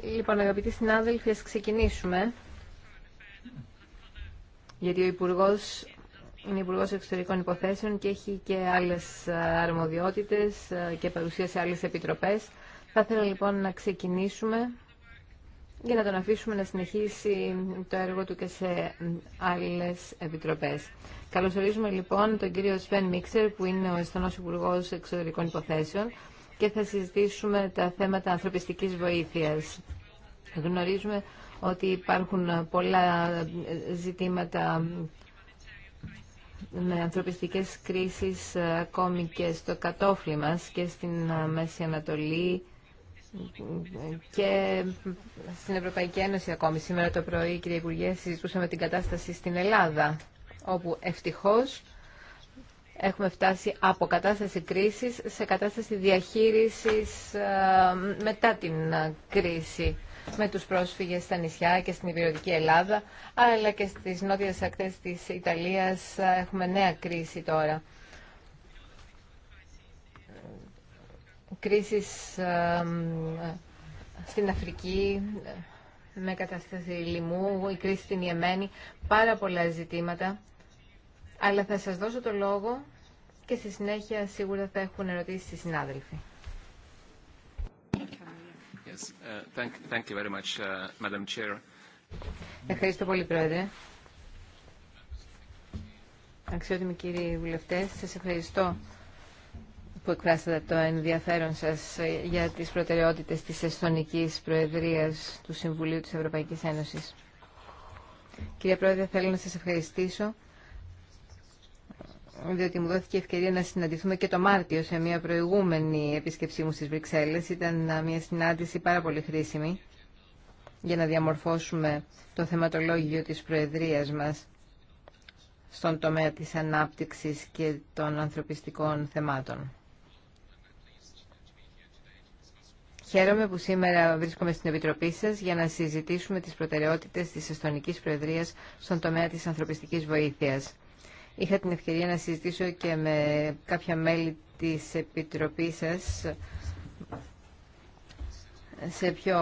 Λοιπόν, αγαπητοί συνάδελφοι, ας ξεκινήσουμε. Γιατί ο υπουργό είναι υπουργό εξωτερικών υποθέσεων και έχει και άλλες ε, αρμοδιότητες ε, και παρουσία σε άλλες επιτροπές. Θα ήθελα λοιπόν να ξεκινήσουμε για να τον αφήσουμε να συνεχίσει το έργο του και σε άλλες επιτροπές. Καλωσορίζουμε λοιπόν τον κύριο Σβέν Μίξερ που είναι ο Εστονός Υπουργό Εξωτερικών Υποθέσεων και θα συζητήσουμε τα θέματα ανθρωπιστικής βοήθειας. Γνωρίζουμε ότι υπάρχουν πολλά ζητήματα με ανθρωπιστικές κρίσεις ακόμη και στο κατόφλι μας και στην Μέση Ανατολή και στην Ευρωπαϊκή Ένωση ακόμη. Σήμερα το πρωί, κύριε Υπουργέ, συζητούσαμε την κατάσταση στην Ελλάδα, όπου ευτυχώς έχουμε φτάσει από κατάσταση κρίσης σε κατάσταση διαχείρισης ε, μετά την ε, κρίση με τους πρόσφυγες στα νησιά και στην Υπηρετική Ελλάδα, αλλά και στις νότιες ακτές της Ιταλίας ε, έχουμε νέα κρίση τώρα. Κρίσης στην Αφρική, με κατάσταση λοιμού, η κρίση στην Ιεμένη, πάρα πολλά ζητήματα. Αλλά θα σας δώσω το λόγο και στη συνέχεια σίγουρα θα έχουν ερωτήσει οι συνάδελφοι. Ευχαριστώ πολύ, Πρόεδρε. Αξιότιμοι κύριοι βουλευτές, σας ευχαριστώ που εκφράσατε το ενδιαφέρον σας για τις προτεραιότητες της Εσθονικής Προεδρίας του Συμβουλίου της Ευρωπαϊκής Ένωσης. Κύριε Πρόεδρε, θέλω να σας ευχαριστήσω διότι μου δόθηκε ευκαιρία να συναντηθούμε και το Μάρτιο σε μια προηγούμενη επίσκεψή μου στις Βρυξέλλες. Ήταν μια συνάντηση πάρα πολύ χρήσιμη για να διαμορφώσουμε το θεματολόγιο της Προεδρίας μας στον τομέα της ανάπτυξης και των ανθρωπιστικών θεμάτων. Χαίρομαι που σήμερα βρίσκομαι στην Επιτροπή σας για να συζητήσουμε τις προτεραιότητες της Εστονικής Προεδρίας στον τομέα της ανθρωπιστικής βοήθειας. Είχα την ευκαιρία να συζητήσω και με κάποια μέλη της Επιτροπής σας σε πιο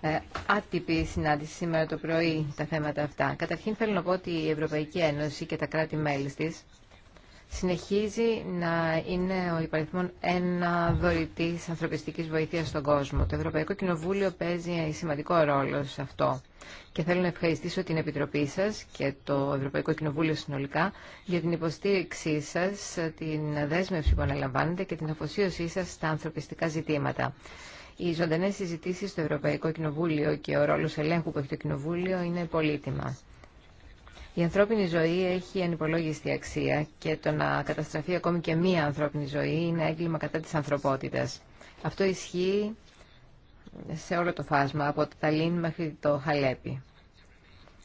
ε, άτυπη συνάντηση σήμερα το πρωί τα θέματα αυτά. Καταρχήν θέλω να πω ότι η Ευρωπαϊκή Ένωση και τα κράτη-μέλη της συνεχίζει να είναι ο υπαριθμόν ένα δωρητή ανθρωπιστική βοήθεια στον κόσμο. Το Ευρωπαϊκό Κοινοβούλιο παίζει σημαντικό ρόλο σε αυτό. Και θέλω να ευχαριστήσω την Επιτροπή σα και το Ευρωπαϊκό Κοινοβούλιο συνολικά για την υποστήριξή σα, την δέσμευση που αναλαμβάνετε και την αφοσίωσή σα στα ανθρωπιστικά ζητήματα. Οι ζωντανέ συζητήσει στο Ευρωπαϊκό Κοινοβούλιο και ο ρόλο ελέγχου που έχει το Κοινοβούλιο είναι πολύτιμα. Η ανθρώπινη ζωή έχει ανυπολόγιστη αξία και το να καταστραφεί ακόμη και μία ανθρώπινη ζωή είναι έγκλημα κατά της ανθρωπότητας. Αυτό ισχύει σε όλο το φάσμα, από το Ταλίν μέχρι το Χαλέπι.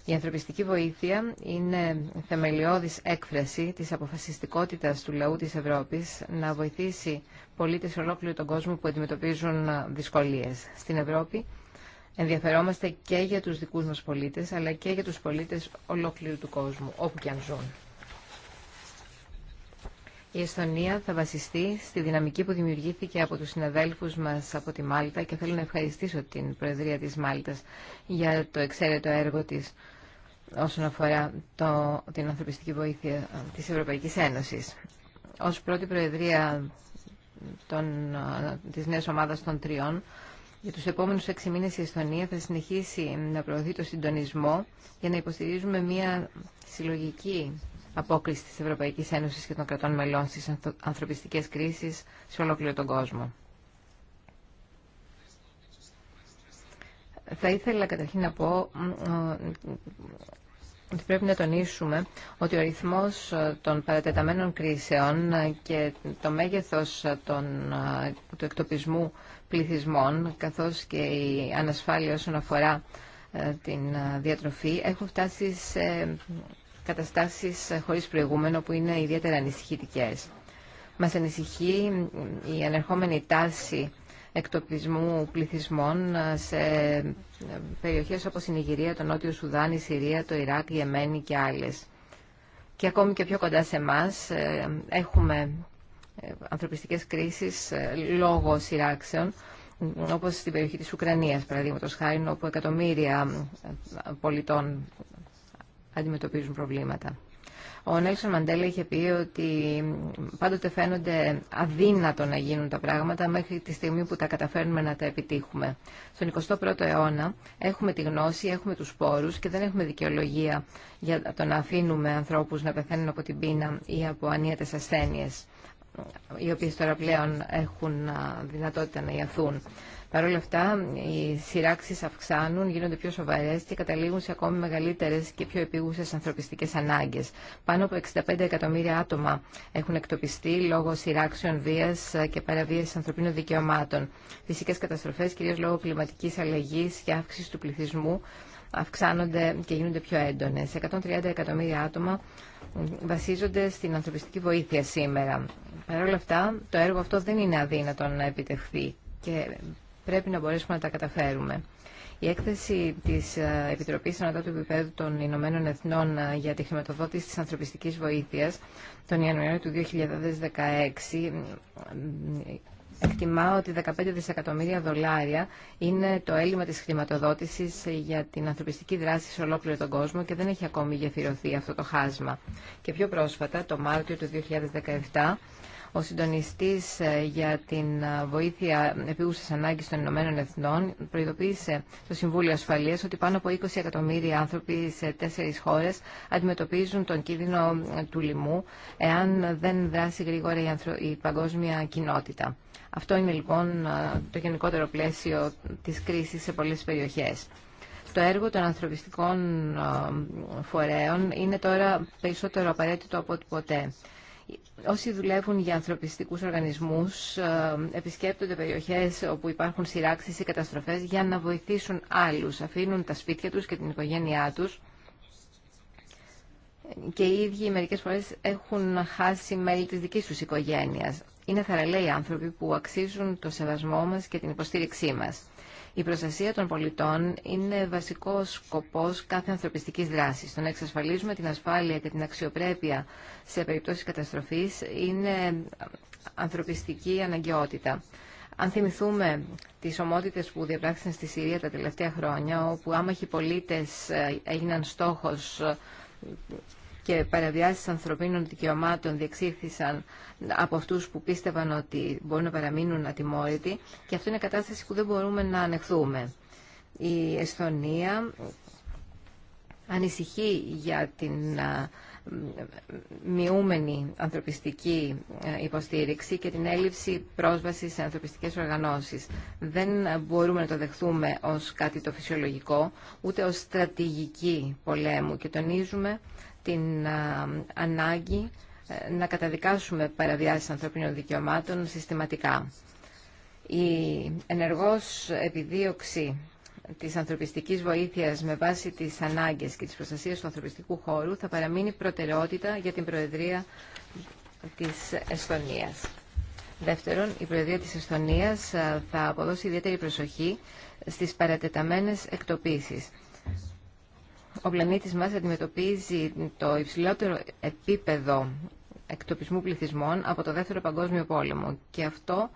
Η ανθρωπιστική βοήθεια είναι θεμελιώδης έκφραση της αποφασιστικότητας του λαού της Ευρώπης να βοηθήσει πολίτες ολόκληρου τον κόσμο που αντιμετωπίζουν δυσκολίες. Στην Ευρώπη Ενδιαφερόμαστε και για τους δικούς μας πολίτες, αλλά και για τους πολίτες ολόκληρου του κόσμου, όπου και αν ζουν. Η Εστονία θα βασιστεί στη δυναμική που δημιουργήθηκε από τους συναδέλφους μας από τη Μάλτα και θέλω να ευχαριστήσω την Προεδρία της Μάλτας για το εξαίρετο έργο της όσον αφορά το, την ανθρωπιστική βοήθεια της Ευρωπαϊκής Ένωσης. Ως πρώτη Προεδρία των, της νέας ομάδας των τριών για τους επόμενους έξι μήνες η Εστονία θα συνεχίσει να προωθεί το συντονισμό για να υποστηρίζουμε μια συλλογική απόκριση της Ευρωπαϊκής Ένωσης και των κρατών μελών στις ανθρωπιστικές κρίσεις σε ολόκληρο τον κόσμο. Θα ήθελα καταρχήν να πω ότι πρέπει να τονίσουμε ότι ο αριθμός ε, των παρατεταμένων κρίσεων ε, και το μέγεθος ε, του εκτοπισμού πληθυσμών καθώς και η ανασφάλεια όσον αφορά ε, την ε, διατροφή έχουν φτάσει σε ε, καταστάσεις χωρίς προηγούμενο που είναι ιδιαίτερα ανησυχητικές. Μας ανησυχεί η ανερχόμενη τάση εκτοπισμού πληθυσμών σε περιοχές όπως η Νιγηρία, το Νότιο Σουδάν, η Συρία, το Ιράκ, η Εμένη και άλλες. Και ακόμη και πιο κοντά σε εμά έχουμε ανθρωπιστικές κρίσεις ε, λόγω σειράξεων, όπως στην περιοχή της Ουκρανίας, παραδείγματος χάρη, όπου εκατομμύρια πολιτών αντιμετωπίζουν προβλήματα. Ο Νέλσον Μαντέλα είχε πει ότι πάντοτε φαίνονται αδύνατο να γίνουν τα πράγματα μέχρι τη στιγμή που τα καταφέρνουμε να τα επιτύχουμε. Στον 21ο αιώνα έχουμε τη γνώση, έχουμε τους πόρους και δεν έχουμε δικαιολογία για το να αφήνουμε ανθρώπους να πεθαίνουν από την πείνα ή από ανίατες ασθένειες οι οποίες τώρα πλέον έχουν δυνατότητα να ιαθούν. Παρ' όλα αυτά, οι σειράξεις αυξάνουν, γίνονται πιο σοβαρές και καταλήγουν σε ακόμη μεγαλύτερες και πιο επίγουσες ανθρωπιστικές ανάγκες. Πάνω από 65 εκατομμύρια άτομα έχουν εκτοπιστεί λόγω σειράξεων βίας και παραβίασης ανθρωπίνων δικαιωμάτων. Φυσικές καταστροφές, κυρίως λόγω κλιματικής αλλαγής και αύξησης του πληθυσμού, αυξάνονται και γίνονται πιο έντονες. 130 εκατομμύρια άτομα βασίζονται στην ανθρωπιστική βοήθεια σήμερα. Παρ' όλα αυτά, το έργο αυτό δεν είναι αδύνατο να επιτευχθεί και πρέπει να μπορέσουμε να τα καταφέρουμε. Η έκθεση τη ε, Επιτροπή Ανατάτου Επιπέδου των Ηνωμένων Εθνών ε, για τη χρηματοδότηση τη ανθρωπιστική βοήθεια τον Ιανουάριο του 2016 Εκτιμά ότι 15 δισεκατομμύρια δολάρια είναι το έλλειμμα της χρηματοδότησης για την ανθρωπιστική δράση σε ολόκληρο τον κόσμο και δεν έχει ακόμη γεφυρωθεί αυτό το χάσμα. Και πιο πρόσφατα, το Μάρτιο του 2017, ο συντονιστής ε, για την ε, βοήθεια επίγουσας ανάγκης των Ηνωμένων Εθνών προειδοποίησε το Συμβούλιο Ασφαλείας ότι πάνω από 20 εκατομμύρια άνθρωποι σε τέσσερις χώρες αντιμετωπίζουν τον κίνδυνο ε, του λοιμού εάν δεν δράσει γρήγορα η παγκόσμια κοινότητα. Αυτό είναι λοιπόν το γενικότερο πλαίσιο της κρίσης σε πολλές περιοχές. Το έργο των ανθρωπιστικών φορέων είναι τώρα περισσότερο απαραίτητο από ότι ποτέ. Όσοι δουλεύουν για ανθρωπιστικούς οργανισμούς επισκέπτονται περιοχές όπου υπάρχουν σειράξεις ή καταστροφές για να βοηθήσουν άλλους. Αφήνουν τα σπίτια τους και την οικογένειά τους και οι ίδιοι μερικές φορές έχουν χάσει μέλη της δικής τους οικογένειας είναι θαραλέοι άνθρωποι που αξίζουν το σεβασμό μας και την υποστήριξή μας. Η προστασία των πολιτών είναι βασικός σκοπός κάθε ανθρωπιστικής δράσης. Το να εξασφαλίζουμε την ασφάλεια και την αξιοπρέπεια σε περιπτώσεις καταστροφής είναι ανθρωπιστική αναγκαιότητα. Αν θυμηθούμε τις ομότητες που διαπράξαν στη Συρία τα τελευταία χρόνια, όπου άμαχοι πολίτες ε, έγιναν στόχος και παραβιάσεις ανθρωπίνων δικαιωμάτων διεξήχθησαν από αυτούς που πίστευαν ότι μπορούν να παραμείνουν ατιμόρυτοι και αυτό είναι κατάσταση που δεν μπορούμε να ανεχθούμε. Η Εσθονία ανησυχεί για την μειούμενη ανθρωπιστική υποστήριξη και την έλλειψη πρόσβασης σε ανθρωπιστικές οργανώσεις. Δεν μπορούμε να το δεχθούμε ως κάτι το φυσιολογικό, ούτε ως στρατηγική πολέμου και τονίζουμε την ανάγκη ε, να καταδικάσουμε παραβιάσεις ανθρωπίνων δικαιωμάτων συστηματικά. Η ενεργός επιδίωξη της ανθρωπιστικής βοήθειας με βάση τις ανάγκες και τις προστασίες του ανθρωπιστικού χώρου θα παραμείνει προτεραιότητα για την Προεδρία της Εσθονίας. Δεύτερον, η Προεδρία της Εσθονίας θα αποδώσει ιδιαίτερη προσοχή στις παρατεταμένες εκτοπίσεις ο πλανήτης μας αντιμετωπίζει το υψηλότερο επίπεδο εκτοπισμού πληθυσμών από το Δεύτερο Παγκόσμιο Πόλεμο και αυτό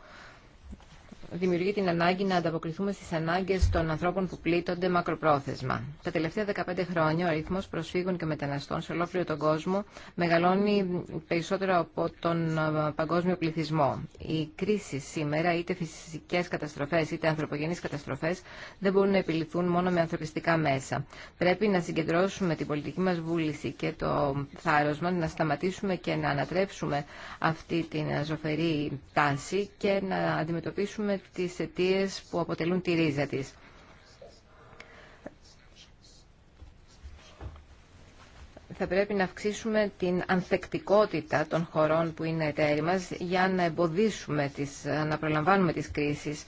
δημιουργεί την ανάγκη να ανταποκριθούμε στις ανάγκες των ανθρώπων που πλήττονται μακροπρόθεσμα. Τα τελευταία 15 χρόνια ο αριθμός προσφύγων και μεταναστών σε ολόκληρο τον κόσμο μεγαλώνει περισσότερο από τον ε, παγκόσμιο πληθυσμό. Οι κρίσεις σήμερα, είτε φυσικές καταστροφές είτε ανθρωπογενείς καταστροφές, δεν μπορούν να επιληθούν μόνο με ανθρωπιστικά μέσα. Πρέπει να συγκεντρώσουμε την πολιτική μας βούληση και το θάρρος μας, να σταματήσουμε και να ανατρέψουμε αυτή την ζωφερή τάση και να αντιμετωπίσουμε τις αιτίε που αποτελούν τη ρίζα της. Θα πρέπει να αυξήσουμε την ανθεκτικότητα των χωρών που είναι εταίροι μας για να εμποδίσουμε τις, να προλαμβάνουμε τις κρίσεις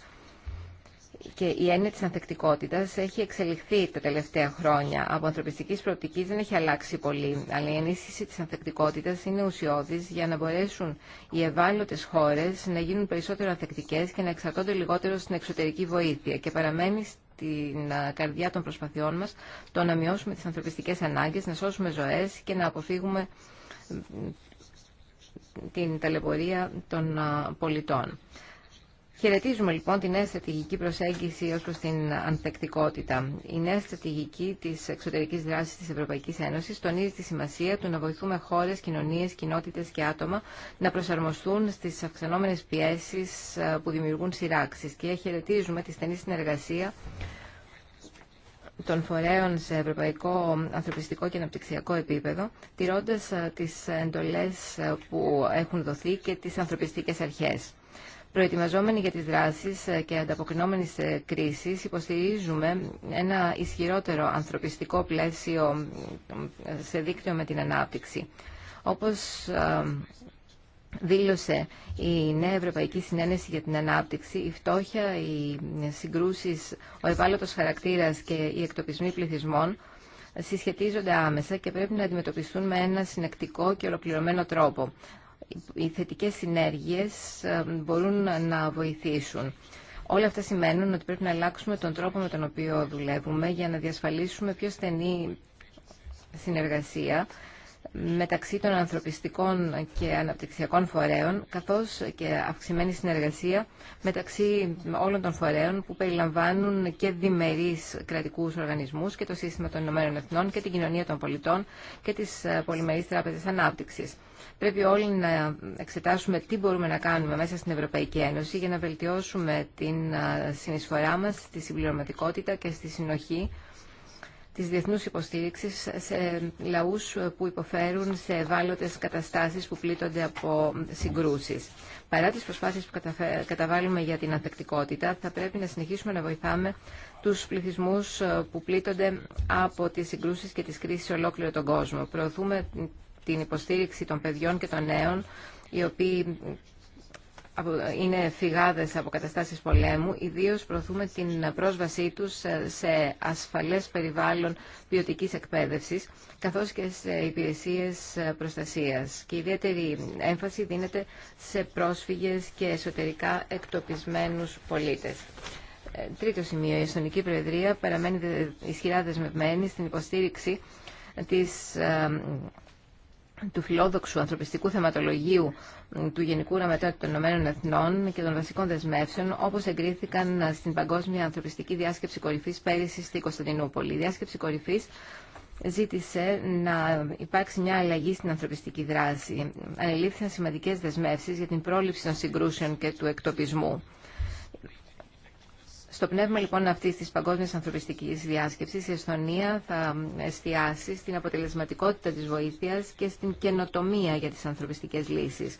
και η έννοια της ανθεκτικότητας έχει εξελιχθεί τα τελευταία χρόνια. Από ανθρωπιστική προοπτική δεν έχει αλλάξει πολύ, αλλά η ενίσχυση της ανθεκτικότητας είναι ουσιώδης για να μπορέσουν οι ευάλωτες χώρες να γίνουν περισσότερο ανθεκτικές και να εξαρτώνται λιγότερο στην εξωτερική βοήθεια και παραμένει στην καρδιά των προσπαθειών μας το να μειώσουμε τις ανθρωπιστικές ανάγκες, να σώσουμε ζωές και να αποφύγουμε την ταλαιπωρία των πολιτών. Χαιρετίζουμε λοιπόν τη νέα στρατηγική προσέγγιση ως προς την ανθεκτικότητα. Η νέα στρατηγική της εξωτερικής δράσης της Ευρωπαϊκής Ένωσης τονίζει τη σημασία του να βοηθούμε χώρες, κοινωνίες, κοινότητες και άτομα να προσαρμοστούν στις αυξανόμενες πιέσεις ε, που δημιουργούν σειράξεις και χαιρετίζουμε τη στενή συνεργασία των φορέων σε ευρωπαϊκό, ανθρωπιστικό και αναπτυξιακό επίπεδο, τηρώντας ε, τις εντολές ε, που έχουν δοθεί και τις ανθρωπιστικές αρχές. Προετοιμαζόμενοι για τις δράσεις ε, και ανταποκρινόμενοι σε κρίσεις, υποστηρίζουμε ένα ισχυρότερο ανθρωπιστικό πλαίσιο ε, σε δίκτυο με την ανάπτυξη. Όπως ε, δήλωσε η Νέα Ευρωπαϊκή Συνένεση για την Ανάπτυξη, η φτώχεια, οι συγκρούσεις, ο ευάλωτος χαρακτήρας και οι εκτοπισμοί πληθυσμών συσχετίζονται άμεσα και πρέπει να αντιμετωπιστούν με ένα συνεκτικό και ολοκληρωμένο τρόπο οι θετικές συνέργειες ε, μπορούν να βοηθήσουν. Όλα αυτά σημαίνουν ότι πρέπει να αλλάξουμε τον τρόπο με τον οποίο δουλεύουμε για να διασφαλίσουμε πιο στενή συνεργασία μεταξύ των ανθρωπιστικών και αναπτυξιακών φορέων, καθώς και αυξημένη συνεργασία μεταξύ όλων των φορέων που περιλαμβάνουν και διμερείς κρατικούς οργανισμούς και το σύστημα των Ηνωμένων Εθνών και την κοινωνία των πολιτών και τις ε, πολυμερείς τράπεζες ανάπτυξης. Πρέπει όλοι να εξετάσουμε τι μπορούμε να κάνουμε μέσα στην Ευρωπαϊκή Ένωση για να βελτιώσουμε την ε, συνεισφορά μας στη συμπληρωματικότητα και στη συνοχή της διεθνούς υποστήριξης σε λαούς που υποφέρουν σε ευάλωτες καταστάσεις που πλήττονται από συγκρούσεις. Παρά τις προσπάθειες που καταβάλουμε για την ανθεκτικότητα, θα πρέπει να συνεχίσουμε να βοηθάμε τους πληθυσμούς ε, που πλήττονται από τις συγκρούσεις και τις κρίσεις σε ολόκληρο τον κόσμο. Προωθούμε την υποστήριξη των παιδιών και των νέων, οι οποίοι είναι φυγάδες από καταστάσεις πολέμου, ιδίως προωθούμε την πρόσβασή τους σε ασφαλές περιβάλλον ποιοτική εκπαίδευσης, καθώς και σε υπηρεσίες προστασίας. Και ιδιαίτερη έμφαση δίνεται σε πρόσφυγες και εσωτερικά εκτοπισμένους πολίτες. Ε, τρίτο σημείο, η Εστονική Προεδρία παραμένει ισχυρά δεσμευμένη στην υποστήριξη της ε, του φιλόδοξου ανθρωπιστικού θεματολογίου του Γενικού Γραμματέα των Ηνωμένων Εθνών και των βασικών δεσμεύσεων, όπως εγκρίθηκαν στην Παγκόσμια Ανθρωπιστική Διάσκεψη κορυφή πέρυσι στη Κωνσταντινούπολη. Η Διάσκεψη κορυφή ζήτησε να υπάρξει μια αλλαγή στην ανθρωπιστική δράση. Ανελήφθησαν σημαντικέ δεσμεύσει για την πρόληψη των συγκρούσεων και του εκτοπισμού. Στο πνεύμα λοιπόν αυτής της παγκόσμιας ανθρωπιστικής διάσκεψης, η Εσθονία θα εστιάσει στην αποτελεσματικότητα της βοήθειας και στην καινοτομία για τις ανθρωπιστικές λύσεις.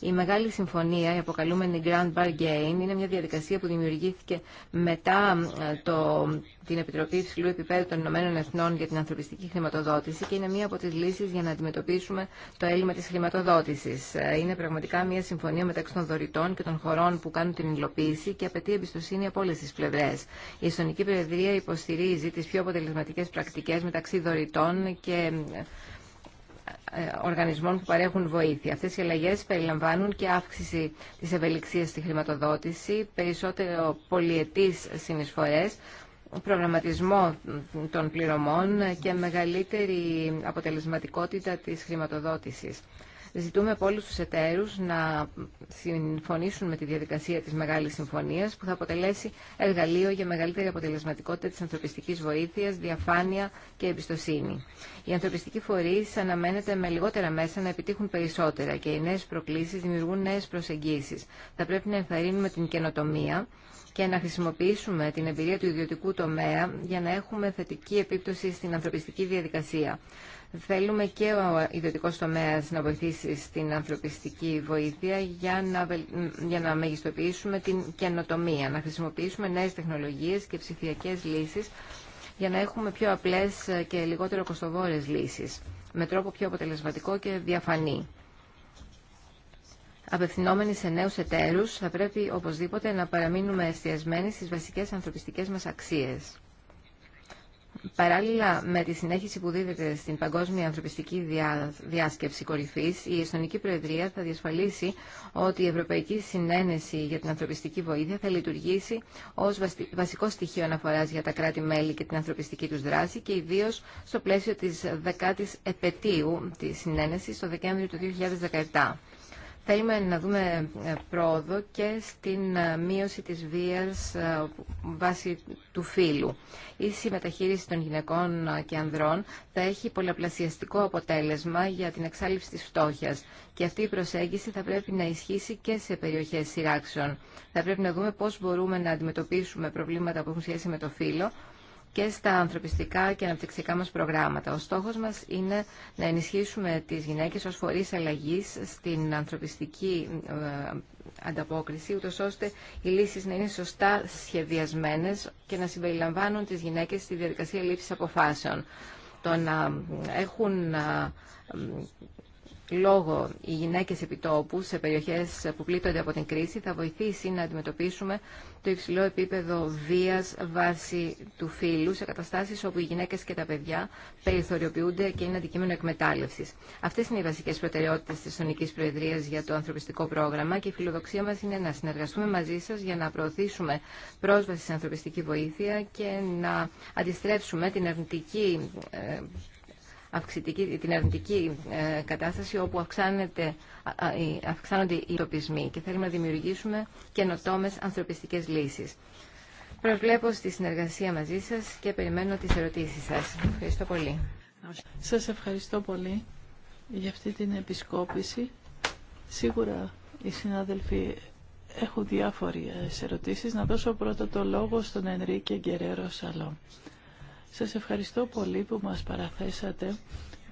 Η Μεγάλη Συμφωνία, η αποκαλούμενη Grand Bargain, είναι μια διαδικασία που δημιουργήθηκε μετά ε, το, την Επιτροπή Υψηλού Επιπέδου των Ηνωμένων Εθνών για την Ανθρωπιστική Χρηματοδότηση και είναι μία από τι λύσει για να αντιμετωπίσουμε το έλλειμμα τη χρηματοδότηση. Ε, είναι πραγματικά μια συμφωνία μεταξύ των δωρητών και των χωρών που κάνουν την υλοποίηση και απαιτεί εμπιστοσύνη από όλε τι πλευρέ. Η Ιστονική Προεδρία υποστηρίζει τι πιο αποτελεσματικέ πρακτικέ μεταξύ δωρητών και ε, ε, οργανισμών που παρέχουν βοήθεια. Αυτές οι αλλαγές περιλαμβάνουν και αύξηση της ευελιξίας στη χρηματοδότηση, περισσότερο πολιετής συνεισφορές, προγραμματισμό των πληρωμών και μεγαλύτερη αποτελεσματικότητα της χρηματοδότησης. Ζητούμε από όλου του εταίρου να συμφωνήσουν με τη διαδικασία τη μεγάλη συμφωνία που θα αποτελέσει εργαλείο για μεγαλύτερη αποτελεσματικότητα τη ανθρωπιστική βοήθεια, διαφάνεια και εμπιστοσύνη. Οι ανθρωπιστικοί φορεί αναμένεται με λιγότερα μέσα να επιτύχουν περισσότερα και οι νέε προκλήσει δημιουργούν νέε προσεγγίσεις. Θα πρέπει να ενθαρρύνουμε την καινοτομία και να χρησιμοποιήσουμε την εμπειρία του ιδιωτικού τομέα για να έχουμε θετική επίπτωση στην ανθρωπιστική διαδικασία. Θέλουμε και ο ιδιωτικός τομέας να βοηθήσει στην ανθρωπιστική βοήθεια για να, για να μεγιστοποιήσουμε την καινοτομία, να χρησιμοποιήσουμε νέες τεχνολογίες και ψηφιακές λύσεις για να έχουμε πιο απλές και λιγότερο κοστοβόρες λύσεις, με τρόπο πιο αποτελεσματικό και διαφανή. Απευθυνόμενοι σε νέους εταίρους, θα πρέπει οπωσδήποτε να παραμείνουμε εστιασμένοι στις βασικές ανθρωπιστικές μας αξίες. Παράλληλα με τη συνέχιση που δίδεται στην Παγκόσμια Ανθρωπιστική Διάσκεψη Κορυφή, η Εστονική Προεδρία θα διασφαλίσει ότι η Ευρωπαϊκή Συνένεση για την Ανθρωπιστική Βοήθεια θα λειτουργήσει ω βασικό στοιχείο αναφορά για τα κράτη-μέλη και την ανθρωπιστική του δράση και ιδίω στο πλαίσιο τη δεκάτη επαιτίου τη συνένεση το Δεκέμβριο του 2017. Θέλουμε να δούμε ε, πρόοδο και στην ε, μείωση της βίας ε, βάσει του φύλου. Η συμμεταχείριση των γυναικών και ανδρών θα έχει πολλαπλασιαστικό αποτέλεσμα για την εξάλληψη της φτώχειας και αυτή η προσέγγιση θα πρέπει να ισχύσει και σε περιοχές σειράξεων. Θα πρέπει να δούμε πώς μπορούμε να αντιμετωπίσουμε προβλήματα που έχουν σχέση με το φύλο και στα ανθρωπιστικά και αναπτυξικά μας προγράμματα. Ο στόχος μας είναι να ενισχύσουμε τις γυναίκες ως φορείς αλλαγής στην ανθρωπιστική ε, ανταπόκριση, ούτως ώστε οι λύσεις να είναι σωστά σχεδιασμένες και να συμπεριλαμβάνουν τις γυναίκες στη διαδικασία λήψης αποφάσεων. Το να έχουν ε, Λόγω, οι γυναίκες επιτόπου σε περιοχές που πλήττονται από την κρίση θα βοηθήσει να αντιμετωπίσουμε το υψηλό επίπεδο βίας βάση του φύλου σε καταστάσεις όπου οι γυναίκες και τα παιδιά περιθωριοποιούνται και είναι αντικείμενο εκμετάλλευσης. Αυτές είναι οι βασικές προτεραιότητες της Ιστονική Προεδρίας για το ανθρωπιστικό πρόγραμμα και η φιλοδοξία μας είναι να συνεργαστούμε μαζί σας για να προωθήσουμε πρόσβαση σε ανθρωπιστική βοήθεια και να αντιστρέψουμε την αρνητική ε, αυξητική, την αρνητική ε, κατάσταση όπου αυξάνεται, αυξάνονται οι τοπισμοί και θέλουμε να δημιουργήσουμε καινοτόμες ανθρωπιστικές λύσεις. Προβλέπω στη συνεργασία μαζί σας και περιμένω τις ερωτήσεις σας. Ευχαριστώ πολύ. Σας ευχαριστώ πολύ για αυτή την επισκόπηση. Σίγουρα οι συνάδελφοι έχουν διάφορες ερωτήσεις. Να δώσω πρώτα το λόγο στον Ενρίκε Γκερέρο Σαλόμ. Σας ευχαριστώ πολύ που μας παραθέσατε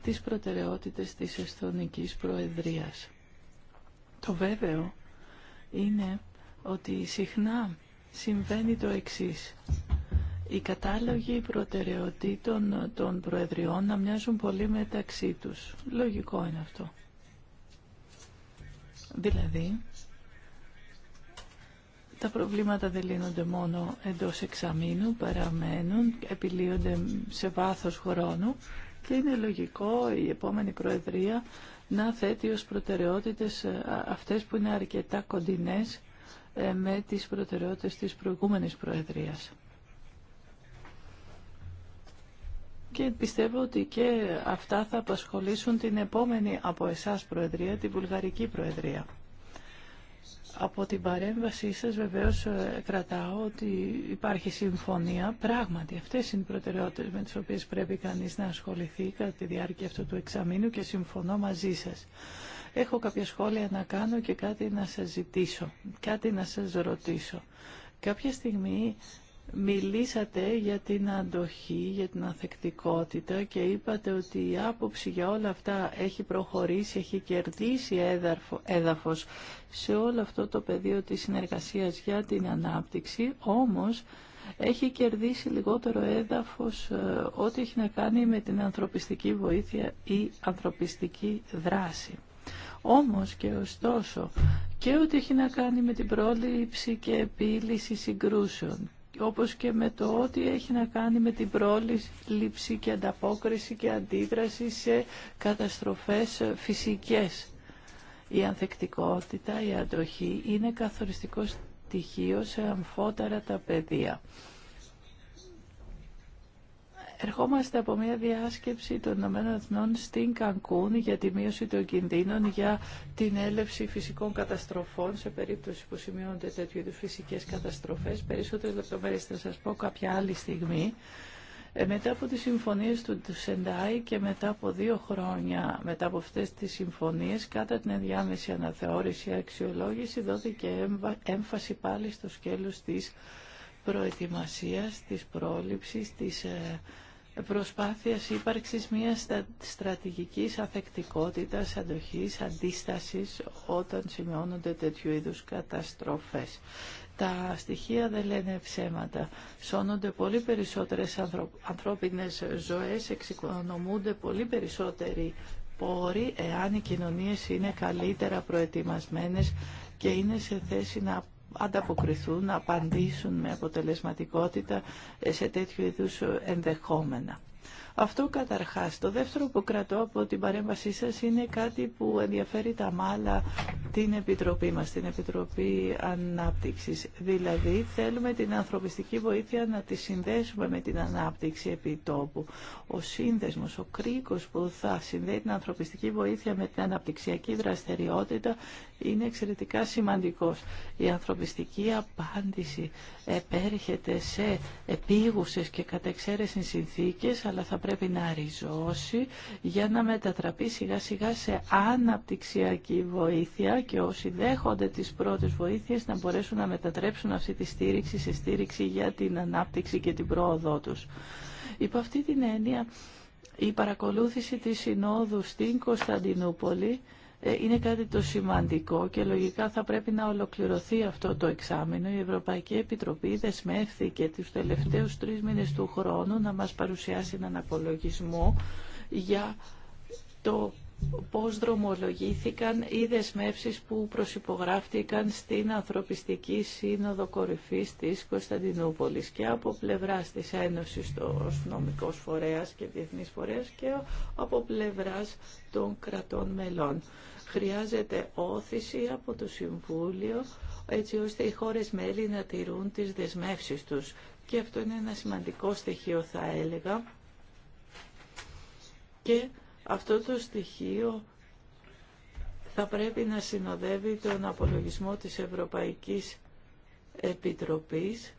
τις προτεραιότητες της Εσθονικής Προεδρίας. Το βέβαιο είναι ότι συχνά συμβαίνει το εξής. Οι κατάλογοι προτεραιοτήτων των Προεδριών να μοιάζουν πολύ μεταξύ τους. Λογικό είναι αυτό. Δηλαδή, τα προβλήματα δεν λύνονται μόνο εντός εξαμήνου, παραμένουν, επιλύονται σε βάθος χρόνου και είναι λογικό η επόμενη Προεδρία να θέτει ως προτεραιότητες ε, αυτές που είναι αρκετά κοντινές ε, με τις προτεραιότητες της προηγούμενης Προεδρίας. Και πιστεύω ότι και αυτά θα απασχολήσουν την επόμενη από εσάς Προεδρία, την Βουλγαρική Προεδρία. Από την παρέμβασή σας βεβαίως ε, κρατάω ότι υπάρχει συμφωνία. Πράγματι, αυτές είναι οι προτεραιότητες με τις οποίες πρέπει κανείς να ασχοληθεί κατά τη διάρκεια αυτού του εξαμήνου και συμφωνώ μαζί σας. Έχω κάποια σχόλια να κάνω και κάτι να σας ζητήσω, κάτι να σας ρωτήσω. Κάποια στιγμή Μιλήσατε για την αντοχή, για την αθεκτικότητα και είπατε ότι η άποψη για όλα αυτά έχει προχωρήσει, έχει κερδίσει έδαφος σε όλο αυτό το πεδίο της συνεργασίας για την ανάπτυξη, όμως έχει κερδίσει λιγότερο έδαφος ε, ό,τι έχει να κάνει με την ανθρωπιστική βοήθεια ή ανθρωπιστική δράση. Όμως και ωστόσο και ό,τι έχει να κάνει με την πρόληψη και επίλυση συγκρούσεων όπως και με το ότι έχει να κάνει με την πρόληψη και ανταπόκριση και αντίδραση σε καταστροφές φυσικές. Η ανθεκτικότητα, η αντοχή είναι καθοριστικό στοιχείο σε αμφότερα τα πεδία. Ερχόμαστε από μια διάσκεψη των ΗΠΑ στην Κανκούν για τη μείωση των κινδύνων για την έλευση φυσικών καταστροφών σε περίπτωση που σημειώνονται τέτοιου είδου φυσικές καταστροφές. Περισσότερε λεπτομέρειε θα σα πω κάποια άλλη στιγμή. Ε, μετά από τις συμφωνίες του, Σεντάι και μετά από δύο χρόνια μετά από αυτές τις συμφωνίες, κατά την ενδιάμεση αναθεώρηση αξιολόγηση δόθηκε έμφαση πάλι στο σκέλος της προετοιμασίας, της πρόληψης, της ε, Προσπάθεια ύπαρξης μιας στρατηγικής αθεκτικότητας, αντοχής, αντίστασης όταν σημειώνονται τέτοιου είδους καταστροφές. Τα στοιχεία δεν λένε ψέματα. Σώνονται πολύ περισσότερες ανθρώπινες ζωές, εξοικονομούνται πολύ περισσότεροι πόροι εάν οι κοινωνίες είναι καλύτερα προετοιμασμένες και είναι σε θέση να ανταποκριθούν, να απαντήσουν με αποτελεσματικότητα σε τέτοιου είδους ενδεχόμενα. Αυτό καταρχάς. Το δεύτερο που κρατώ από την παρέμβασή σας είναι κάτι που ενδιαφέρει τα μάλα την Επιτροπή μας, την Επιτροπή Ανάπτυξης. Δηλαδή θέλουμε την ανθρωπιστική βοήθεια να τη συνδέσουμε με την ανάπτυξη επιτόπου. Ο σύνδεσμος, ο κρίκος που θα συνδέει την ανθρωπιστική βοήθεια με την αναπτυξιακή δραστηριότητα είναι εξαιρετικά σημαντικός. Η ανθρωπιστική απάντηση επέρχεται σε επίγουσες και κατεξαίρεση συνθήκες, αλλά θα πρέπει να ριζώσει για να μετατραπεί σιγά σιγά σε αναπτυξιακή βοήθεια και όσοι δέχονται τις πρώτες βοήθειες να μπορέσουν να μετατρέψουν αυτή τη στήριξη σε στήριξη για την ανάπτυξη και την πρόοδό τους. Υπό αυτή την έννοια, η παρακολούθηση της Συνόδου στην Κωνσταντινούπολη ε, είναι κάτι το σημαντικό και λογικά θα πρέπει να ολοκληρωθεί αυτό το εξάμεινο. Η Ευρωπαϊκή Επιτροπή δεσμεύθηκε τους τελευταίους τρεις μήνες του χρόνου να μας παρουσιάσει έναν απολογισμό για το πώς δρομολογήθηκαν οι δεσμεύσεις που προσυπογράφτηκαν στην Ανθρωπιστική Σύνοδο Κορυφής της Κωνσταντινούπολης και από πλευράς της Ένωσης των νομικός φορέας και διεθνής φορέας και από πλευράς των κρατών μελών. Χρειάζεται όθηση από το Συμβούλιο έτσι ώστε οι χώρες μέλη να τηρούν τις δεσμεύσεις τους. Και αυτό είναι ένα σημαντικό στοιχείο θα έλεγα. Και αυτό το στοιχείο θα πρέπει να συνοδεύει τον απολογισμό της Ευρωπαϊκής Επιτροπής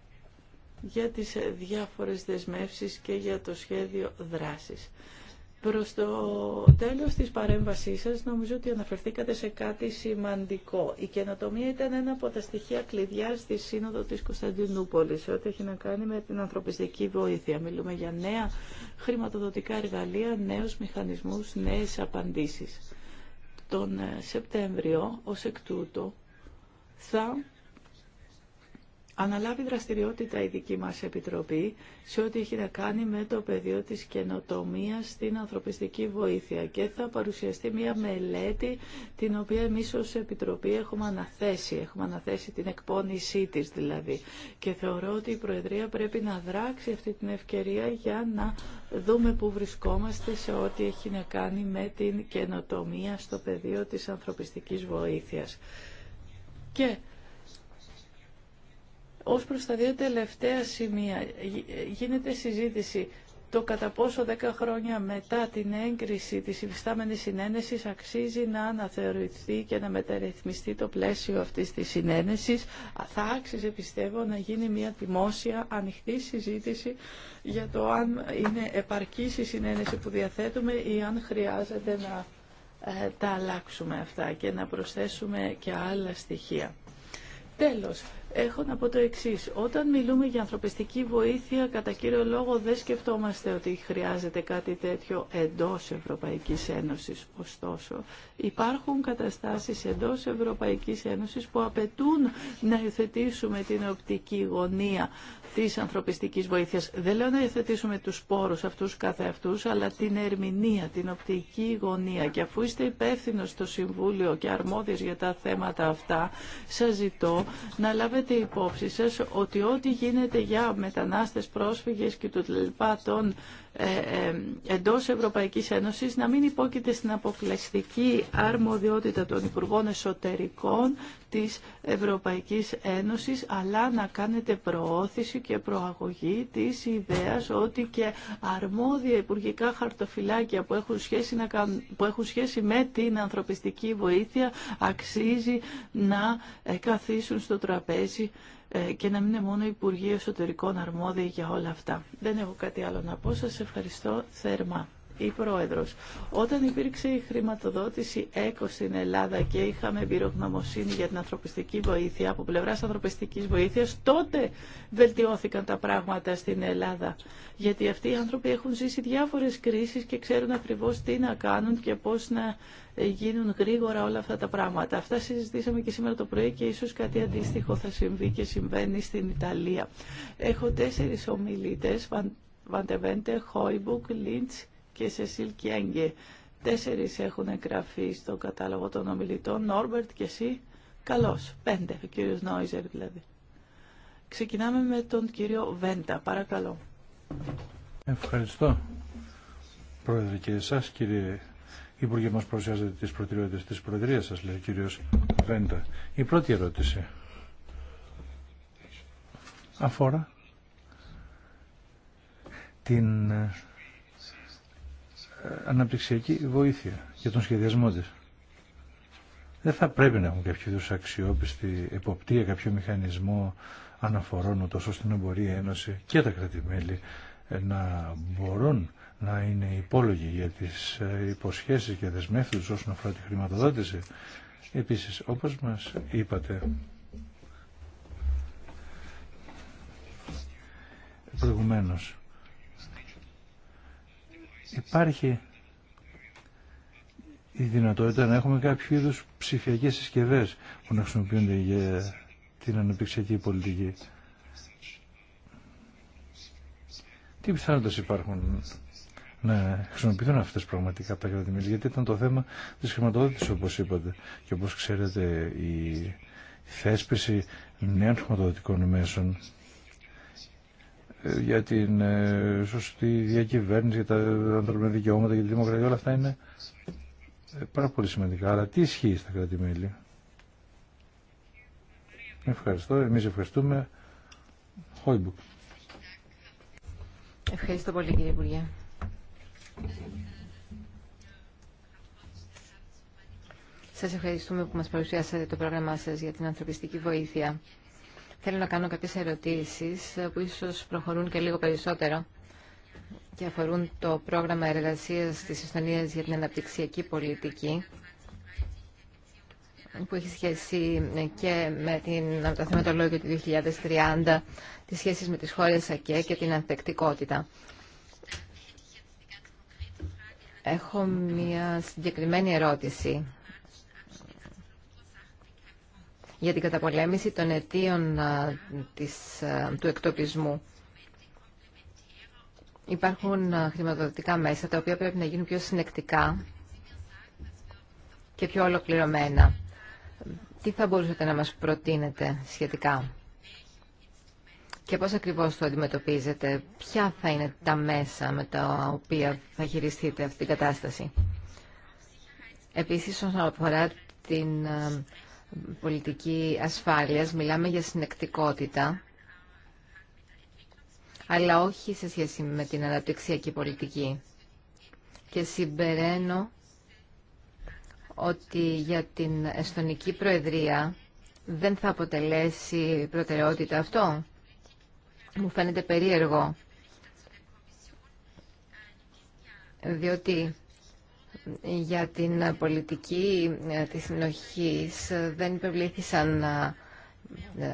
για τις διάφορες δεσμεύσεις και για το σχέδιο δράσης. Προς το τέλος της παρέμβασής σας νομίζω ότι αναφερθήκατε σε κάτι σημαντικό. Η καινοτομία ήταν ένα από τα στοιχεία κλειδιά στη Σύνοδο της Κωνσταντινούπολης, ό,τι έχει να κάνει με την ανθρωπιστική βοήθεια. Μιλούμε για νέα χρηματοδοτικά εργαλεία, νέους μηχανισμούς, νέες απαντήσεις. Τον ε, Σεπτέμβριο, ως εκ τούτου, θα αναλάβει δραστηριότητα η δική μας Επιτροπή σε ό,τι έχει να κάνει με το πεδίο της καινοτομίας στην ανθρωπιστική βοήθεια και θα παρουσιαστεί μια μελέτη την οποία εμείς ως Επιτροπή έχουμε αναθέσει, έχουμε αναθέσει την εκπόνησή της δηλαδή και θεωρώ ότι η Προεδρία πρέπει να δράξει αυτή την ευκαιρία για να δούμε που βρισκόμαστε σε ό,τι έχει να κάνει με την καινοτομία στο πεδίο της ανθρωπιστικής βοήθειας. Και ως προς τα δύο τελευταία σημεία γίνεται συζήτηση το κατά πόσο 10 χρόνια μετά την έγκριση της υφιστάμενης συνένεσης αξίζει να αναθεωρηθεί και να μεταρρυθμιστεί το πλαίσιο αυτής της συνένεσης. Θα άξιζε πιστεύω να γίνει μια δημόσια ανοιχτή συζήτηση για το αν είναι επαρκής η συνένεση που διαθέτουμε ή αν χρειάζεται να ε, τα αλλάξουμε αυτά και να προσθέσουμε και άλλα στοιχεία. Τέλος, Έχω να πω το εξή. Όταν μιλούμε για ανθρωπιστική βοήθεια, κατά κύριο λόγο δεν σκεφτόμαστε ότι χρειάζεται κάτι τέτοιο εντό Ευρωπαϊκής Ένωσης. Ωστόσο, υπάρχουν καταστάσεις εντό ευρωπαϊκή Ένωσης που απαιτούν να υιοθετήσουμε την οπτική γωνία Τη ανθρωπιστική βοήθεια. Δεν λέω να υιοθετήσουμε τους πόρους αυτούς κάθε αυτού, αλλά την ερμηνεία, την οπτική γωνία. Και αφού είστε υπεύθυνο στο Συμβούλιο και αρμόδιο για τα θέματα αυτά, σα ζητώ να λάβετε υπόψη σα ότι ό,τι γίνεται για μετανάστες, πρόσφυγες και του των ε, ε, εντός Ευρωπαϊκής Ένωσης να μην υπόκειται στην αποκλειστική αρμοδιότητα των Υπουργών Εσωτερικών της Ευρωπαϊκής Ένωσης αλλά να κάνετε προώθηση και προαγωγή της ιδέας ότι και αρμόδια υπουργικά χαρτοφυλάκια που έχουν σχέση, να που έχουν σχέση με την ανθρωπιστική βοήθεια αξίζει να ε, καθίσουν στο τραπέζι ε, και να μην είναι μόνο οι Υπουργοί Εσωτερικών αρμόδιοι για όλα αυτά. Δεν έχω κάτι άλλο να πω. Σας ευχαριστώ θερμά η Πρόεδρος. Όταν υπήρξε η χρηματοδότηση ΕΚΟ στην Ελλάδα και είχαμε εμπειρογνωμοσύνη για την ανθρωπιστική βοήθεια από πλευρά ανθρωπιστικής βοήθεια, τότε βελτιώθηκαν τα πράγματα στην Ελλάδα. Γιατί αυτοί οι άνθρωποι έχουν ζήσει διάφορε κρίσει και ξέρουν ακριβώ τι να κάνουν και πώ να γίνουν γρήγορα όλα αυτά τα πράγματα. Αυτά συζητήσαμε και σήμερα το πρωί και ίσως κάτι αντίστοιχο θα συμβεί και συμβαίνει στην Ιταλία. Έχω τέσσερι ομιλητές, Βαντεβέντε, Χόιμπουκ, Λίντς και Σεσίλ Κιέγγε. Τέσσερις έχουν εγγραφεί στο κατάλογο των ομιλητών. Νόρμπερτ και εσύ. Καλώς. Πέντε. Ο κύριος Νόιζερ δηλαδή. Ξεκινάμε με τον κύριο Βέντα. Παρακαλώ. Ευχαριστώ. Πρόεδρε και εσάς κύριε Υπουργέ μας προσιάζετε τις προτεραιότητες της Προεδρίας σας, λέει ο κύριος Βέντα. Η πρώτη ερώτηση αφορά την αναπτυξιακή βοήθεια για τον σχεδιασμό της. Δεν θα πρέπει να έχουν κάποιο είδου αξιόπιστη εποπτεία, κάποιο μηχανισμό αναφορών τόσο ώστε να μπορεί η Ένωση και τα κρατημέλη ε, να μπορούν να είναι υπόλογοι για τις ε, υποσχέσεις και δεσμεύσεις όσον αφορά τη χρηματοδότηση. Επίσης, όπως μας είπατε, προηγουμένως, Υπάρχει η δυνατότητα να έχουμε κάποιο είδου ψηφιακές συσκευέ που να χρησιμοποιούνται για την αναπτυξιακή πολιτική. Τι πιθανότητες υπάρχουν να χρησιμοποιηθούν αυτές πραγματικά από τα κρατημέλη, γιατί ήταν το θέμα της χρηματοδότησης όπως είπατε και όπως ξέρετε η θέσπιση νέων χρηματοδοτικών μέσων για την ε, σωστή διακυβέρνηση, για τα ανθρώπινα δικαιώματα, για τη δημοκρατία, όλα αυτά είναι ε, πάρα πολύ σημαντικά. Αλλά τι ισχύει στα κράτη-μέλη. Ευχαριστώ, εμείς ευχαριστούμε. Ευχαριστώ πολύ κύριε Υπουργέ. Σας ευχαριστούμε που μας παρουσιάσατε το πρόγραμμά σας για την ανθρωπιστική βοήθεια. Θέλω να κάνω κάποιες ερωτήσεις που ίσως προχωρούν και λίγο περισσότερο και αφορούν το πρόγραμμα εργασίας της Ιστονίας για την αναπτυξιακή πολιτική που έχει σχέση και με την, το θεματολόγιο του 2030, τις σχέσεις με τις χώρες ΑΚΕ και την ανθεκτικότητα. Έχω μια συγκεκριμένη ερώτηση για την καταπολέμηση των αιτίων της, του εκτοπισμού. Υπάρχουν χρηματοδοτικά μέσα τα οποία πρέπει να γίνουν πιο συνεκτικά και πιο ολοκληρωμένα. Τι θα μπορούσατε να μας προτείνετε σχετικά και πώς ακριβώς το αντιμετωπίζετε, ποια θα είναι τα μέσα με τα οποία θα χειριστείτε αυτή την κατάσταση. Επίσης, όσον αφορά την πολιτική ασφάλειας, μιλάμε για συνεκτικότητα, αλλά όχι σε σχέση με την αναπτυξιακή πολιτική. Και συμπεραίνω ότι για την Εστονική Προεδρία δεν θα αποτελέσει προτεραιότητα αυτό. Μου φαίνεται περίεργο, διότι για την πολιτική ε, της συνοχής δεν υπευλήθησαν ε,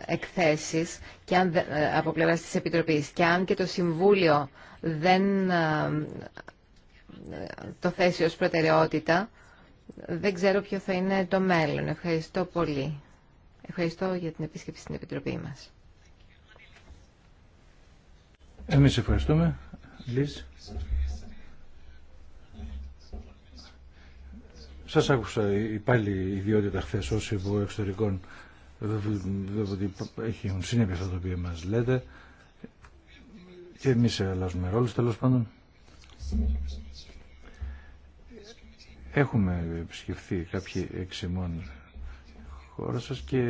εκθέσεις και αν, ε, από πλευράς της Επιτροπής και αν και το Συμβούλιο δεν το θέσει ως προτεραιότητα δεν ξέρω ποιο θα είναι το μέλλον. Ευχαριστώ πολύ. Ευχαριστώ για την επίσκεψη στην Επιτροπή μας. Εμείς ευχαριστούμε. Λίζ. Σα άκουσα ε, πάλι ιδιότητα χθε ω Υπουργό Εξωτερικών ότι έχουν συνέπεια αυτά τα οποία μα λέτε και εμεί αλλάζουμε ρόλου τέλο πάντων. Έχουμε επισκεφθεί κάποιοι εξημών χώρα σας και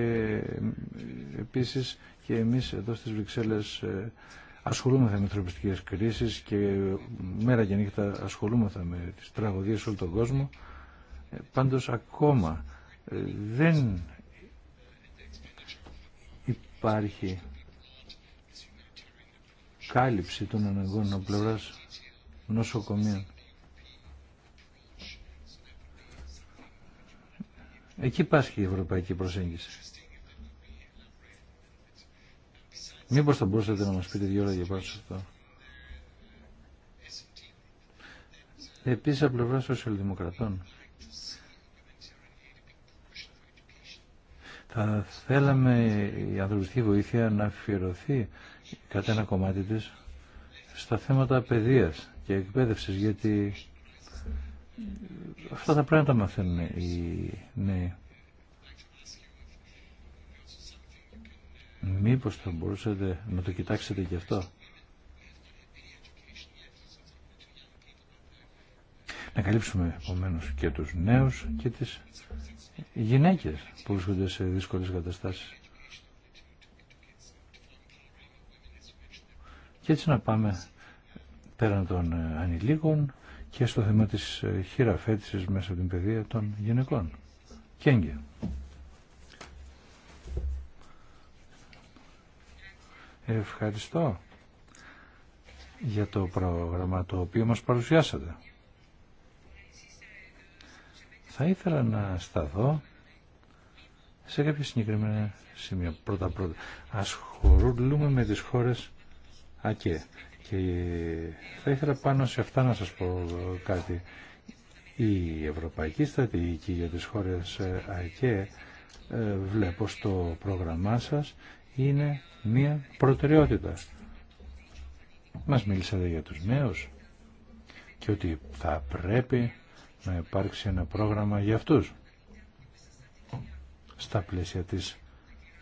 επίσης και εμείς εδώ στις Βρυξέλλες ε, ασχολούμαστε με ανθρωπιστικές κρίσεις και μέρα και νύχτα ασχολούμαστε με τις τραγωδίες όλο τον κόσμο. Πάντως ακόμα ε, δεν υπάρχει κάλυψη των αναγκών από πλευρά νοσοκομείων. Εκεί πάσχει η ευρωπαϊκή προσέγγιση. Μήπως θα μπορούσατε να μας πείτε δύο ώρες πάνω σε αυτό. Επίσης από πλευρά σοσιαλδημοκρατών Θα θέλαμε η ανθρωπιστική βοήθεια να αφιερωθεί κατά ένα κομμάτι της στα θέματα παιδείας και εκπαίδευσης γιατί αυτά τα πράγματα μαθαίνουν οι νέοι. Μήπως θα μπορούσατε να το κοιτάξετε και αυτό. Να καλύψουμε επομένω και τους νέους και τις γυναίκες που βρίσκονται σε δύσκολες καταστάσεις. Και έτσι να πάμε πέραν των ε, ανηλίκων και στο θέμα της ε, χειραφέτησης μέσα από την παιδεία των γυναικών. Κέγγε. Ευχαριστώ για το πρόγραμμα το οποίο μας παρουσιάσατε. Θα ήθελα να σταθώ σε κάποια συγκεκριμένα σημεία. Πρώτα πρώτα, ασχολούμαι με τις χώρες ΑΚΕ και θα ήθελα πάνω σε αυτά να σας πω κάτι. Η Ευρωπαϊκή Στρατηγική για τις χώρες ε, ΑΚΕ ε, βλέπω στο πρόγραμμά σας είναι μία προτεραιότητα. Μας μίλησατε για τους νέους και ότι θα πρέπει να υπάρξει ένα πρόγραμμα για αυτούς στα πλαίσια της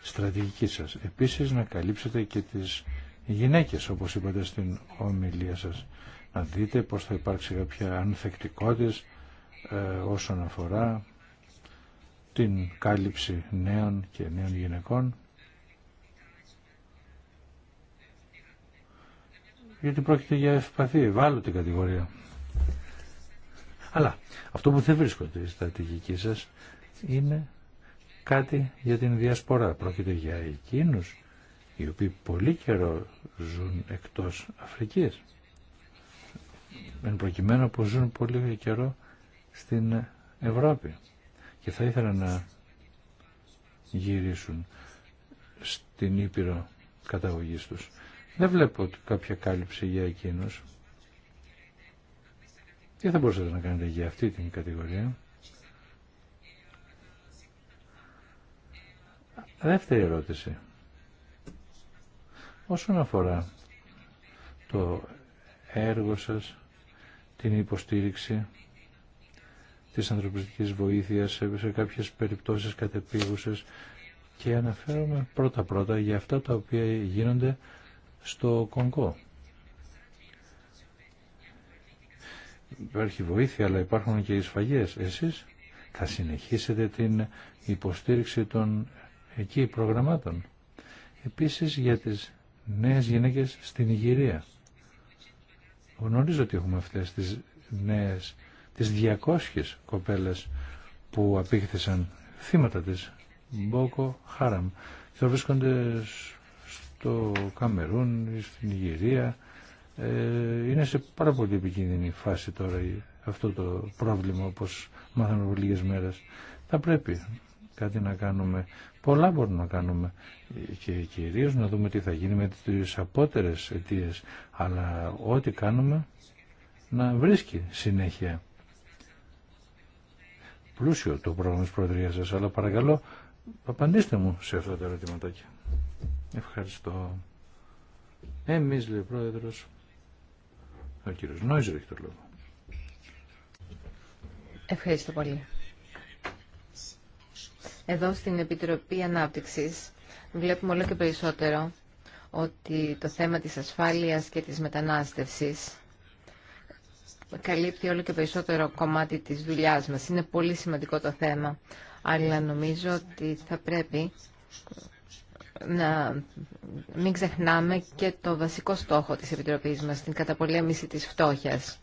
στρατηγικής σας. Επίσης να καλύψετε και τις γυναίκες όπως είπατε στην ομιλία σας. Να δείτε πως θα υπάρξει κάποια ανθεκτικότητα ε, όσον αφορά την κάλυψη νέων και νέων γυναικών. Γιατί πρόκειται για ευπαθή, την κατηγορία. Αλλά αυτό που δεν βρίσκονται στη στρατηγική σα είναι κάτι για την διασπορά. Πρόκειται για εκείνους οι οποίοι πολύ καιρό ζουν εκτός Αφρικής. Εν προκειμένου που ζουν πολύ καιρό στην Ευρώπη. Και θα ήθελα να γυρίσουν στην Ήπειρο καταγωγής τους. Δεν βλέπω κάποια κάλυψη για εκείνους. Τι θα μπορούσατε να κάνετε για αυτή την κατηγορία. Δεύτερη ερώτηση. Όσον αφορά το έργο σας, την υποστήριξη της ανθρωπιστικής βοήθειας σε κάποιες περιπτώσεις κατεπίγουσες και αναφέρομαι πρώτα-πρώτα για αυτά τα οποία γίνονται στο Κονκό. υπάρχει βοήθεια αλλά υπάρχουν και οι σφαγές. Εσείς θα συνεχίσετε την υποστήριξη των εκεί προγραμμάτων. Επίσης για τις νέες γυναίκες στην Ιγυρία. Γνωρίζω ότι έχουμε αυτές τις νέες, τις 200 κοπέλες που απήχθησαν θύματα της Μπόκο Χάραμ. Θα βρίσκονται στο Καμερούν, στην Ιγυρία, ε, είναι σε πάρα πολύ επικίνδυνη φάση τώρα αυτό το πρόβλημα όπως μάθαμε από λίγες μέρες. Θα πρέπει κάτι να κάνουμε. Πολλά μπορούμε να κάνουμε και κυρίω να δούμε τι θα γίνει με τις απότερες αιτίε. Αλλά ό,τι κάνουμε να βρίσκει συνέχεια. Πλούσιο το πρόγραμμα της Προεδρίας σας, αλλά παρακαλώ απαντήστε μου σε αυτά τα ερωτηματάκια. Ευχαριστώ. Εμείς λέει Πρόεδρος ο κύριος Νόιζερ έχει το λόγο. Ευχαριστώ πολύ. Εδώ στην Επιτροπή Ανάπτυξης βλέπουμε όλο και περισσότερο ότι το θέμα της ασφάλειας και της μετανάστευσης καλύπτει όλο και περισσότερο κομμάτι της δουλειάς μας. Είναι πολύ σημαντικό το θέμα, αλλά νομίζω ότι θα πρέπει να μην ξεχνάμε και το βασικό στόχο της Επιτροπής μας, την καταπολέμηση της φτώχειας.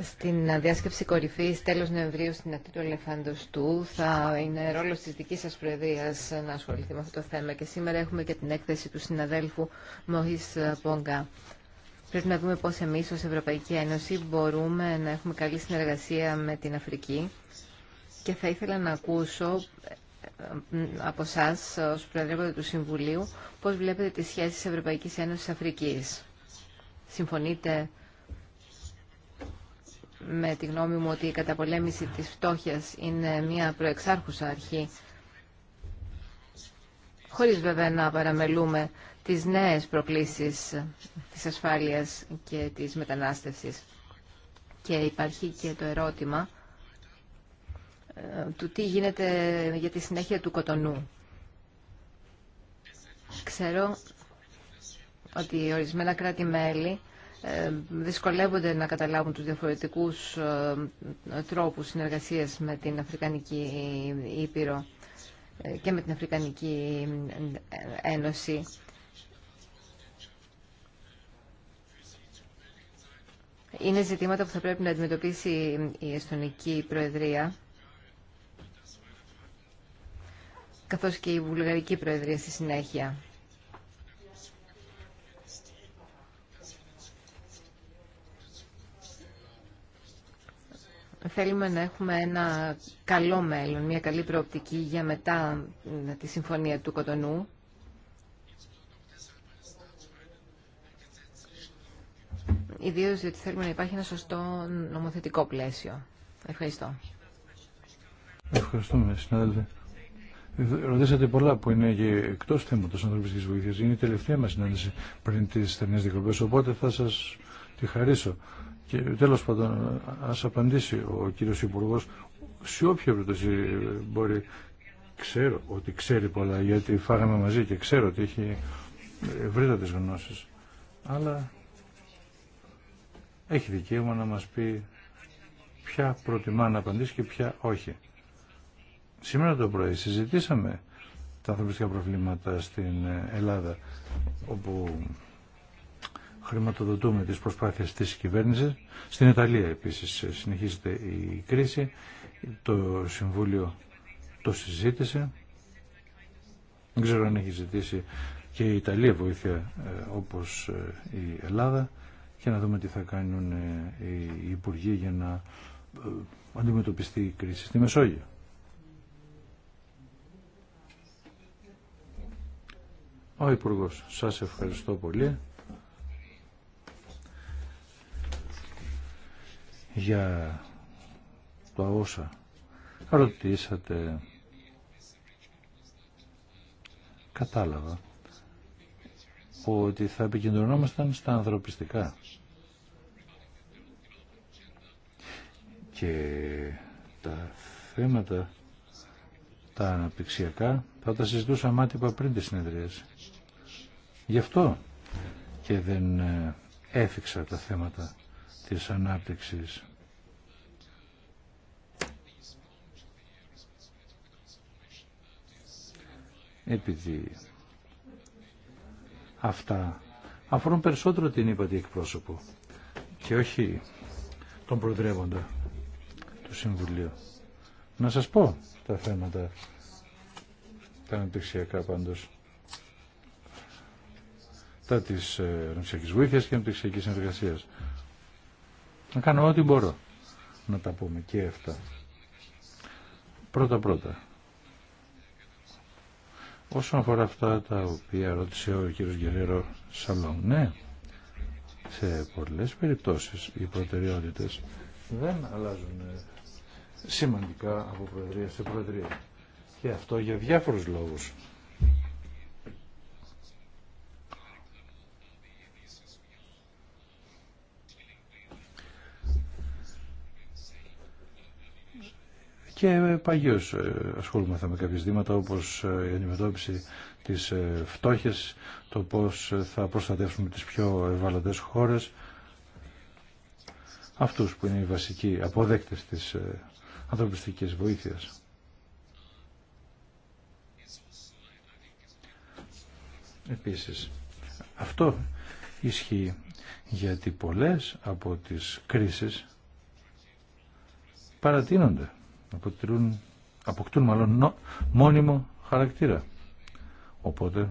Στην διάσκεψη κορυφής, τέλος Νοεμβρίου στην Αθήνα του του, θα είναι ρόλο της δικής σας Προεδρίας να ασχοληθεί με αυτό το θέμα. Και σήμερα έχουμε και την έκθεση του συναδέλφου Μωρίς Πόγκα. Πρέπει να δούμε πώ εμεί ω Ευρωπαϊκή Ένωση μπορούμε να έχουμε καλή συνεργασία με την Αφρική και θα ήθελα να ακούσω ε, από εσά ως Προεδρεύοντα του Συμβουλίου πώς βλέπετε τις σχέσεις Ευρωπαϊκής Ένωσης Αφρική; Συμφωνείτε με τη γνώμη μου ότι η καταπολέμηση της φτώχειας είναι μια προεξάρχουσα αρχή χωρίς βέβαια να παραμελούμε τις νέες προκλήσεις της ασφάλειας και της μετανάστευσης. Και υπάρχει και το ερώτημα του τι γίνεται για τη συνέχεια του Κοτονού. Ξέρω ότι ορισμένα κράτη-μέλη ε, δυσκολεύονται να καταλάβουν τους διαφορετικούς ε, τρόπους συνεργασίας με την Αφρικανική Ήπειρο ε, και με την Αφρικανική Ένωση. Είναι ζητήματα που θα πρέπει να αντιμετωπίσει η Εστονική Προεδρία καθώς και η Βουλγαρική Προεδρία στη συνέχεια. Θέλουμε να έχουμε ένα καλό μέλλον, μια καλή προοπτική για μετά τη Συμφωνία του Κοτονού. Ιδίω διότι θέλουμε να υπάρχει ένα σωστό νομοθετικό πλαίσιο. Ευχαριστώ. Ευχαριστούμε, συνάδελφε. Ρωτήσατε πολλά που είναι και εκτό θέματο ανθρωπιστική βοήθεια. Είναι η τελευταία μα συνάντηση πριν τι θερινέ διακοπέ. Οπότε θα σα τη χαρίσω. Και τέλο πάντων, α απαντήσει ο κύριο Υπουργό σε όποια πρόταση μπορεί. Ξέρω ότι ξέρει πολλά γιατί φάγαμε μαζί και ξέρω ότι έχει ευρύτατε γνώσει. Αλλά έχει δικαίωμα να μα πει ποια προτιμά να απαντήσει και ποια όχι. Σήμερα το πρωί συζητήσαμε τα ανθρωπιστικά προβλήματα στην Ελλάδα, όπου χρηματοδοτούμε τις προσπάθειες της κυβέρνησης. Στην Ιταλία επίσης συνεχίζεται η κρίση. Το Συμβούλιο το συζήτησε. Δεν ξέρω αν έχει ζητήσει και η Ιταλία βοήθεια ε, όπως ε, η Ελλάδα και να δούμε τι θα κάνουν ε, οι Υπουργοί για να αντιμετωπιστεί η κρίση στη Μεσόγειο. Ο υπουργό, σας ευχαριστώ πολύ για τα όσα ρωτήσατε. Κατάλαβα ότι θα επικεντρωνόμασταν στα ανθρωπιστικά. Και τα θέματα τα αναπτυξιακά θα τα συζητούσα μάτυπα πριν τη συνεδρίαση. Γι' αυτό και δεν ε, έφυξα τα θέματα της ανάπτυξης. Επειδή αυτά αφορούν περισσότερο την είπατε εκπρόσωπο και όχι τον προεδρεύοντα του Συμβουλίου. Να σας πω τα θέματα τα αναπτυξιακά πάντως τα της ε, νομισιακής βοήθεια και νομισιακής συνεργασία. Να κάνω ό,τι μπορώ να τα πούμε και αυτά. Πρώτα πρώτα. Όσον αφορά αυτά τα οποία ρώτησε ο κύριος Γκερέρο Σαλόν, ναι, σε πολλές περιπτώσεις οι προτεραιότητες δεν αλλάζουν ε, σημαντικά από προεδρία σε προεδρία. Και αυτό για διάφορους λόγους. και παγιώ ε, ασχολούμαστε με κάποια ζητήματα όπως ε, η αντιμετώπιση της ε, φτώχειας, το πώς θα προστατεύσουμε τις πιο ευάλωτε χώρες, Αυτού που είναι οι βασικοί αποδέκτες της ανθρωπιστική βοήθειας. Επίσης, αυτό ισχύει γιατί πολλές από τις κρίσεις παρατείνονται αποτελούν, αποκτούν μάλλον μόνιμο χαρακτήρα. Οπότε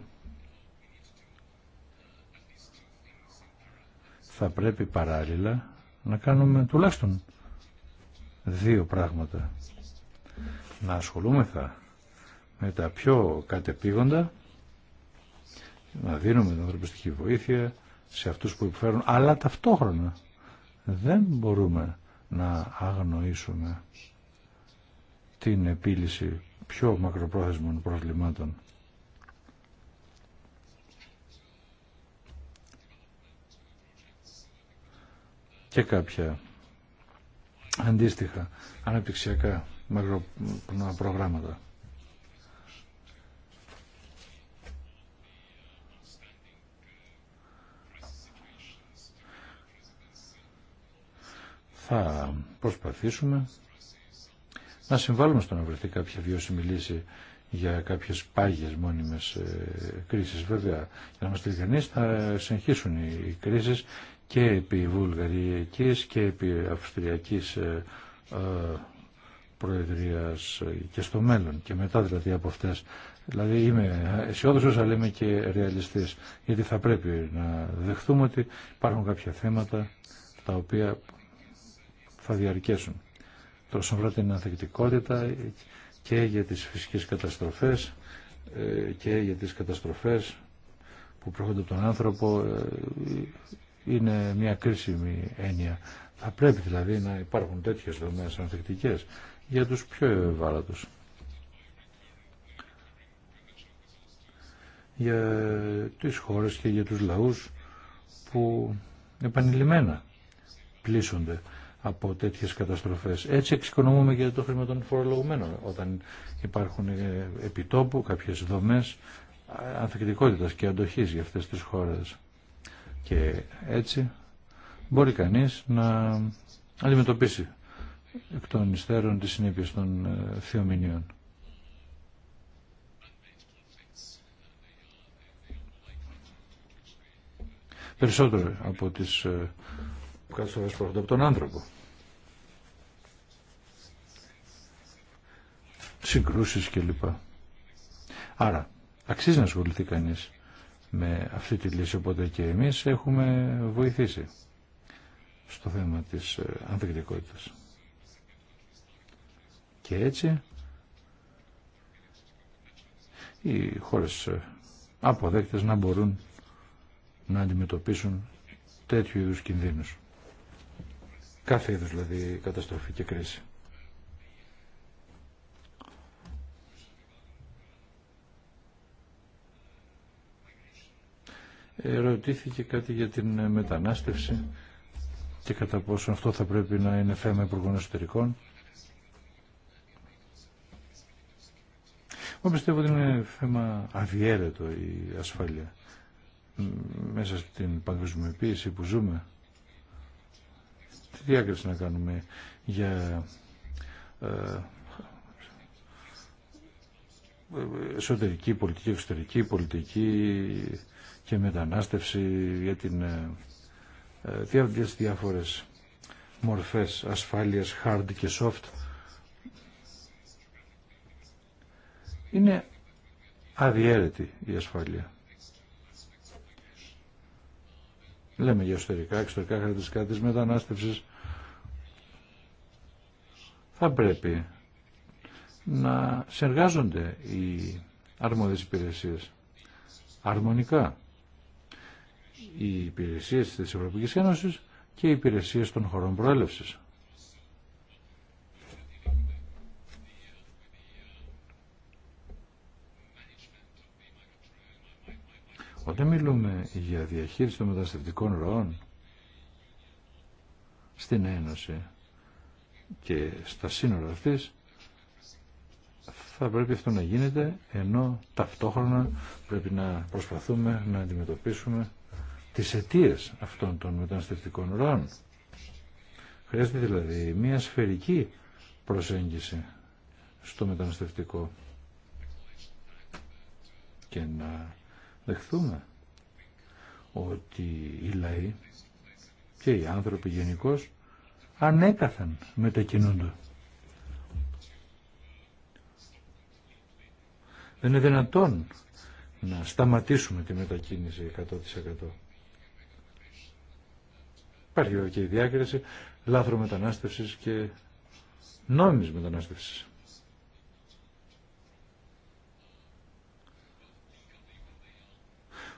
θα πρέπει παράλληλα να κάνουμε τουλάχιστον δύο πράγματα. Να ασχολούμεθα με τα πιο κατεπήγοντα, να δίνουμε την ανθρωπιστική βοήθεια σε αυτούς που υποφέρουν, αλλά ταυτόχρονα δεν μπορούμε να αγνοήσουμε την επίλυση πιο μακροπρόθεσμων προβλημάτων. Και κάποια αντίστοιχα αναπτυξιακά προγράμματα. Θα προσπαθήσουμε να συμβάλλουμε στο να βρεθεί κάποια βιώσιμη λύση για κάποιες πάγιες μόνιμες ε, κρίσεις. Βέβαια, για να είμαστε ειλικρινείς, θα συνεχίσουν οι κρίσεις και επί Βουλγαριακής και επί Αυστριακής ε, ε, Προεδρίας και στο μέλλον και μετά δηλαδή από αυτές. Δηλαδή είμαι αισιόδοξο, αλλά είμαι και ρεαλιστής γιατί θα πρέπει να δεχθούμε ότι υπάρχουν κάποια θέματα τα οποία θα διαρκέσουν τόσο αφορά την ανθεκτικότητα και για τις φυσικές καταστροφές ε, και για τις καταστροφές που προέρχονται από τον άνθρωπο ε, είναι μια κρίσιμη έννοια. Θα πρέπει δηλαδή να υπάρχουν τέτοιες δομές ανθεκτικές για τους πιο ευάλωτους. Για τις χώρες και για τους λαούς που επανειλημμένα πλήσονται από τέτοιες καταστροφές. Έτσι εξοικονομούμε και το χρήμα των φορολογουμένων όταν υπάρχουν ε, επιτόπου κάποιες δομές ανθεκτικότητας και αντοχής για αυτές τις χώρες. Και έτσι μπορεί κανείς να αντιμετωπίσει εκ των υστέρων τις συνέπειες των ε, θεομηνίων. Περισσότερο από τις ε, καθώς από τον άνθρωπο. Συγκρούσεις κλπ. Άρα, αξίζει να ασχοληθεί κανείς με αυτή τη λύση, οπότε και εμείς έχουμε βοηθήσει στο θέμα της ε, ανθεκτικότητας. Και έτσι οι χώρες ε, αποδέκτες να μπορούν να αντιμετωπίσουν τέτοιου είδους κινδύνους κάθε είδους δηλαδή καταστροφή και κρίση. Ερωτήθηκε κάτι για την μετανάστευση και κατά πόσο αυτό θα πρέπει να είναι θέμα υπουργών εσωτερικών. Εγώ πιστεύω ότι είναι θέμα αδιέρετο η ασφάλεια μέσα στην παγκοσμιοποίηση που ζούμε. Τι διάκριση να κάνουμε για ε, εσωτερική πολιτική, εξωτερική πολιτική και μετανάστευση για την ε, ε διάφορες μορφές ασφάλειας hard και soft είναι αδιέρετη η ασφάλεια Λέμε για εσωτερικά, εξωτερικά χαρακτηριστικά της μετανάστευσης. Θα πρέπει να συνεργάζονται οι αρμόδιες υπηρεσίες αρμονικά. Οι υπηρεσίες της Ευρωπαϊκής Ένωσης και οι υπηρεσίες των χωρών προέλευσης. Όταν μιλούμε για διαχείριση των μεταναστευτικών ροών στην Ένωση και στα σύνορα αυτής, θα πρέπει αυτό να γίνεται, ενώ ταυτόχρονα πρέπει να προσπαθούμε να αντιμετωπίσουμε τις αιτίε αυτών των μεταναστευτικών ροών. Χρειάζεται δηλαδή μια σφαιρική προσέγγιση στο μεταναστευτικό και να δεχθούμε ότι οι λαοί και οι άνθρωποι γενικώ ανέκαθαν μετακινούνται. Δεν είναι δυνατόν να σταματήσουμε τη μετακίνηση 100%. Υπάρχει και η διάκριση λάθρο μετανάστευσης και νόμιμης μετανάστευσης.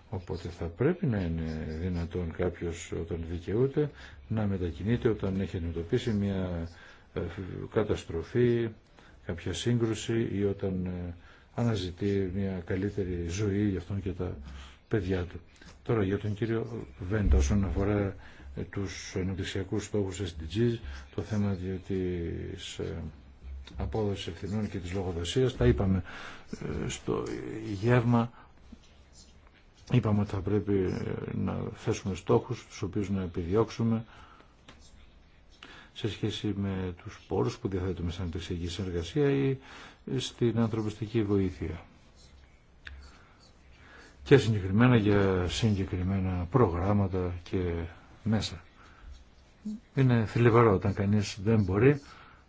Οπότε θα πρέπει να είναι δυνατόν κάποιος όταν δικαιούται να μετακινείται όταν έχει αντιμετωπίσει μια ε, καταστροφή, κάποια σύγκρουση ή όταν ε, αναζητεί μια καλύτερη ζωή για αυτόν και τα παιδιά του. Τώρα για τον κύριο Βέντα όσον αφορά ε, τους ενωτησιακούς στόχους SDGs, το θέμα της απόδοση ευθυνών και της λογοδοσίας, τα είπαμε στο γεύμα Είπαμε ότι θα πρέπει ε, να θέσουμε στόχους, τους οποίους να επιδιώξουμε σε σχέση με τους πόρους που διαθέτουμε σαν τεξιακή συνεργασία ή στην ανθρωπιστική βοήθεια. Και συγκεκριμένα για συγκεκριμένα προγράμματα και μέσα. Είναι θλιβερό όταν κανείς δεν μπορεί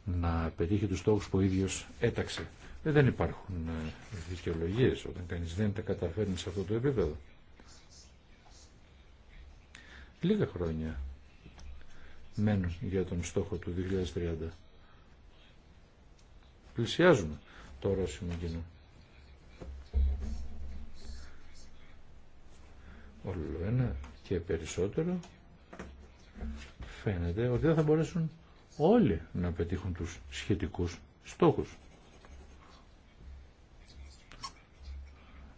να πετύχει τους στόχους που ο ίδιος έταξε. Ε, δεν υπάρχουν ε, δικαιολογίε όταν κανείς δεν τα καταφέρνει σε αυτό το επίπεδο. Λίγα χρόνια μένουν για τον στόχο του 2030. Πλησιάζουμε το ορόσημο κοινό. Όλο ένα και περισσότερο φαίνεται ότι δεν θα μπορέσουν όλοι να πετύχουν τους σχετικούς στόχους.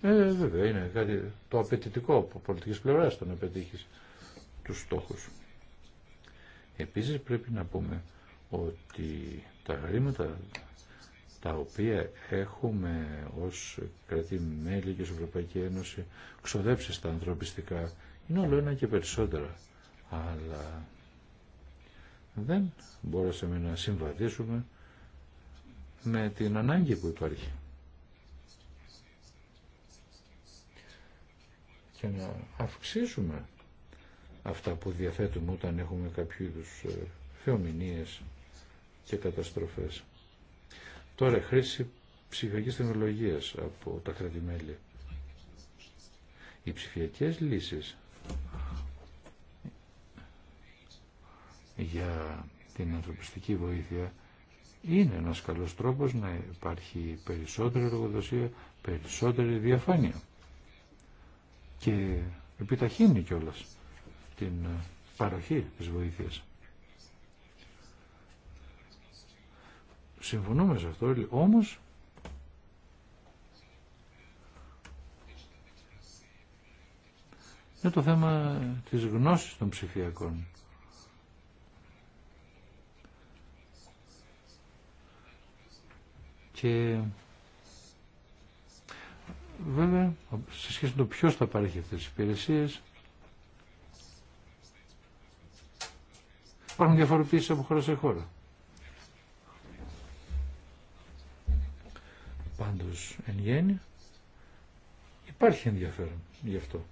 Ε, βέβαια, είναι κάτι το απαιτητικό από πολιτικής πλευράς το να πετύχεις τους στόχους. Επίσης πρέπει να πούμε ότι τα χρήματα τα οποία έχουμε ως κρατή-μέλη και ως Ευρωπαϊκή Ένωση ξοδέψει στα ανθρωπιστικά είναι όλο ένα και περισσότερα. Αλλά δεν μπορέσαμε να συμβαδίσουμε με την ανάγκη που υπάρχει. Και να αυξήσουμε αυτά που διαθέτουμε όταν έχουμε κάποιου είδου ε, θεομηνίες και καταστροφές. Τώρα χρήση ψηφιακής τεχνολογίας από τα κρατημέλη. Οι ψηφιακές λύσεις για την ανθρωπιστική βοήθεια είναι ένας καλός τρόπος να υπάρχει περισσότερη εργοδοσία, περισσότερη διαφάνεια και επιταχύνει κιόλας την ε, παροχή της βοήθειας. Συμφωνούμε σε αυτό, όμως είναι το θέμα της γνώσης των ψηφιακών. Και βέβαια, σε σχέση με το ποιος θα παρέχει αυτές τις υπηρεσίες, Υπάρχουν διαφοροποιήσει από χώρα σε χώρα. Πάντω εν γέννη, υπάρχει ενδιαφέρον γι' αυτό.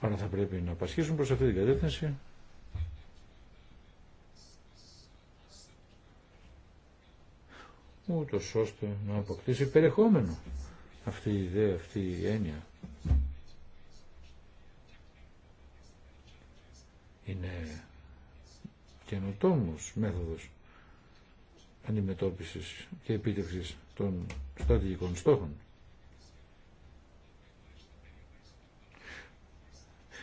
Άρα θα πρέπει να πασχίσουν προς αυτή την κατεύθυνση. ούτως ώστε να αποκτήσει περιεχόμενο αυτή η ιδέα, αυτή η έννοια. είναι καινοτόμος μέθοδος αντιμετώπισης και επίτευξης των στρατηγικών στόχων.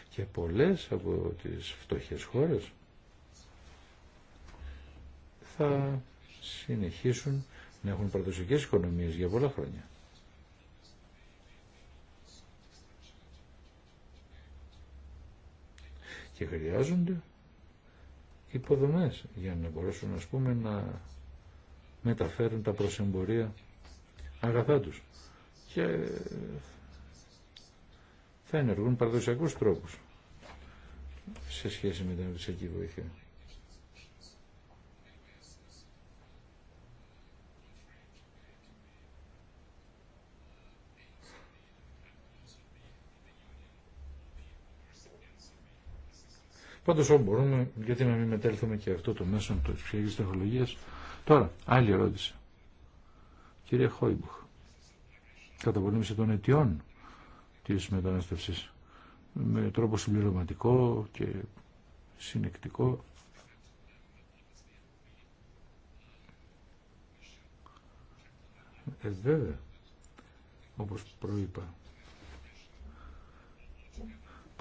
Και πολλές από τις φτωχές χώρες θα συνεχίσουν να έχουν παραδοσιακές οικονομίες για πολλά χρόνια. και χρειάζονται υποδομές για να μπορέσουν να πούμε να μεταφέρουν τα προσεμπορία αγαθά τους και θα ενεργούν παραδοσιακούς τρόπους σε σχέση με την ευρωπαϊκή βοήθεια. Πάντως όμως μπορούμε, γιατί να μην μετέλθουμε και αυτό το μέσο της ψυχικής τεχνολογίας. Τώρα, άλλη ερώτηση. Κύριε Χόιμπουχ, καταπολέμηση των αιτιών της μετανάστευσης με τρόπο συμπληρωματικό και συνεκτικό. Ε, βέβαια, όπως προείπα,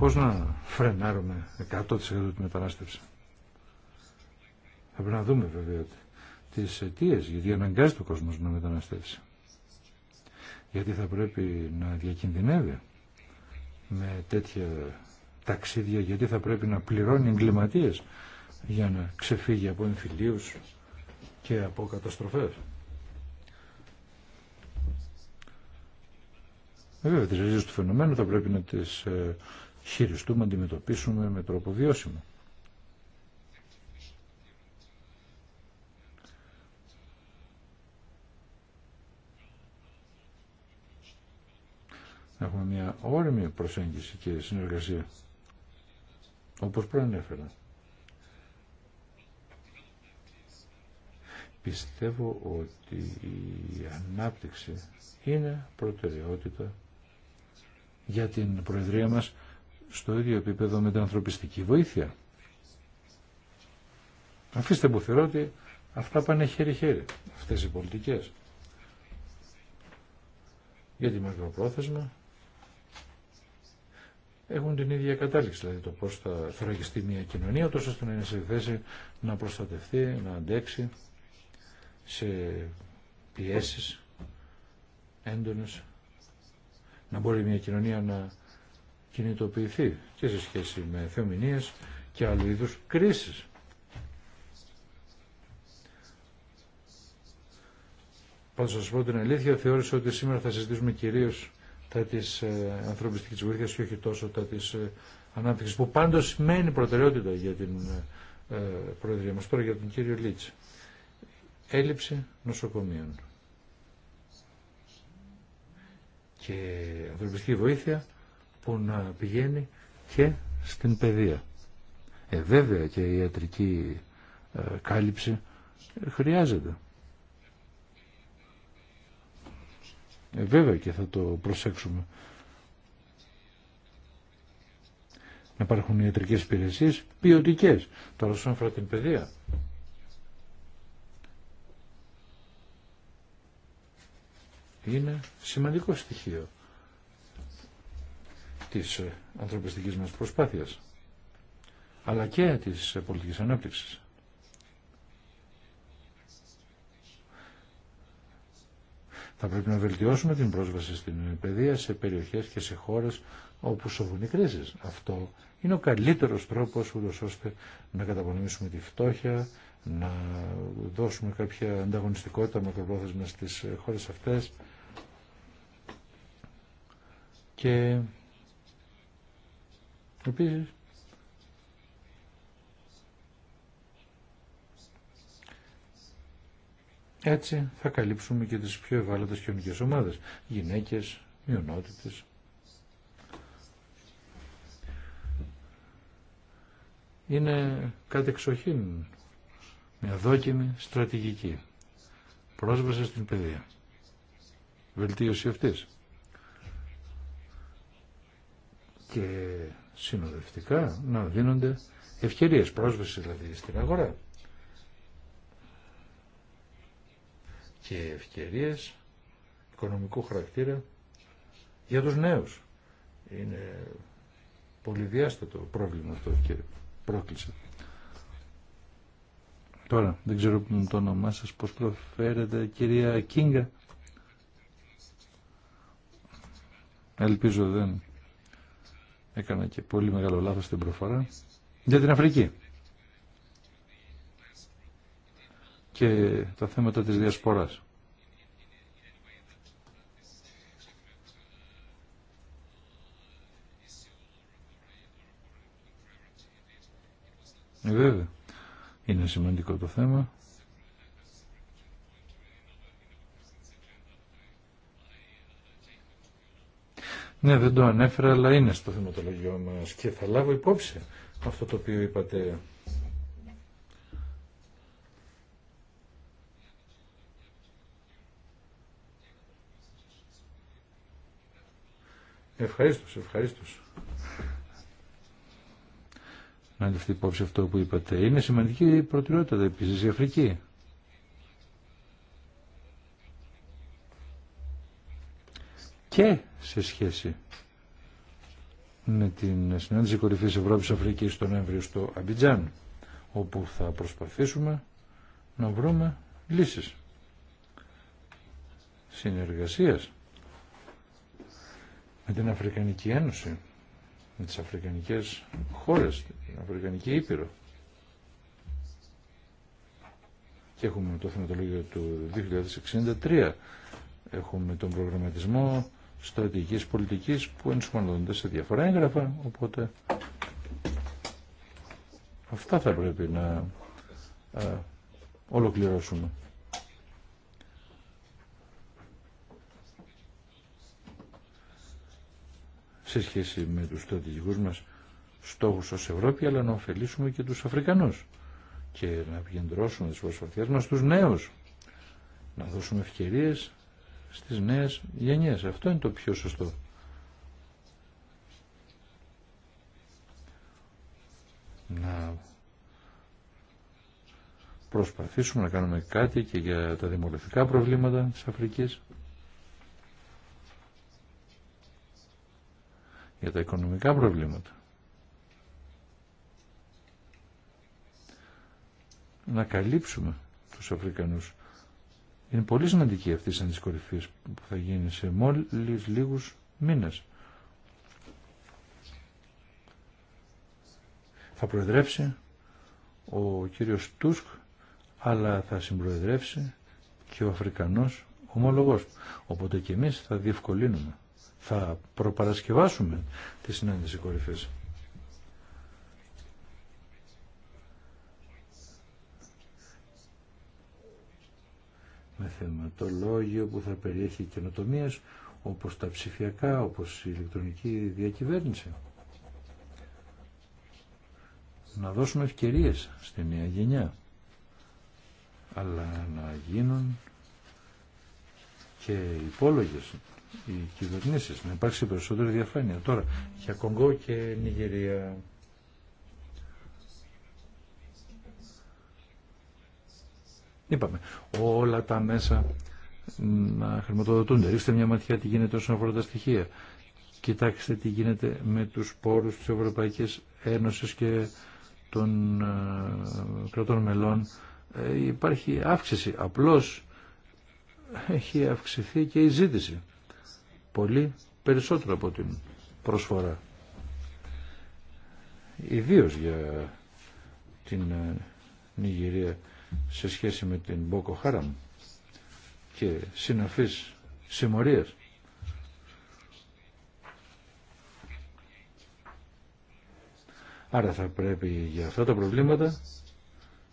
Πώς να φρενάρουμε 100% τη μετανάστευση. Θα πρέπει να δούμε βέβαια τις αιτίε γιατί αναγκάζει το κόσμος να μεταναστεύσει. Γιατί θα πρέπει να διακινδυνεύει με τέτοια ταξίδια, γιατί θα πρέπει να πληρώνει εγκληματίες για να ξεφύγει από εμφυλίους και από καταστροφές. Βέβαια, τις ρίζες του φαινομένου θα πρέπει να τις ε, χειριστούμε, αντιμετωπίσουμε με τρόπο βιώσιμο. Έχουμε μια όρημη προσέγγιση και συνεργασία, όπως προανέφερα. Πιστεύω ότι η ανάπτυξη είναι προτεραιότητα για την Προεδρία μας στο ίδιο επίπεδο με την ανθρωπιστική βοήθεια. Αφήστε που θεωρώ ότι αυτά πάνε χέρι-χέρι, αυτές οι πολιτικές. Γιατί μακροπρόθεσμα έχουν την ίδια κατάληξη, δηλαδή το πώς θα θωρακιστεί μια κοινωνία, τόσο ώστε να είναι σε θέση να προστατευτεί, να αντέξει σε πιέσεις έντονες, να μπορεί μια κοινωνία να κινητοποιηθεί και σε σχέση με θεομηνίες και άλλου είδους κρίσεις. Πάντως σας πω την αλήθεια, θεώρησα ότι σήμερα θα συζητήσουμε κυρίως τα της ε, ανθρωπιστικής βοήθειας και όχι τόσο τα της ε, ανάπτυξης, που πάντως σημαίνει προτεραιότητα για την ε, ε, Προεδρία μας. Τώρα για τον κύριο Λίτς. Έλλειψη νοσοκομείων. Και ανθρωπιστική βοήθεια που να πηγαίνει και στην παιδεία. Ε, βέβαια και η ιατρική ε, κάλυψη χρειάζεται. Ε, βέβαια και θα το προσέξουμε. Να υπάρχουν ιατρικές υπηρεσίες ποιοτικές. Τώρα όσον αφορά την παιδεία. Είναι σημαντικό στοιχείο της ε, ανθρωπιστικής μας προσπάθειας αλλά και της ε, πολιτικής ανάπτυξης. Θα πρέπει να βελτιώσουμε την πρόσβαση στην παιδεία σε περιοχές και σε χώρες όπου σοβούν οι κρίσεις. Αυτό είναι ο καλύτερος τρόπος ούτως ώστε να καταπονήσουμε τη φτώχεια, να δώσουμε κάποια ανταγωνιστικότητα μακροπρόθεσμα στις ε, χώρες αυτές και Επίσης, έτσι θα καλύψουμε και τις πιο ευάλωτες κοινωνικές ομάδες, γυναίκες, μειονότητες. Είναι κάτι εξοχήν, μια δόκιμη στρατηγική, πρόσβαση στην παιδεία, βελτίωση αυτής. Και συνοδευτικά να δίνονται ευκαιρίες πρόσβαση δηλαδή στην αγορά και ευκαιρίες οικονομικού χαρακτήρα για τους νέους. Είναι πολυδιάστατο πρόβλημα αυτό και πρόκληση. Τώρα, δεν ξέρω το όνομά σας, πώς προφέρετε, κυρία Κίνγκα. Ελπίζω δεν Έκανα και πολύ μεγάλο λάθος την προφορά. Για την Αφρική. Και τα θέματα της διασποράς. Ε, βέβαια. Είναι σημαντικό το θέμα. Ναι, δεν το ανέφερα, αλλά είναι στο θεματολογιό μας και θα λάβω υπόψη αυτό το οποίο είπατε. ευχαριστω είναι Να λεφτεί υπόψη αυτό που είπατε. Είναι σημαντική προτεραιότητα επίσης η Αφρική. και σε σχέση με την συνάντηση κορυφής Ευρώπη Αφρική τον Νοέμβριο στο Αμπιτζάν όπου θα προσπαθήσουμε να βρούμε λύσεις συνεργασίας με την Αφρικανική Ένωση με τις Αφρικανικές χώρες την Αφρικανική Ήπειρο και έχουμε το θεματολόγιο του 2063 έχουμε τον προγραμματισμό στρατηγικής πολιτικής που ενσωματωνόνται σε διαφορά έγγραφα, οπότε αυτά θα πρέπει να ε, ολοκληρώσουμε. σε σχέση με τους στρατηγικούς μας στόχους ως Ευρώπη, αλλά να ωφελήσουμε και τους Αφρικανούς και να επικεντρώσουμε τις προσπαθειές μας στους νέους, να δώσουμε ευκαιρίες στις νέες γενιές. Αυτό είναι το πιο σωστό. Να προσπαθήσουμε να κάνουμε κάτι και για τα δημογραφικά προβλήματα της Αφρικής. Για τα οικονομικά προβλήματα. Να καλύψουμε τους Αφρικανούς είναι πολύ σημαντική αυτή η συνάντηση κορυφής που θα γίνει σε μόλις λίγους μήνες. Θα προεδρεύσει ο κύριος Τούσκ, αλλά θα συμπροεδρεύσει και ο Αφρικανός ομολογός. Οπότε και εμείς θα διευκολύνουμε, θα προπαρασκευάσουμε τη συνάντηση κορυφής. θεματολόγιο που θα περιέχει καινοτομίε όπως τα ψηφιακά, όπως η ηλεκτρονική διακυβέρνηση. Να δώσουμε ευκαιρίε στη νέα γενιά, αλλά να γίνουν και υπόλογε οι κυβερνήσει, να υπάρξει περισσότερη διαφάνεια. Τώρα, για Κονγκό και Νιγηρία... Είπαμε, όλα τα μέσα να χρηματοδοτούνται. Ρίξτε μια ματιά τι γίνεται όσον αφορά τα στοιχεία. Κοιτάξτε τι γίνεται με τους πόρους της Ευρωπαϊκής Ένωσης και των ε, κρατών μελών. Ε, υπάρχει αύξηση. Απλώς έχει αυξηθεί και η ζήτηση. Πολύ περισσότερο από την προσφορά. Ιδίως για την ε, Νιγηρία σε σχέση με την Μπόκο Χάραμ και συναφείς συμμορίες. Άρα θα πρέπει για αυτά τα προβλήματα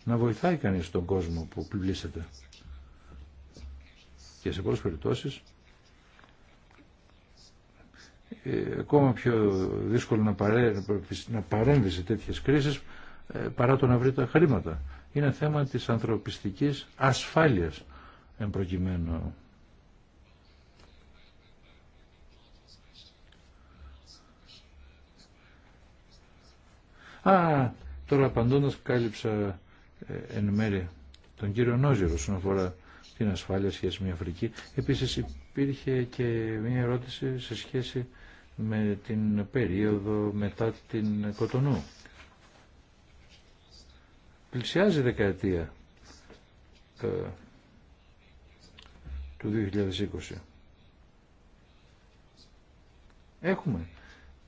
να βοηθάει κανείς τον κόσμο που πλήσεται. Και σε πολλές περιπτώσεις ε, ακόμα πιο δύσκολο να, να παρέμβει σε τέτοιες κρίσεις ε, παρά το να βρει τα χρήματα είναι θέμα της ανθρωπιστικής ασφάλειας εν προκειμένου. Α, τώρα απαντώντας κάλυψα ε, εν μέρη τον κύριο Νόζερο όσον αφορά την ασφάλεια σχέση με Αφρική. Επίσης υπήρχε και μια ερώτηση σε σχέση με την περίοδο μετά την Κοτονού πλησιάζει η δεκαετία ε, του 2020. Έχουμε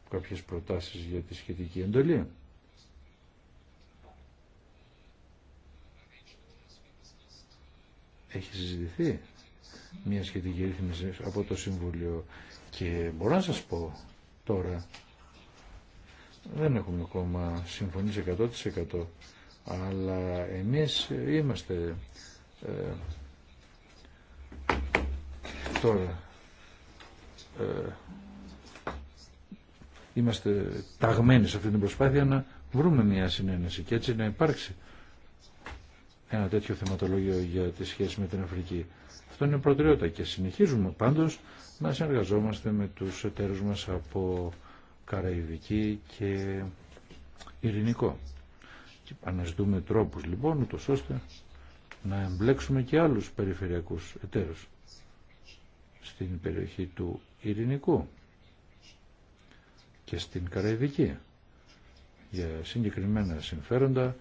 κάποιες προτάσεις για τη σχετική εντολή. Έχει συζητηθεί μια σχετική ρύθμιση από το Συμβούλιο και μπορώ να σας πω τώρα δεν έχουμε ακόμα συμφωνήσει 100% αλλά εμείς είμαστε ε, τώρα ε, είμαστε ταγμένοι σε αυτή την προσπάθεια να βρούμε μια συνένεση και έτσι να υπάρξει ένα τέτοιο θεματολόγιο για τη σχέση με την Αφρική. Αυτό είναι προτεραιότητα και συνεχίζουμε πάντως να συνεργαζόμαστε με τους εταίρους μας από Καραϊβική και Ειρηνικό αναζητούμε τρόπους λοιπόν ούτως ώστε να εμπλέξουμε και άλλους περιφερειακούς εταίρους στην περιοχή του Ειρηνικού και στην Καραϊβική για συγκεκριμένα συμφέροντα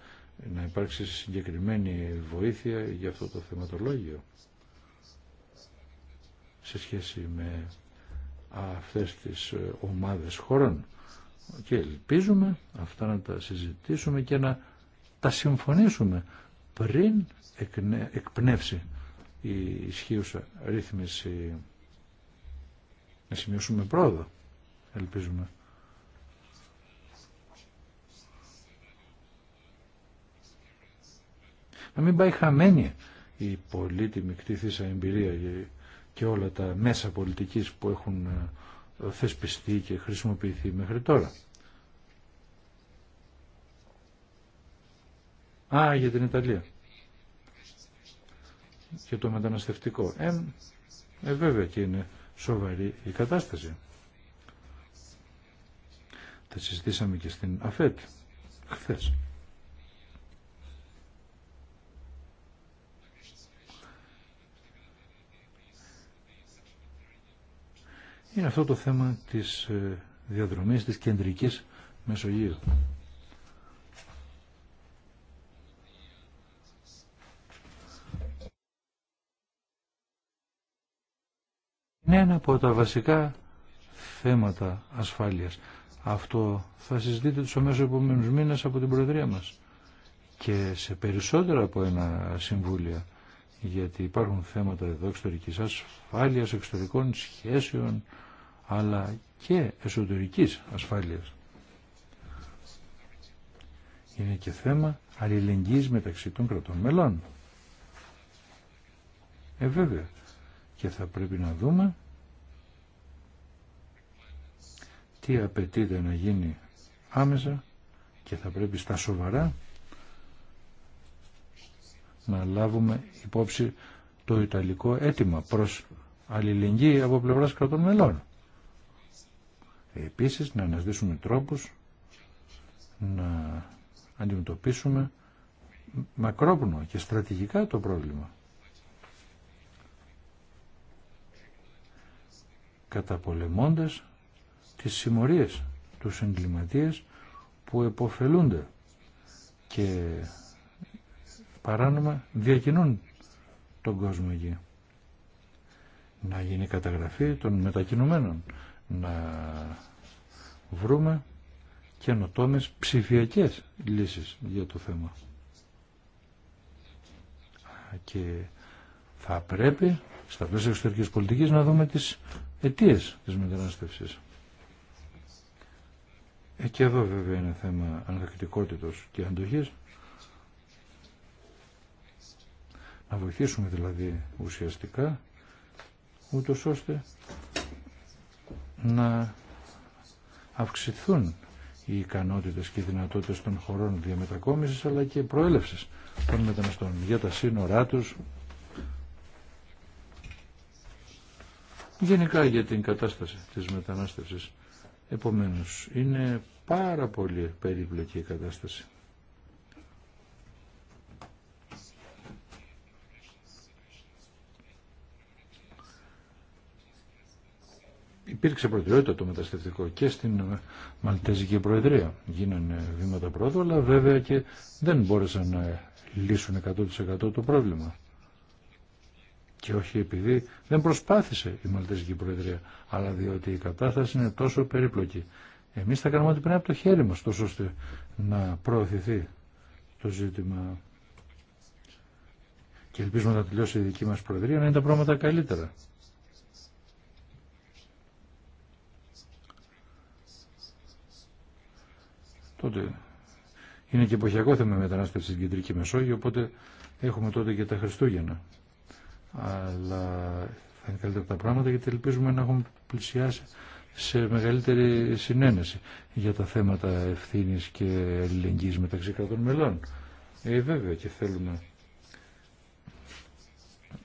να υπάρξει συγκεκριμένη βοήθεια για αυτό το θεματολόγιο σε σχέση με αυτές τις ε, ομάδες χωρών και ελπίζουμε αυτά να τα συζητήσουμε και να τα συμφωνήσουμε πριν εκπνεύσει η ισχύουσα ρύθμιση να σημειώσουμε πρόοδο ελπίζουμε να μην πάει χαμένη η πολύτιμη κτήθησα εμπειρία και όλα τα μέσα πολιτικής που έχουν ε, θεσπιστεί και χρησιμοποιηθεί μέχρι τώρα. Α, για την Ιταλία. Και το μεταναστευτικό. Ε, ε, βέβαια και είναι σοβαρή η κατάσταση. Τα συζητήσαμε και στην ΑΦΕΤ χθες. Είναι αυτό το θέμα της ε, διαδρομής της κεντρικής Μεσογείου. είναι ένα από τα βασικά θέματα ασφάλειας. Αυτό θα συζητείτε τους αμέσως επόμενους μήνες από την Προεδρία μας και σε περισσότερα από ένα συμβούλια γιατί υπάρχουν θέματα εδώ εξωτερικής ασφάλειας, εξωτερικών σχέσεων αλλά και εσωτερικής ασφάλειας. Είναι και θέμα αλληλεγγύης μεταξύ των κρατών μελών. Ε, βέβαια, και θα πρέπει να δούμε τι απαιτείται να γίνει άμεσα και θα πρέπει στα σοβαρά να λάβουμε υπόψη το Ιταλικό αίτημα προς αλληλεγγύη από πλευράς κρατών μελών. Επίσης να αναζητήσουμε τρόπους να αντιμετωπίσουμε μακρόπνο και στρατηγικά το πρόβλημα. καταπολεμώντας τις συμμορίες τους εγκληματίες που εποφελούνται και παράνομα διακινούν τον κόσμο εκεί. Να γίνει καταγραφή των μετακινουμένων, να βρούμε καινοτόμες ψηφιακές λύσεις για το θέμα. Και θα πρέπει στα πλαίσια εξωτερικής πολιτικής να δούμε τις Αιτίε τη μεταναστευση. Ε, και εδώ βέβαια είναι θέμα ανθεκτικότητα και αντοχής. Να βοηθήσουμε δηλαδή ουσιαστικά, ούτω ώστε να αυξηθούν οι ικανότητες και οι δυνατότητες των χωρών διαμετακόμισης αλλά και προέλευσης των μεταναστών για τα σύνορά τους, γενικά για την κατάσταση της μετανάστευσης. Επομένως, είναι πάρα πολύ περίπλοκη η κατάσταση. Υπήρξε προτεραιότητα το μεταστευτικό και στην Μαλτέζικη Προεδρία. Γίνανε βήματα πρόοδο, αλλά βέβαια και δεν μπόρεσαν να λύσουν 100% το πρόβλημα. Και όχι επειδή δεν προσπάθησε η Μαλτέζικη Προεδρία, αλλά διότι η κατάσταση είναι τόσο περίπλοκη. Εμείς θα κάνουμε ό,τι πρέπει από το χέρι μας, τόσο ώστε να προωθηθεί το ζήτημα. Και ελπίζουμε να τελειώσει η δική μας Προεδρία, να είναι τα πράγματα καλύτερα. Τότε είναι και εποχιακό θέμα μετανάστευση στην Κεντρική Μεσόγειο, οπότε έχουμε τότε και τα Χριστούγεννα αλλά θα είναι καλύτερα τα πράγματα γιατί ελπίζουμε να έχουμε πλησιάσει σε μεγαλύτερη συνένεση για τα θέματα ευθύνης και ελληνική μεταξύ κρατών μελών. Ε, βέβαια και θέλουμε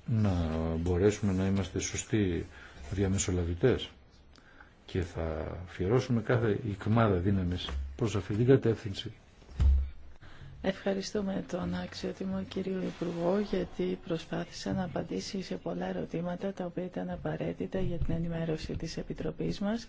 να μπορέσουμε να είμαστε σωστοί διαμεσολαβητές και θα αφιερώσουμε κάθε ικμάδα δύναμης προς αυτή την κατεύθυνση. Ευχαριστούμε τον αξιότιμο κύριο Υπουργό γιατί προσπάθησε να απαντήσει σε πολλά ερωτήματα τα οποία ήταν απαραίτητα για την ενημέρωση της Επιτροπής μας.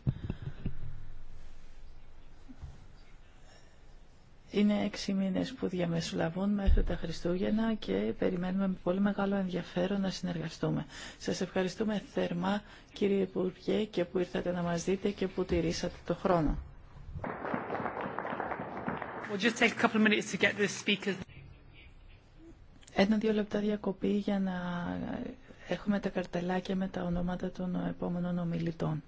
Είναι έξι μήνες που διαμεσουλαβούν μέχρι τα Χριστούγεννα και περιμένουμε με πολύ μεγάλο ενδιαφέρον να συνεργαστούμε. Σας ευχαριστούμε θερμά κύριε Υπουργέ και που ήρθατε να μας δείτε και που τηρήσατε το χρόνο. Ένα-δύο λεπτά διακοπή για να έχουμε τα καρτελάκια με τα ονόματα των επόμενων ομιλητών.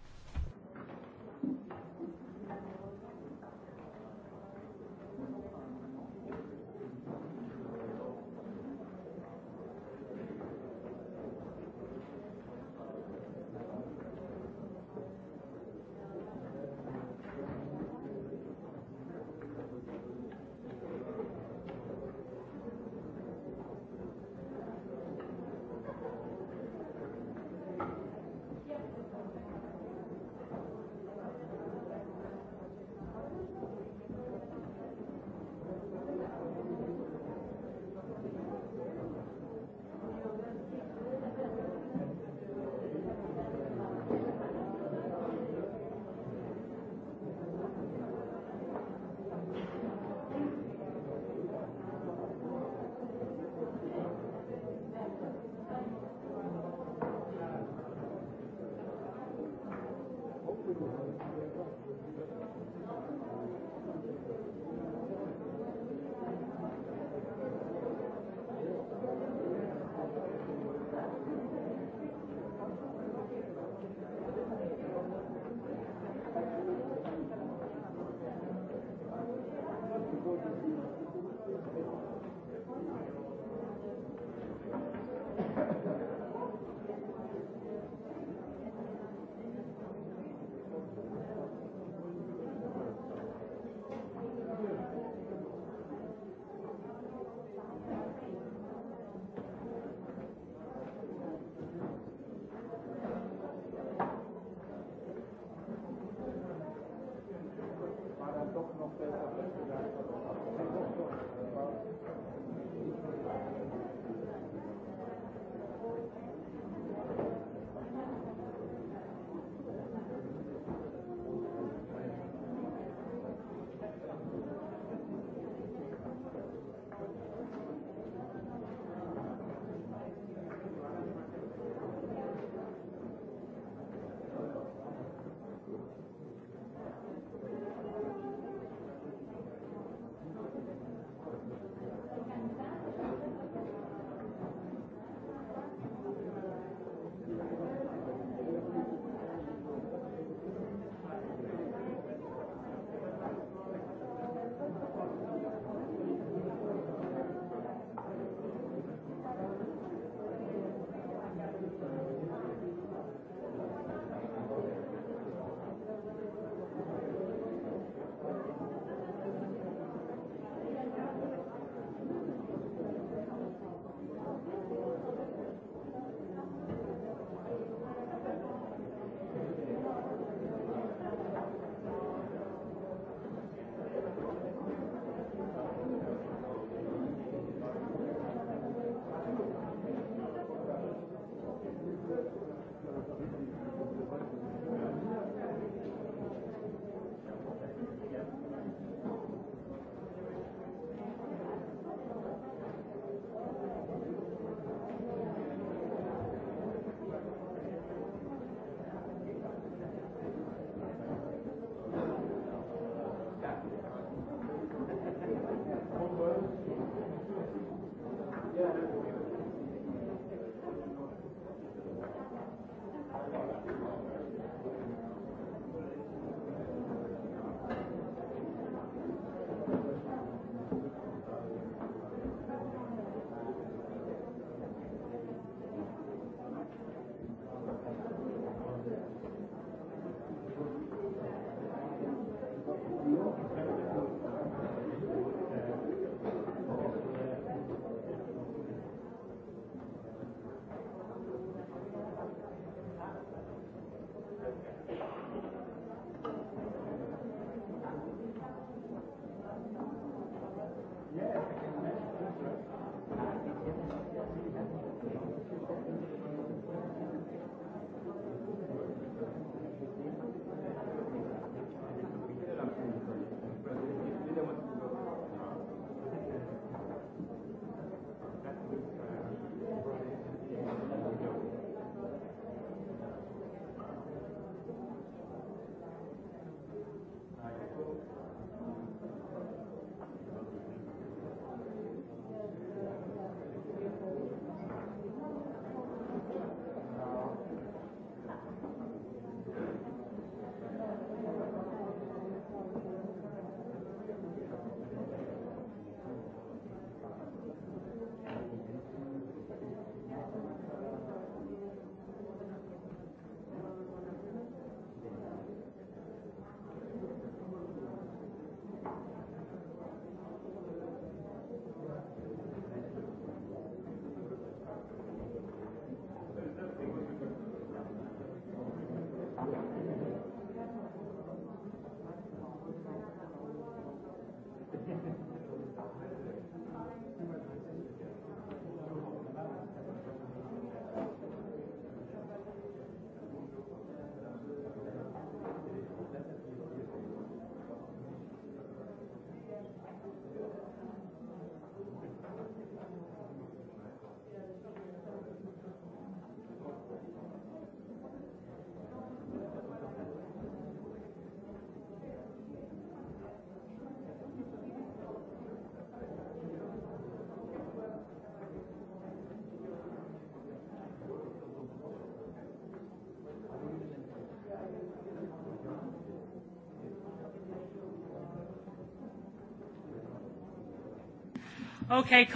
Okay,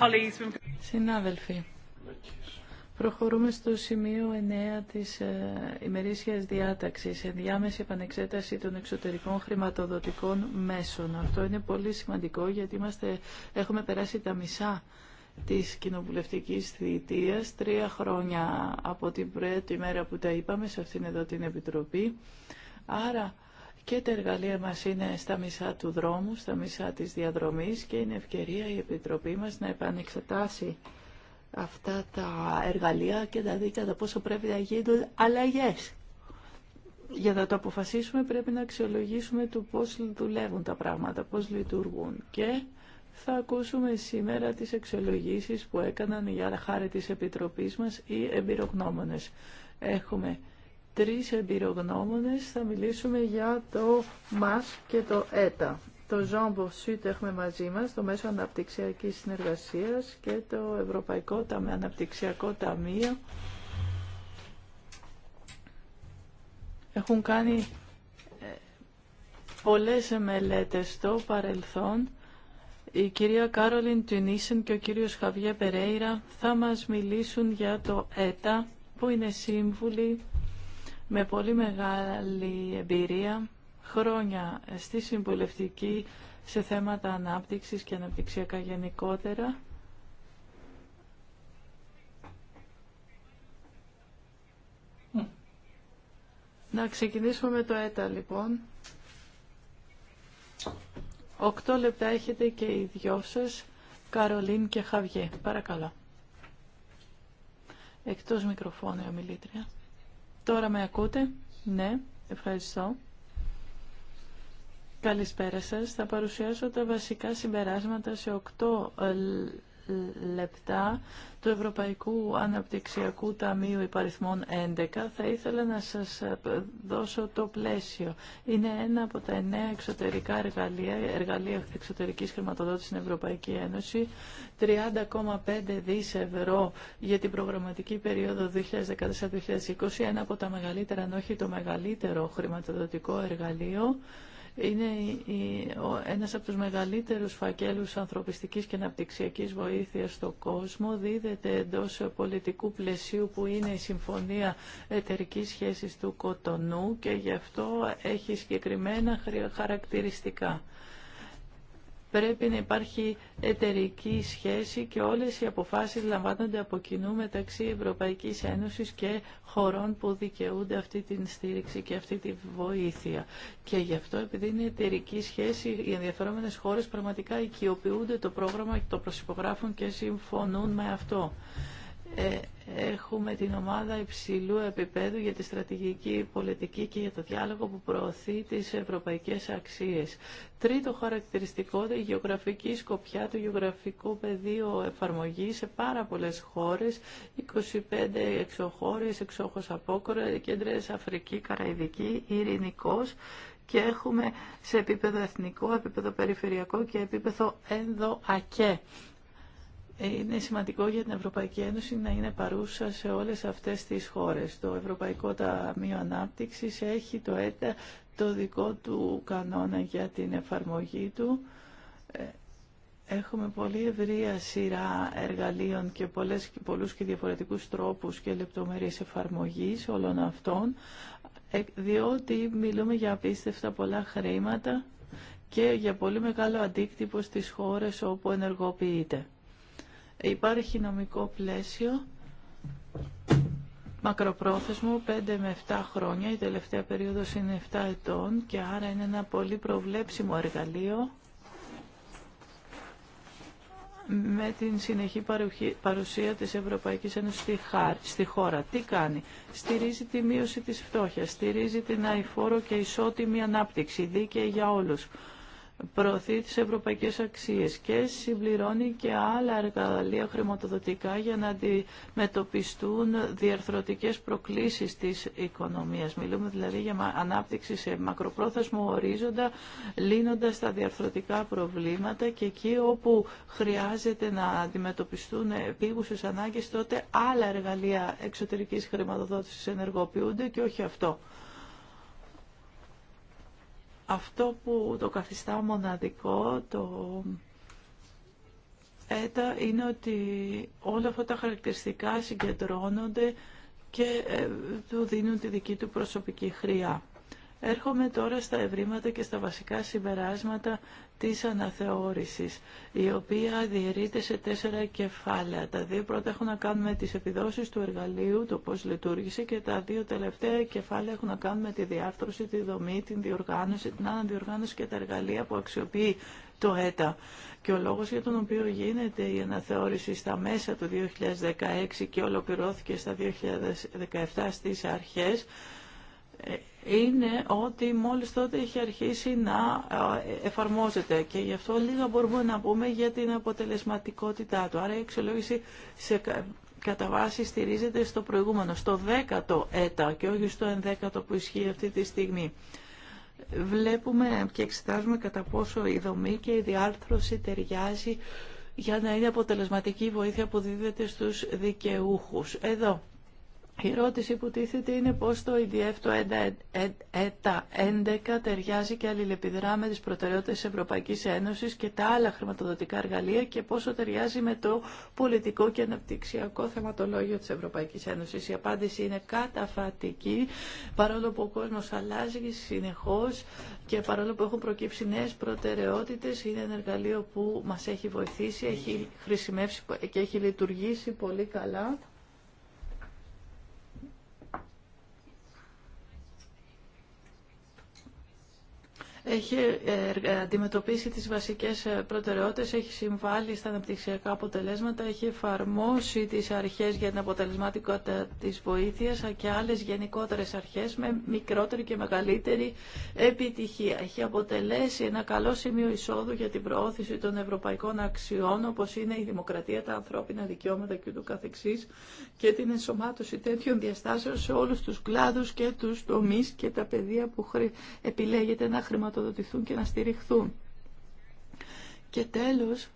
Συνάδελφοι, προχωρούμε στο σημείο 9 της ε, ημερήσιας διάταξης, ενδιάμεση επανεξέταση των εξωτερικών χρηματοδοτικών μέσων. Αυτό είναι πολύ σημαντικό γιατί είμαστε, έχουμε περάσει τα μισά της κοινοβουλευτικής θητείας, τρία χρόνια από την πρώτη μέρα που τα είπαμε σε αυτήν εδώ την Επιτροπή. Άρα, και τα εργαλεία μας είναι στα μισά του δρόμου, στα μισά της διαδρομής και είναι ευκαιρία η Επιτροπή μας να επανεξετάσει αυτά τα εργαλεία και να δει κατά πόσο πρέπει να γίνουν αλλαγές. Για να το αποφασίσουμε πρέπει να αξιολογήσουμε το πώς δουλεύουν τα πράγματα, πώς λειτουργούν και θα ακούσουμε σήμερα τις αξιολογήσεις που έκαναν για χάρη της Επιτροπής μας οι εμπειρογνώμονες. Έχουμε τρεις εμπειρογνώμονες θα μιλήσουμε για το ΜΑΣ και το ΕΤΑ. Το Ζόμπο Σούτ έχουμε μαζί μας, το Μέσο Αναπτυξιακής Συνεργασίας και το Ευρωπαϊκό Αναπτυξιακό Ταμείο. Έχουν κάνει ε, πολλές μελέτες στο παρελθόν. Η κυρία Κάρολιν Τουνίσεν και ο κύριος Χαβιέ Περέιρα θα μας μιλήσουν για το ΕΤΑ που είναι σύμβουλοι με πολύ μεγάλη εμπειρία, χρόνια στη συμβουλευτική σε θέματα ανάπτυξης και αναπτυξιακά γενικότερα. Να ξεκινήσουμε με το ΕΤΑ λοιπόν. Οκτώ λεπτά έχετε και οι δυο σας, Καρολίν και Χαβιέ. Παρακαλώ. Εκτός μικροφώνου ομιλήτρια. Τώρα με ακούτε. Ναι, ευχαριστώ. Καλησπέρα σας. Θα παρουσιάσω τα βασικά συμπεράσματα σε οκτώ ε, λεπτά του Ευρωπαϊκού Αναπτυξιακού Ταμείου Υπαριθμών 11 θα ήθελα να σας ε, δώσω το πλαίσιο. Είναι ένα από τα εννέα εξωτερικά εργαλεία, εργαλεία εξωτερικής χρηματοδότησης στην Ευρωπαϊκή Ένωση, 30,5 δις ευρώ για την προγραμματική περίοδο 2014-2020, ένα από τα μεγαλύτερα, αν όχι το μεγαλύτερο χρηματοδοτικό εργαλείο, είναι ένας από τους μεγαλύτερους φακέλους ανθρωπιστικής και αναπτυξιακής βοήθειας στον κόσμο. Δίδεται εντός πολιτικού πλαισίου που είναι η Συμφωνία Εταιρικής Σχέσης του Κοτονού και γι' αυτό έχει συγκεκριμένα χαρακτηριστικά πρέπει να υπάρχει εταιρική σχέση και όλες οι αποφάσεις λαμβάνονται από κοινού μεταξύ Ευρωπαϊκής Ένωσης και χωρών που δικαιούνται αυτή την στήριξη και αυτή τη βοήθεια. Και γι' αυτό επειδή είναι εταιρική σχέση οι ενδιαφερόμενες χώρες πραγματικά οικειοποιούνται το πρόγραμμα, και το προσυπογράφουν και συμφωνούν με αυτό. Ε, έχουμε την ομάδα υψηλού επίπεδου για τη στρατηγική πολιτική και για το διάλογο που προωθεί τις ευρωπαϊκές αξίες. Τρίτο χαρακτηριστικό, η γεωγραφική σκοπιά του γεωγραφικού πεδίου εφαρμογή σε πάρα πολλές χώρες, 25 εξωχώρες, εξόχως απόκορα, κέντρες Αφρική, Καραϊδική, Ειρηνικός και έχουμε σε επίπεδο εθνικό, επίπεδο περιφερειακό και επίπεδο ενδοακέ είναι σημαντικό για την Ευρωπαϊκή Ένωση να είναι παρούσα σε όλες αυτές τις χώρες. Το Ευρωπαϊκό Ταμείο Ανάπτυξης έχει το ΕΤΑ το δικό του κανόνα για την εφαρμογή του. Ε, έχουμε πολύ ευρεία σειρά εργαλείων και πολλές, πολλούς και διαφορετικούς τρόπους και λεπτομέρειες εφαρμογής όλων αυτών, ε, διότι μιλούμε για απίστευτα πολλά χρήματα και για πολύ μεγάλο αντίκτυπο στις χώρες όπου ενεργοποιείται. Υπάρχει νομικό πλαίσιο μακροπρόθεσμο 5 με 7 χρόνια, η τελευταία περίοδος είναι 7 ετών και άρα είναι ένα πολύ προβλέψιμο εργαλείο με την συνεχή παρουσία της Ευρωπαϊκής Ένωσης στη χώρα. Τι κάνει. Στηρίζει τη μείωση της φτώχειας, στηρίζει την αηφόρο και ισότιμη ανάπτυξη, δίκαιη για όλους προωθεί τις ευρωπαϊκές αξίες και συμπληρώνει και άλλα εργαλεία χρηματοδοτικά για να αντιμετωπιστούν διαρθρωτικές προκλήσεις της οικονομίας. Μιλούμε δηλαδή για ανάπτυξη σε μακροπρόθεσμο ορίζοντα, λύνοντας τα διαρθρωτικά προβλήματα και εκεί όπου χρειάζεται να αντιμετωπιστούν επίγουσες ανάγκες, τότε άλλα εργαλεία εξωτερικής χρηματοδότησης ενεργοποιούνται και όχι αυτό. Αυτό που το καθιστά μοναδικό, το έτα, είναι ότι όλα αυτά τα χαρακτηριστικά συγκεντρώνονται και ε, του δίνουν τη δική του προσωπική χρειά. Έρχομαι τώρα στα ευρήματα και στα βασικά συμπεράσματα της αναθεώρησης, η οποία διαιρείται σε τέσσερα κεφάλαια. Τα δύο πρώτα έχουν να κάνουν με τις επιδόσεις του εργαλείου, το πώς λειτουργήσε και τα δύο τελευταία κεφάλαια έχουν να κάνουν με τη διάρθρωση, τη δομή, την διοργάνωση, την αναδιοργάνωση και τα εργαλεία που αξιοποιεί το ΕΤΑ. Και ο λόγος για τον οποίο γίνεται η αναθεώρηση στα μέσα του 2016 και ολοκληρώθηκε στα 2017 στις αρχές, είναι ότι μόλις τότε έχει αρχίσει να ε, εφαρμόζεται και γι' αυτό λίγα μπορούμε να πούμε για την αποτελεσματικότητά του. Άρα η αξιολόγηση σε κατά βάση στηρίζεται στο προηγούμενο, στο δέκατο έτα και όχι στο ενδέκατο που ισχύει αυτή τη στιγμή. Βλέπουμε και εξετάζουμε κατά πόσο η δομή και η διάρθρωση ταιριάζει για να είναι αποτελεσματική η βοήθεια που δίδεται στους δικαιούχους. Εδώ η ερώτηση που τίθεται είναι πώς το EDF το ε, ΕΤΑ 11 ταιριάζει και αλληλεπιδρά με τις προτεραιότητες της Ευρωπαϊκής Ένωσης και τα άλλα χρηματοδοτικά εργαλεία και πόσο ταιριάζει με το πολιτικό και αναπτυξιακό θεματολόγιο της Ευρωπαϊκής Ένωσης. Η απάντηση είναι καταφατική, παρόλο που ο κόσμος αλλάζει συνεχώς και παρόλο που έχουν προκύψει νέες προτεραιότητες, είναι ένα εργαλείο που μας έχει βοηθήσει, έχει χρησιμεύσει και έχει λειτουργήσει πολύ καλά. έχει ε, ε, αντιμετωπίσει τις βασικές ε, προτεραιότητες, έχει συμβάλει στα αναπτυξιακά αποτελέσματα, έχει εφαρμόσει τις αρχές για την αποτελεσματικότητα της βοήθειας και άλλες γενικότερες αρχές με μικρότερη και μεγαλύτερη επιτυχία. Έχει αποτελέσει ένα καλό σημείο εισόδου για την προώθηση των ευρωπαϊκών αξιών όπως είναι η δημοκρατία, τα ανθρώπινα δικαιώματα και ούτω καθεξής και την ενσωμάτωση τέτοιων διαστάσεων σε όλους τους κλάδους και τους τομείς και τα πεδία που επιλέγεται να χρηματοδοτήσει και να στηριχθούν. Και τέλος,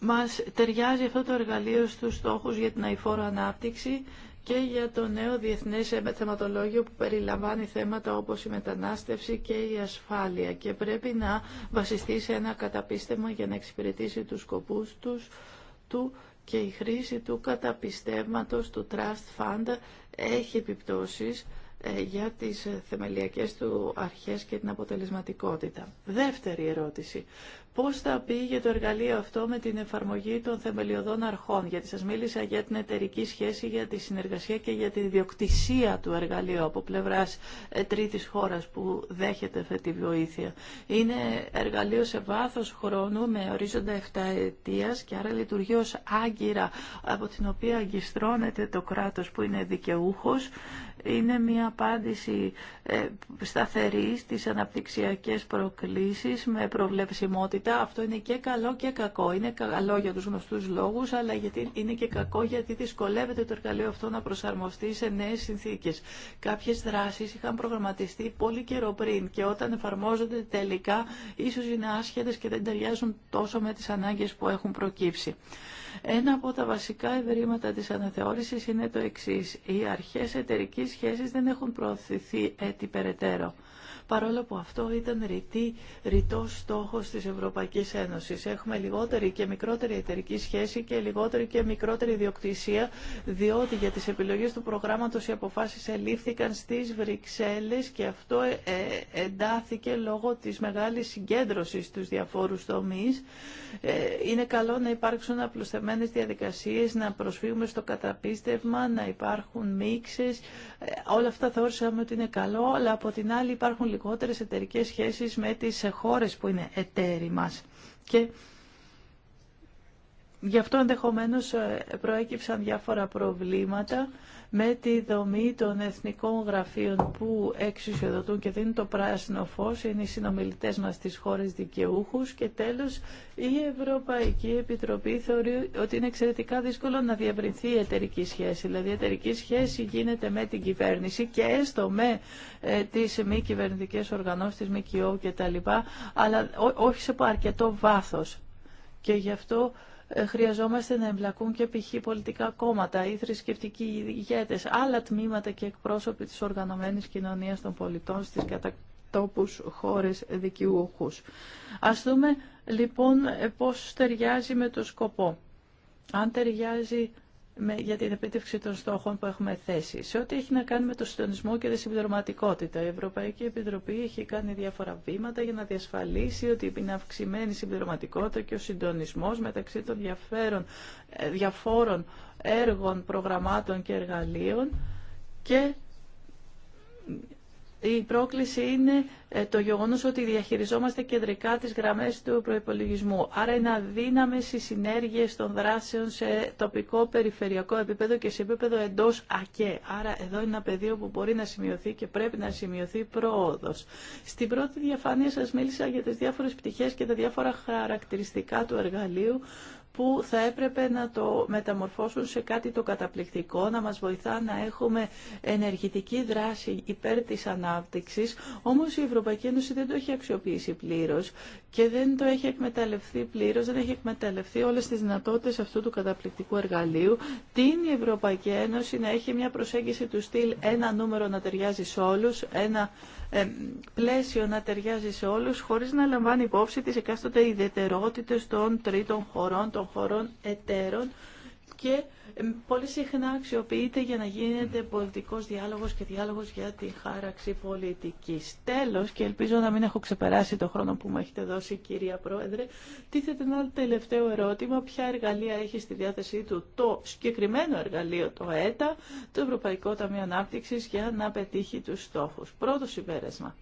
μας ταιριάζει αυτό το εργαλείο στους στόχους για την αηφόρο ανάπτυξη και για το νέο διεθνές θεματολόγιο που περιλαμβάνει θέματα όπως η μετανάστευση και η ασφάλεια και πρέπει να βασιστεί σε ένα καταπίστευμα για να εξυπηρετήσει τους σκοπούς τους, του και η χρήση του καταπιστεύματος του Trust Fund έχει επιπτώσεις ε, για τις ε, θεμελιακές του αρχές και την αποτελεσματικότητα. Δεύτερη ερώτηση. Πώς θα πήγε το εργαλείο αυτό με την εφαρμογή των θεμελιωδών αρχών, γιατί σας μίλησα για την εταιρική σχέση, για τη συνεργασία και για τη διοκτησία του εργαλείου από πλευράς ε, τρίτης χώρας που δέχεται αυτή τη βοήθεια. Είναι εργαλείο σε βάθος χρόνου με ορίζοντα 7 ετίας και άρα λειτουργεί ως άγκυρα από την οποία αγκιστρώνεται το κράτος που είναι δικαιούχος. Είναι μια απάντηση ε, σταθερή στις αναπτυξιακές προκλήσεις με προβλεψιμότητα. Αυτό είναι και καλό και κακό. Είναι καλό για τους γνωστούς λόγους, αλλά γιατί είναι και κακό γιατί δυσκολεύεται το εργαλείο αυτό να προσαρμοστεί σε νέες συνθήκες. Κάποιες δράσεις είχαν προγραμματιστεί πολύ καιρό πριν και όταν εφαρμόζονται τελικά ίσως είναι άσχετες και δεν ταιριάζουν τόσο με τις ανάγκες που έχουν προκύψει. Ένα από τα βασικά ευρήματα της αναθεώρησης είναι το εξής. Οι αρχές εταιρικής σχέσης δεν έχουν προωθηθεί έτσι περαιτέρω παρόλο που αυτό ήταν ρητή, ρητός στόχος της Ευρωπαϊκής Ένωσης. Έχουμε λιγότερη και μικρότερη εταιρική σχέση και λιγότερη και μικρότερη ιδιοκτησία, διότι για τις επιλογές του προγράμματος οι αποφάσεις ελήφθηκαν στις Βρυξέλλες και αυτό ε, ε, εντάθηκε λόγω της μεγάλης συγκέντρωσης στους διαφόρους τομείς. Ε, είναι καλό να υπάρξουν απλουστευμένες διαδικασίες, να προσφύγουμε στο καταπίστευμα, να υπάρχουν μίξες. Όλα αυτά θεώρησαμε ότι είναι καλό, αλλά από την άλλη υπάρχουν λιγότερες εταιρικέ σχέσεις με τις χώρες που είναι εταίροι μας. Και γι' αυτό ενδεχομένως ε, προέκυψαν διάφορα προβλήματα με τη δομή των εθνικών γραφείων που εξουσιοδοτούν και δίνουν το πράσινο φως, είναι οι συνομιλητές μας στις χώρες δικαιούχους και τέλος η Ευρωπαϊκή Επιτροπή θεωρεί ότι είναι εξαιρετικά δύσκολο να διαβρυνθεί η εταιρική σχέση. Δηλαδή η εταιρική σχέση γίνεται με την κυβέρνηση και έστω με ε, τις μη κυβερνητικέ οργανώσεις, τις ΜΚΟ κτλ. Αλλά όχι σε αρκετό βάθος. Και γι' αυτό ε, χρειαζόμαστε να εμπλακούν και π.χ. πολιτικά κόμματα ή θρησκευτικοί ηγέτες, άλλα τμήματα και εκπρόσωποι της οργανωμένης κοινωνίας των πολιτών στις κατατόπους χώρες δικαιούχους. Ας δούμε λοιπόν ε, πώς ταιριάζει με το σκοπό. Αν ταιριάζει με, για την επίτευξη των στόχων που έχουμε θέσει. Σε ό,τι έχει να κάνει με το συντονισμό και τη συμπληρωματικότητα, η Ευρωπαϊκή Επιτροπή έχει κάνει διάφορα βήματα για να διασφαλίσει ότι η αυξημένη συμπληρωματικότητα και ο συντονισμό μεταξύ των ε, διαφόρων έργων, προγραμμάτων και εργαλείων και η πρόκληση είναι ε, το γεγονός ότι διαχειριζόμαστε κεντρικά τις γραμμές του προϋπολογισμού. Άρα είναι αδύναμες οι συνέργειες των δράσεων σε τοπικό, περιφερειακό επίπεδο και σε επίπεδο εντός ΑΚΕ. Άρα εδώ είναι ένα πεδίο που μπορεί να σημειωθεί και πρέπει να σημειωθεί πρόοδος. Στην πρώτη διαφάνεια σας μίλησα για τις διάφορες πτυχές και τα διάφορα χαρακτηριστικά του εργαλείου που θα έπρεπε να το μεταμορφώσουν σε κάτι το καταπληκτικό, να μας βοηθά να έχουμε ενεργητική δράση υπέρ της ανάπτυξης, όμως η Ευρωπαϊκή Ένωση δεν το έχει αξιοποιήσει πλήρως και δεν το έχει εκμεταλλευτεί πλήρω, δεν έχει εκμεταλλευτεί όλε τι δυνατότητε αυτού του καταπληκτικού εργαλείου. Την η Ευρωπαϊκή Ένωση να έχει μια προσέγγιση του στυλ ένα νούμερο να ταιριάζει σε όλου, ένα ε, πλαίσιο να ταιριάζει σε όλου, χωρί να λαμβάνει υπόψη τι εκάστοτε ιδιαιτερότητε των τρίτων χωρών, των χωρών εταίρων και πολύ συχνά αξιοποιείται για να γίνεται πολιτικός διάλογος και διάλογος για τη χάραξη πολιτικής. Τέλος, και ελπίζω να μην έχω ξεπεράσει το χρόνο που μου έχετε δώσει κυρία Πρόεδρε, τίθεται ένα τελευταίο ερώτημα, ποια εργαλεία έχει στη διάθεσή του το συγκεκριμένο εργαλείο, το ΕΤΑ, το Ευρωπαϊκό Ταμείο Ανάπτυξης, για να πετύχει τους στόχους. Πρώτο συμπέρασμα.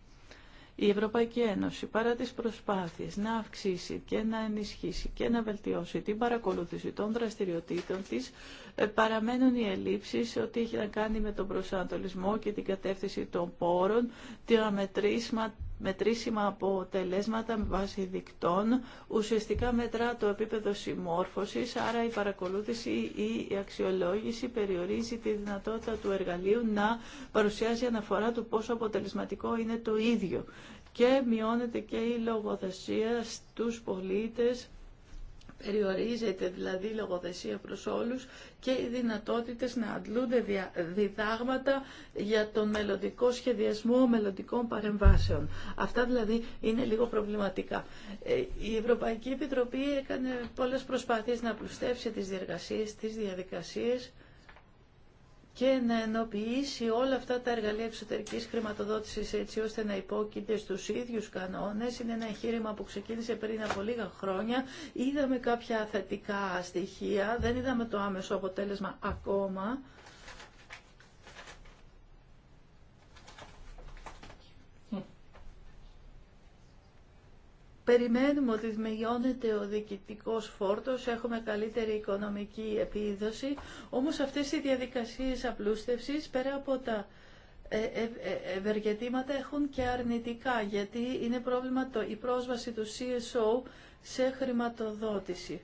Η Ευρωπαϊκή Ένωση παρά τις προσπάθειες να αυξήσει και να ενισχύσει και να βελτιώσει την παρακολούθηση των δραστηριοτήτων της ε, παραμένουν οι ελλείψεις ό,τι έχει να κάνει με τον προσανατολισμό και την κατεύθυνση των πόρων, τα αμετρήσμα μετρήσιμα αποτελέσματα με βάση δικτών, ουσιαστικά μετρά το επίπεδο συμμόρφωσης, άρα η παρακολούθηση ή η αξιολόγηση περιορίζει τη δυνατότητα του εργαλείου να παρουσιάζει αναφορά του πόσο αποτελεσματικό είναι το ίδιο και μειώνεται και η λογοθεσία στους πολίτες Περιορίζεται δηλαδή η λογοδεσία προς όλους και οι δυνατότητες να αντλούνται διδάγματα για τον μελλοντικό σχεδιασμό μελλοντικών παρεμβάσεων. Αυτά δηλαδή είναι λίγο προβληματικά. Ε, η Ευρωπαϊκή Επιτροπή έκανε πολλές προσπάθειες να πλουστεύσει τις διεργασίες, τις διαδικασίες και να ενοποιήσει όλα αυτά τα εργαλεία εξωτερικής χρηματοδότησης έτσι ώστε να υπόκειται στους ίδιους κανόνες. Είναι ένα εγχείρημα που ξεκίνησε πριν από λίγα χρόνια. Είδαμε κάποια θετικά στοιχεία, δεν είδαμε το άμεσο αποτέλεσμα ακόμα. Περιμένουμε ότι μειώνεται ο διοικητικός φόρτος, έχουμε καλύτερη οικονομική επίδοση, όμως αυτές οι διαδικασίες απλούστευσης πέρα από τα ε, ε, ε, ευεργετήματα έχουν και αρνητικά, γιατί είναι πρόβλημα το, η πρόσβαση του CSO σε χρηματοδότηση.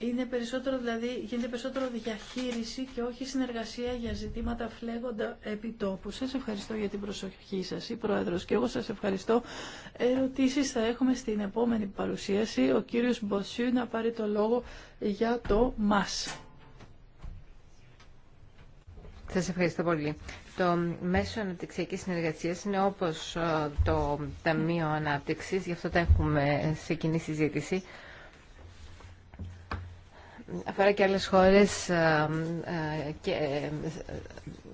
Είναι περισσότερο, δηλαδή, γίνεται περισσότερο διαχείριση και όχι συνεργασία για ζητήματα φλέγοντα επί τόπου. Σας ευχαριστώ για την προσοχή σας, η Πρόεδρος, και εγώ σας ευχαριστώ. Ερωτήσεις θα έχουμε στην επόμενη παρουσίαση. Ο κύριος Μποσιού να πάρει το λόγο για το ΜΑΣ. Σας ευχαριστώ πολύ. Το μέσο αναπτυξιακή συνεργασία είναι όπως ε, το Ταμείο Ανάπτυξης, γι' αυτό τα έχουμε σε κοινή συζήτηση αφορά και άλλες χώρες ε, ε, ε,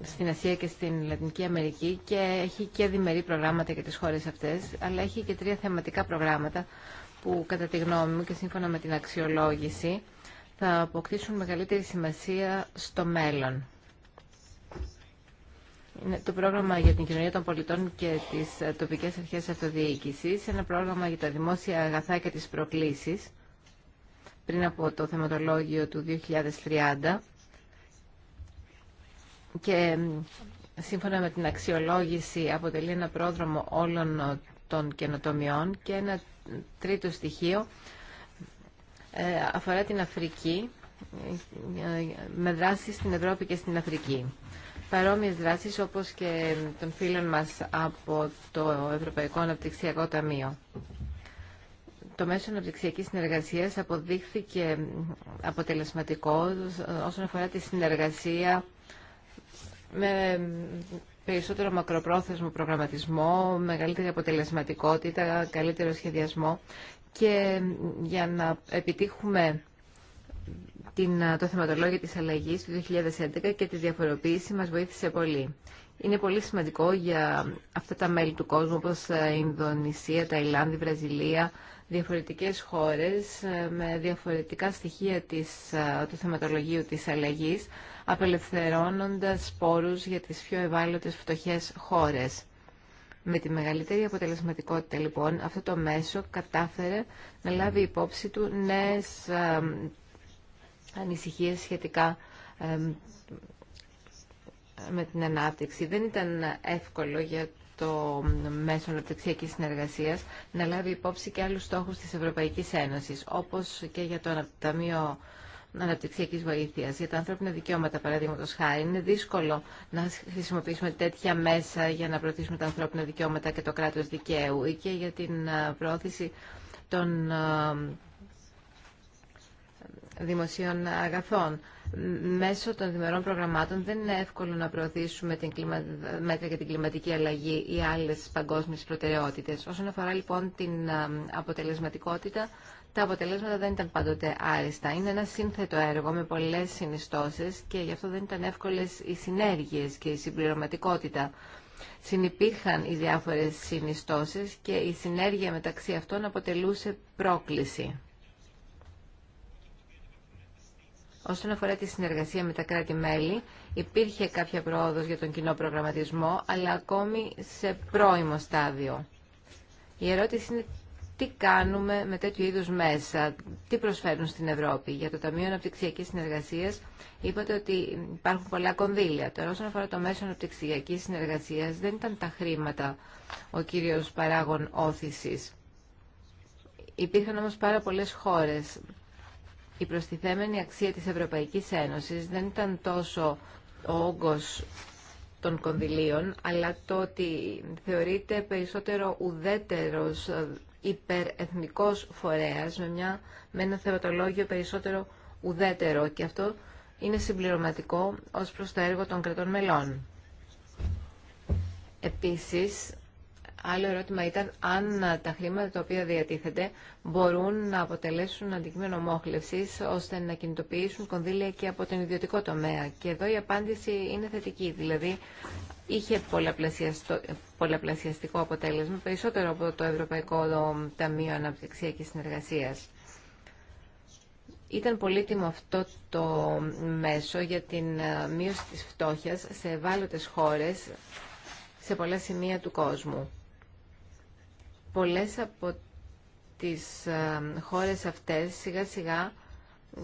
στην Ασία και στην Λατινική Αμερική και έχει και διμερεί προγράμματα για τις χώρες αυτές, αλλά έχει και τρία θεματικά προγράμματα που κατά τη γνώμη μου και σύμφωνα με την αξιολόγηση θα αποκτήσουν μεγαλύτερη σημασία στο μέλλον. Είναι το πρόγραμμα για την κοινωνία των πολιτών και τις τοπικές αρχές αυτοδιοίκησης, ένα πρόγραμμα για τα δημόσια αγαθά και τις προκλήσεις, πριν από το θεματολόγιο του 2030 και σύμφωνα με την αξιολόγηση αποτελεί ένα πρόδρομο όλων των καινοτομιών και ένα τρίτο στοιχείο ε, αφορά την Αφρική ε, με δράση στην Ευρώπη και στην Αφρική. Παρόμοιες δράσεις όπως και των φίλων μας από το Ευρωπαϊκό Αναπτυξιακό Ταμείο το μέσο αναπτυξιακή συνεργασία αποδείχθηκε αποτελεσματικό όσον αφορά τη συνεργασία με περισσότερο μακροπρόθεσμο προγραμματισμό, μεγαλύτερη αποτελεσματικότητα, καλύτερο σχεδιασμό και για να επιτύχουμε την, το θεματολόγιο της αλλαγής του 2011 και τη διαφοροποίηση μας βοήθησε πολύ. Είναι πολύ σημαντικό για αυτά τα μέλη του κόσμου όπως η ε, Ινδονησία, Ταϊλάνδη, Βραζιλία, διαφορετικές χώρες ε, με διαφορετικά στοιχεία της, ε, του θεματολογίου της αλλαγής, απελευθερώνοντας σπόρους για τις πιο ευάλωτες φτωχές χώρες. Με τη μεγαλύτερη αποτελεσματικότητα λοιπόν αυτό το μέσο κατάφερε να λάβει υπόψη του νέες ε, ανησυχίες σχετικά με την ανάπτυξη. Δεν ήταν εύκολο για το μέσο αναπτυξιακής συνεργασίας να λάβει υπόψη και άλλους στόχους της Ευρωπαϊκής Ένωσης, όπως και για το Ταμείο Αναπτυξιακής Βοήθειας. Για τα ανθρώπινα δικαιώματα, παραδείγματος χάρη, είναι δύσκολο να χρησιμοποιήσουμε τέτοια μέσα για να προωθήσουμε τα ανθρώπινα δικαιώματα και το κράτος δικαίου ή και για την ε, προώθηση των ε, δημοσίων αγαθών. Μέσω των διμερών προγραμμάτων δεν είναι εύκολο να προωθήσουμε την κλιμα... μέτρα για την κλιματική αλλαγή ή άλλες παγκόσμιες προτεραιότητες. Όσον αφορά λοιπόν την αποτελεσματικότητα, τα αποτελέσματα δεν ήταν πάντοτε άριστα. Είναι ένα σύνθετο έργο με πολλές συνιστώσεις και γι' αυτό δεν ήταν εύκολες οι συνέργειες και η συμπληρωματικότητα. Συνυπήρχαν οι διάφορες συνιστώσεις και η συνέργεια μεταξύ αυτών αποτελούσε πρόκληση. Όσον αφορά τη συνεργασία με τα κράτη-μέλη, υπήρχε κάποια πρόοδος για τον κοινό προγραμματισμό, αλλά ακόμη σε πρώιμο στάδιο. Η ερώτηση είναι τι κάνουμε με τέτοιου είδους μέσα, τι προσφέρουν στην Ευρώπη. Για το Ταμείο Αναπτυξιακής Συνεργασίας είπατε ότι υπάρχουν πολλά κονδύλια. Τώρα όσον αφορά το μέσο αναπτυξιακής συνεργασίας δεν ήταν τα χρήματα ο κύριος παράγων όθησης. Υπήρχαν όμως πάρα πολλές χώρες η προστιθέμενη αξία της Ευρωπαϊκής Ένωσης δεν ήταν τόσο ο όγκος των κονδυλίων, αλλά το ότι θεωρείται περισσότερο ουδέτερος ε, υπερεθνικός φορέας με, μια, με ένα θεματολόγιο περισσότερο ουδέτερο και αυτό είναι συμπληρωματικό ως προς το έργο των κρατών μελών. Επίσης, Άλλο ερώτημα ήταν αν τα χρήματα τα οποία διατίθεται μπορούν να αποτελέσουν αντικείμενο μόχλευση ώστε να κινητοποιήσουν κονδύλια και από τον ιδιωτικό τομέα. Και εδώ η απάντηση είναι θετική. Δηλαδή είχε πολλαπλασιαστικό αποτέλεσμα περισσότερο από το Ευρωπαϊκό Ταμείο και συνεργασία. Ήταν πολύτιμο αυτό το μέσο για την ε, μείωση της φτώχειας σε ευάλωτες χώρες σε πολλά σημεία του κόσμου. Πολλές από τις ε, χώρες αυτές σιγά σιγά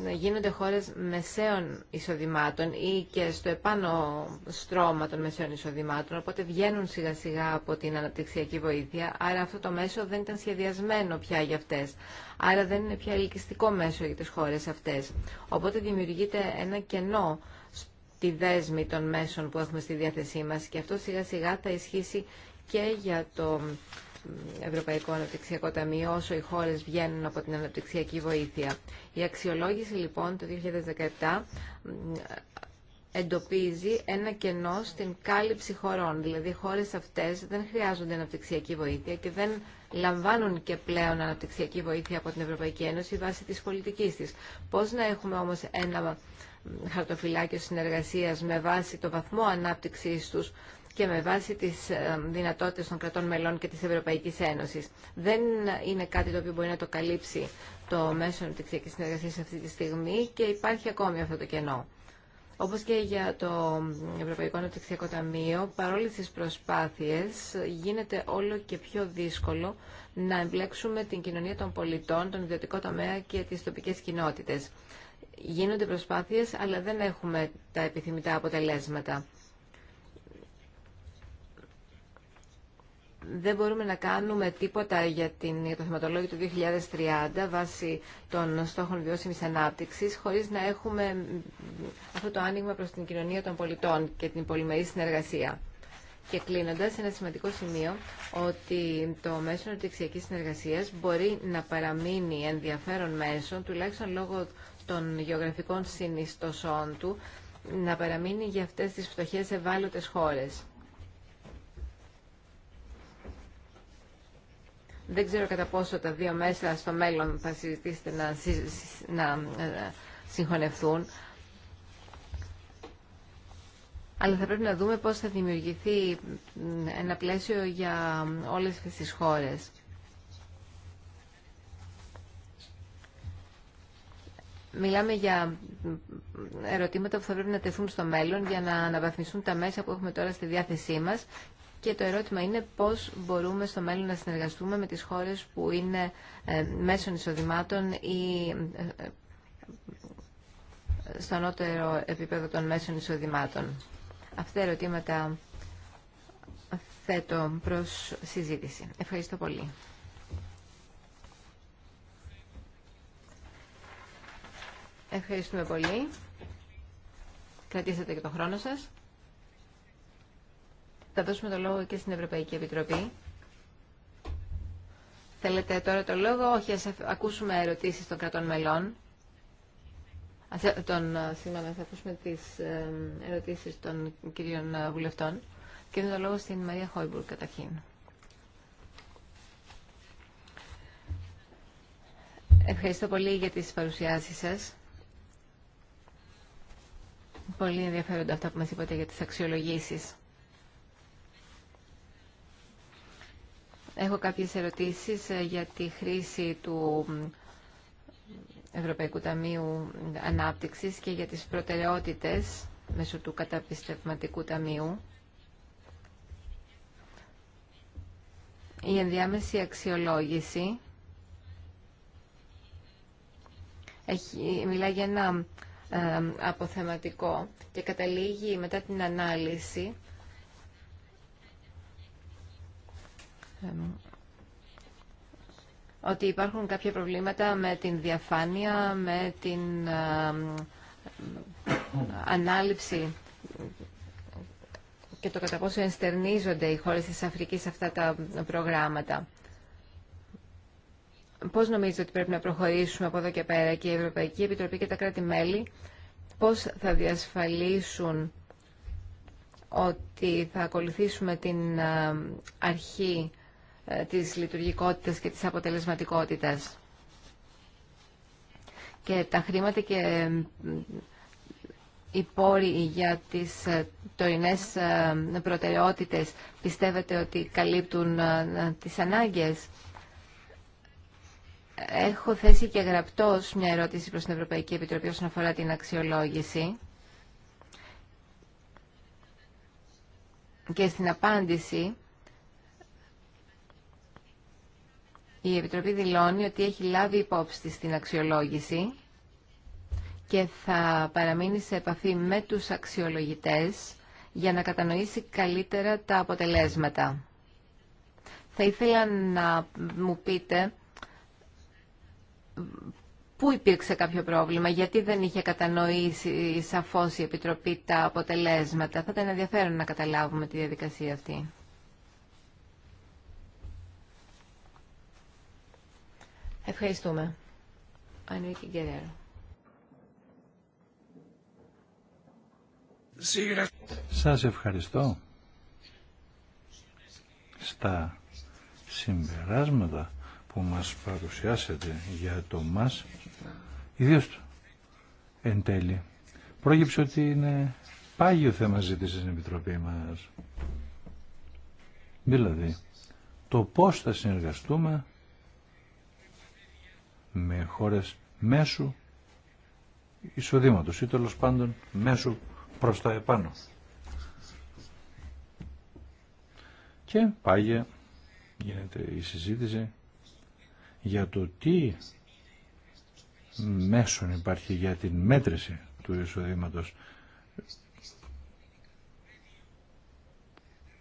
ε, γίνονται χώρες μεσαίων εισοδημάτων ή και στο επάνω στρώμα των μεσαίων εισοδημάτων, οπότε βγαίνουν σιγά σιγά από την αναπτυξιακή βοήθεια, άρα αυτό το μέσο δεν ήταν σχεδιασμένο πια για αυτές, άρα δεν είναι πια ελκυστικό μέσο για τις χώρες αυτές. Οπότε δημιουργείται ένα κενό στη δέσμη των μέσων που έχουμε στη διάθεσή μας και αυτό σιγά σιγά θα ισχύσει και για το Ευρωπαϊκό Αναπτυξιακό Ταμείο όσο οι χώρες βγαίνουν από την αναπτυξιακή βοήθεια. Η αξιολόγηση λοιπόν το 2017 εντοπίζει ένα κενό στην κάλυψη χωρών. Δηλαδή οι χώρες αυτές δεν χρειάζονται αναπτυξιακή βοήθεια και δεν λαμβάνουν και πλέον αναπτυξιακή βοήθεια από την Ευρωπαϊκή Ένωση βάσει της πολιτικής της. Πώς να έχουμε όμως ένα χαρτοφυλάκιο συνεργασίας με βάση το βαθμό ανάπτυξής τους και με βάση τις ε, δυνατότητε των κρατών μελών και τη Ευρωπαϊκή Ένωση. Δεν είναι κάτι το οποίο μπορεί να το καλύψει το μέσο ανεπτυξιακής συνεργασία αυτή τη στιγμή και υπάρχει ακόμη αυτό το κενό. Όπω και για το Ευρωπαϊκό Αναπτυξιακό Ταμείο, παρόλε τι προσπάθειες γίνεται όλο και πιο δύσκολο να εμπλέξουμε την κοινωνία των πολιτών, τον ιδιωτικό τομέα και τι τοπικέ κοινότητε. Γίνονται προσπάθειες, αλλά δεν έχουμε τα επιθυμητά αποτελέσματα. δεν μπορούμε να κάνουμε τίποτα για, την, για το θεματολόγιο του 2030 βάσει των στόχων βιώσιμης ανάπτυξης χωρίς να έχουμε αυτό το άνοιγμα προς την κοινωνία των πολιτών και την πολυμερή συνεργασία. Και κλείνοντα, ένα σημαντικό σημείο ότι το μέσο αναπτυξιακή συνεργασία μπορεί να παραμείνει ενδιαφέρον μέσο, τουλάχιστον λόγω των γεωγραφικών συνιστοσών του, να παραμείνει για αυτές τις φτωχέ ευάλωτε χώρε. Δεν ξέρω κατά πόσο τα δύο μέσα στο μέλλον θα συζητήσετε να, να ε, συγχωνευτούν. Αλλά θα πρέπει να δούμε πώς θα δημιουργηθεί ένα πλαίσιο για όλες αυτές τις χώρες. Μιλάμε για ερωτήματα που θα πρέπει να τεθούν στο μέλλον για να αναβαθμιστούν τα μέσα που έχουμε τώρα στη διάθεσή μας και το ερώτημα είναι πώς μπορούμε στο μέλλον να συνεργαστούμε με τις χώρες που είναι ε, μέσων εισοδημάτων ή ε, ε, στο ανώτερο επίπεδο των μέσων εισοδημάτων. Αυτά τα ερωτήματα θέτω προς συζήτηση. Ευχαριστώ πολύ. Ευχαριστούμε πολύ. Κρατήσατε και τον χρόνο σας. Θα δώσουμε το λόγο και στην Ευρωπαϊκή Επιτροπή. Θέλετε τώρα το λόγο. Όχι, ας ακούσουμε ερωτήσεις των κρατών μελών. Ας, ε, τον, θα ε, ακούσουμε τις ε, ερωτήσεις των κυρίων βουλευτών. Και δίνω το λόγο στην Μαρία Χόιμπουρ καταρχήν. Ευχαριστώ πολύ για τις παρουσιάσεις σας. Πολύ ενδιαφέροντα αυτά που μας είπατε για τις αξιολογήσεις. Έχω κάποιες ερωτήσεις ε, για τη χρήση του Ευρωπαϊκού Ταμείου Ανάπτυξης και για τις προτεραιότητες μέσω του καταπιστευματικού ταμείου. Η ενδιάμεση αξιολόγηση έχει, μιλάει για ένα ε, αποθεματικό και καταλήγει μετά την ανάλυση ότι υπάρχουν κάποια προβλήματα με την διαφάνεια, με την ανάληψη και το κατά πόσο ενστερνίζονται οι χώρες της Αφρικής αυτά τα προγράμματα. Πώς νομίζετε ότι πρέπει να προχωρήσουμε από εδώ και πέρα και η Ευρωπαϊκή Επιτροπή και τα κράτη-μέλη πώς θα διασφαλίσουν ότι θα ακολουθήσουμε την αρχή ε, της λειτουργικότητας και της αποτελεσματικότητας. Και τα χρήματα και οι πόροι για τις ε, τωρινές ε, προτεραιότητες πιστεύετε ότι καλύπτουν τις ανάγκες. Έχω θέσει και γραπτός μια ερώτηση προς την Ευρωπαϊκή Επιτροπή όσον αφορά την αξιολόγηση. Και στην απάντηση Η Επιτροπή δηλώνει ότι έχει λάβει υπόψη στην αξιολόγηση και θα παραμείνει σε επαφή με τους αξιολογητές για να κατανοήσει καλύτερα τα αποτελέσματα. Θα ήθελα να μου πείτε πού υπήρξε κάποιο πρόβλημα, γιατί δεν είχε κατανοήσει σαφώς η Επιτροπή τα αποτελέσματα. Θα ήταν ενδιαφέρον να καταλάβουμε τη διαδικασία αυτή. Ευχαριστούμε. Σας ευχαριστώ. Στα συμπεράσματα που μας παρουσιάσετε για το μας, ιδίως εν τέλει, πρόγειψε ότι είναι πάγιο θέμα ζήτηση στην Επιτροπή μας. Δηλαδή, το πώς θα συνεργαστούμε με χώρες μέσου εισοδήματος ή τέλο πάντων μέσου προς τα επάνω. Και πάγε γίνεται η συζήτηση για το τι μέσον υπάρχει για την μέτρηση του εισοδήματος.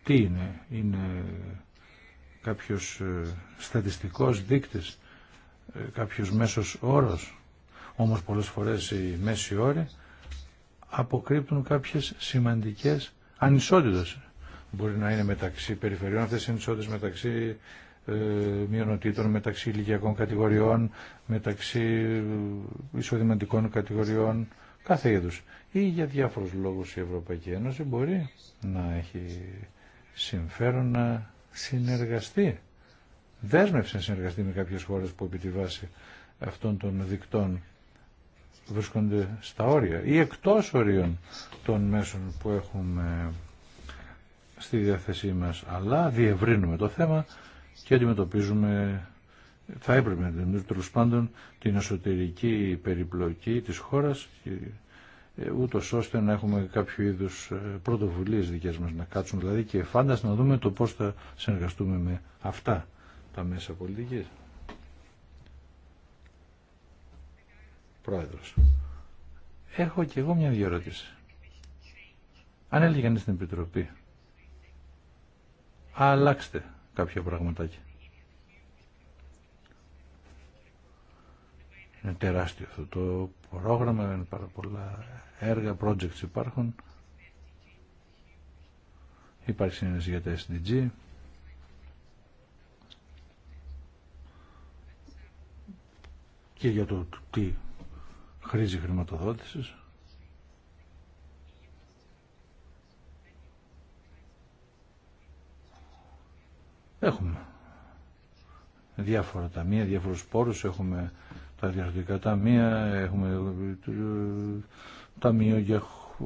Τι είναι, είναι κάποιος ε, στατιστικός δείκτης ε, κάποιος μέσος όρος, όμως πολλές φορές οι μέση όροι αποκρύπτουν κάποιες σημαντικές ανισότητες. Μπορεί να είναι μεταξύ περιφερειών αυτές οι ανισότητες, μεταξύ ε, μειονοτήτων, μεταξύ ηλικιακών κατηγοριών, μεταξύ ε, εισοδηματικών κατηγοριών, κάθε είδους. Ή για διάφορους λόγους η Ευρωπαϊκή Ένωση μπορεί να έχει συμφέρον να συνεργαστεί δέσμευσε να συνεργαστεί με κάποιες χώρες που επί τη βάση αυτών των δικτών βρίσκονται στα όρια ή εκτός ορίων των μέσων που έχουμε στη διάθεσή μας. Αλλά διευρύνουμε το θέμα και αντιμετωπίζουμε, θα έπρεπε να τέλο πάντων την εσωτερική περιπλοκή της χώρας ε, ούτω ώστε να έχουμε κάποιο είδου ε, πρωτοβουλίες δικές μας να κάτσουμε δηλαδή και φάντας να δούμε το πώς θα συνεργαστούμε με αυτά τα μέσα πολιτικής. Πρόεδρος. Έχω και εγώ μια διερώτηση. Αν έλεγε κανείς στην Επιτροπή, αλλάξτε κάποια πραγματάκια. Είναι τεράστιο αυτό το πρόγραμμα, είναι πάρα πολλά έργα, projects υπάρχουν. Υπάρχει συνένεση για τα SDG. και για το τι χρήζει χρηματοδότησης. Έχουμε διάφορα ταμεία, διάφορους πόρους, έχουμε τα διαρκτικά ταμεία, έχουμε ε, ε, ταμείο για,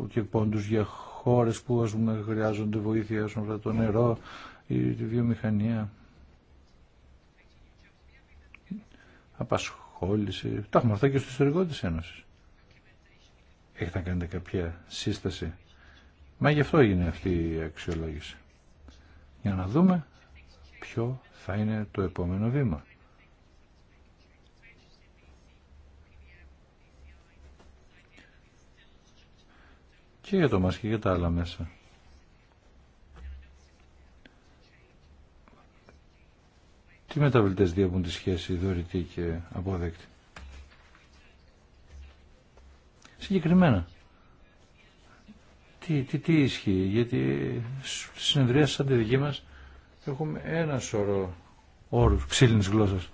και πόντους για χώρες που ας πούμε, χρειάζονται βοήθεια όσον αφορά το νερό ή τη βιομηχανία απασχόληση. Τα έχουμε αυτά και στο ιστορικό τη Ένωση. Έχετε να κάνετε κάποια σύσταση. Μα γι' αυτό έγινε αυτή η αξιολόγηση. Για να δούμε ποιο θα είναι το επόμενο βήμα. Και για το μας και για τα άλλα μέσα. Τι μεταβλητές διαβούν τη σχέση δωρητή και αποδέκτη. Συγκεκριμένα. Τι, τι, τι ισχύει, γιατί στις συνεδριάσεις σαν τη δική μας έχουμε ένα σωρό όρους ξύλινης γλώσσας.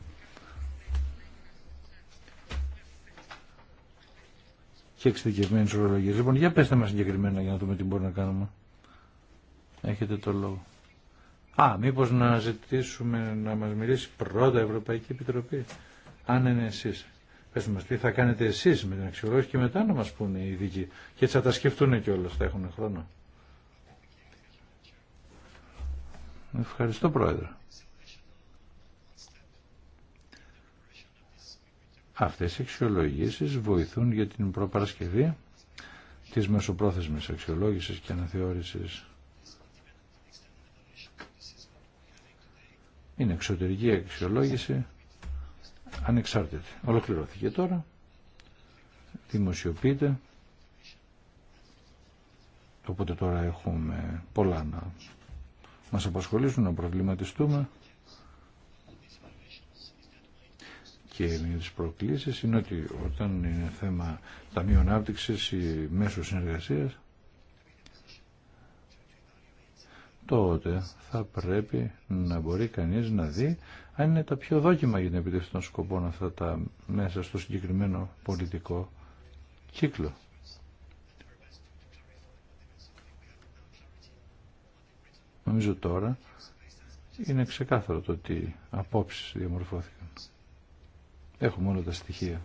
και εξειδικευμένης ορολογίας. Λοιπόν, για πέστε μας συγκεκριμένα για να δούμε τι μπορούμε να κάνουμε. Έχετε το λόγο. Α, μήπω να ζητήσουμε να μας μιλήσει πρώτα η Ευρωπαϊκή Επιτροπή, αν είναι εσείς. Πες μας τι θα κάνετε εσείς με την αξιολόγηση και μετά να μα πούνε οι ειδικοί. Και έτσι θα τα σκεφτούν κιόλας, θα έχουν χρόνο. Ευχαριστώ Πρόεδρε. Αυτές οι αξιολογήσεις βοηθούν για την προπαρασκευή της μεσοπρόθεσμης αξιολόγησης και αναθεώρησης Είναι εξωτερική αξιολόγηση ανεξάρτητη. Ολοκληρώθηκε τώρα. Δημοσιοποιείται. Οπότε τώρα έχουμε πολλά να μας απασχολήσουν, να προβληματιστούμε. Και μια της προκλήσεις είναι ότι όταν είναι θέμα ταμείων άπτυξης ή μέσω συνεργασίας τότε θα πρέπει να μπορεί κανείς να δει αν είναι τα πιο δόκιμα για την επιτεύξη των σκοπών αυτά τα μέσα στο συγκεκριμένο πολιτικό κύκλο. Νομίζω τώρα είναι ξεκάθαρο το ότι απόψεις διαμορφώθηκαν. Έχουμε όλα τα στοιχεία.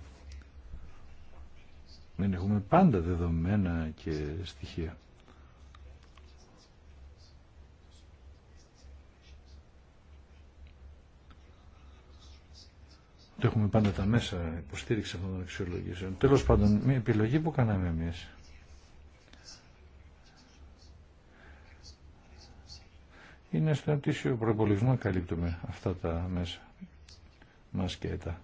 Δεν έχουμε πάντα δεδομένα και στοιχεία. Το έχουμε πάντα τα μέσα υποστήριξη αυτών των αξιολογήσεων. Τέλος πάντων, μια επιλογή που κάναμε εμείς. Είναι στον αιτήσιο προπολογισμό να καλύπτουμε αυτά τα μέσα μας και τα.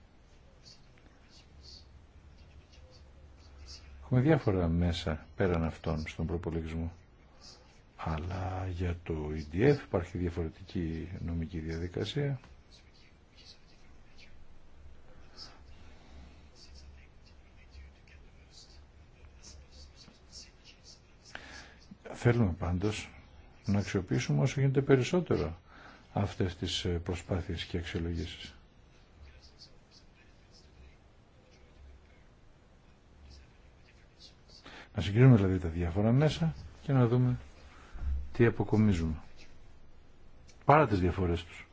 Έχουμε διάφορα μέσα πέραν αυτών στον προπολογισμό. Αλλά για το EDF υπάρχει διαφορετική νομική διαδικασία. Θέλουμε πάντως να αξιοποιήσουμε όσο γίνεται περισσότερο αυτές τις ε, προσπάθειες και αξιολογήσεις. Να συγκρίνουμε δηλαδή τα διάφορα μέσα και να δούμε τι αποκομίζουμε. Παρά τις διαφορές τους.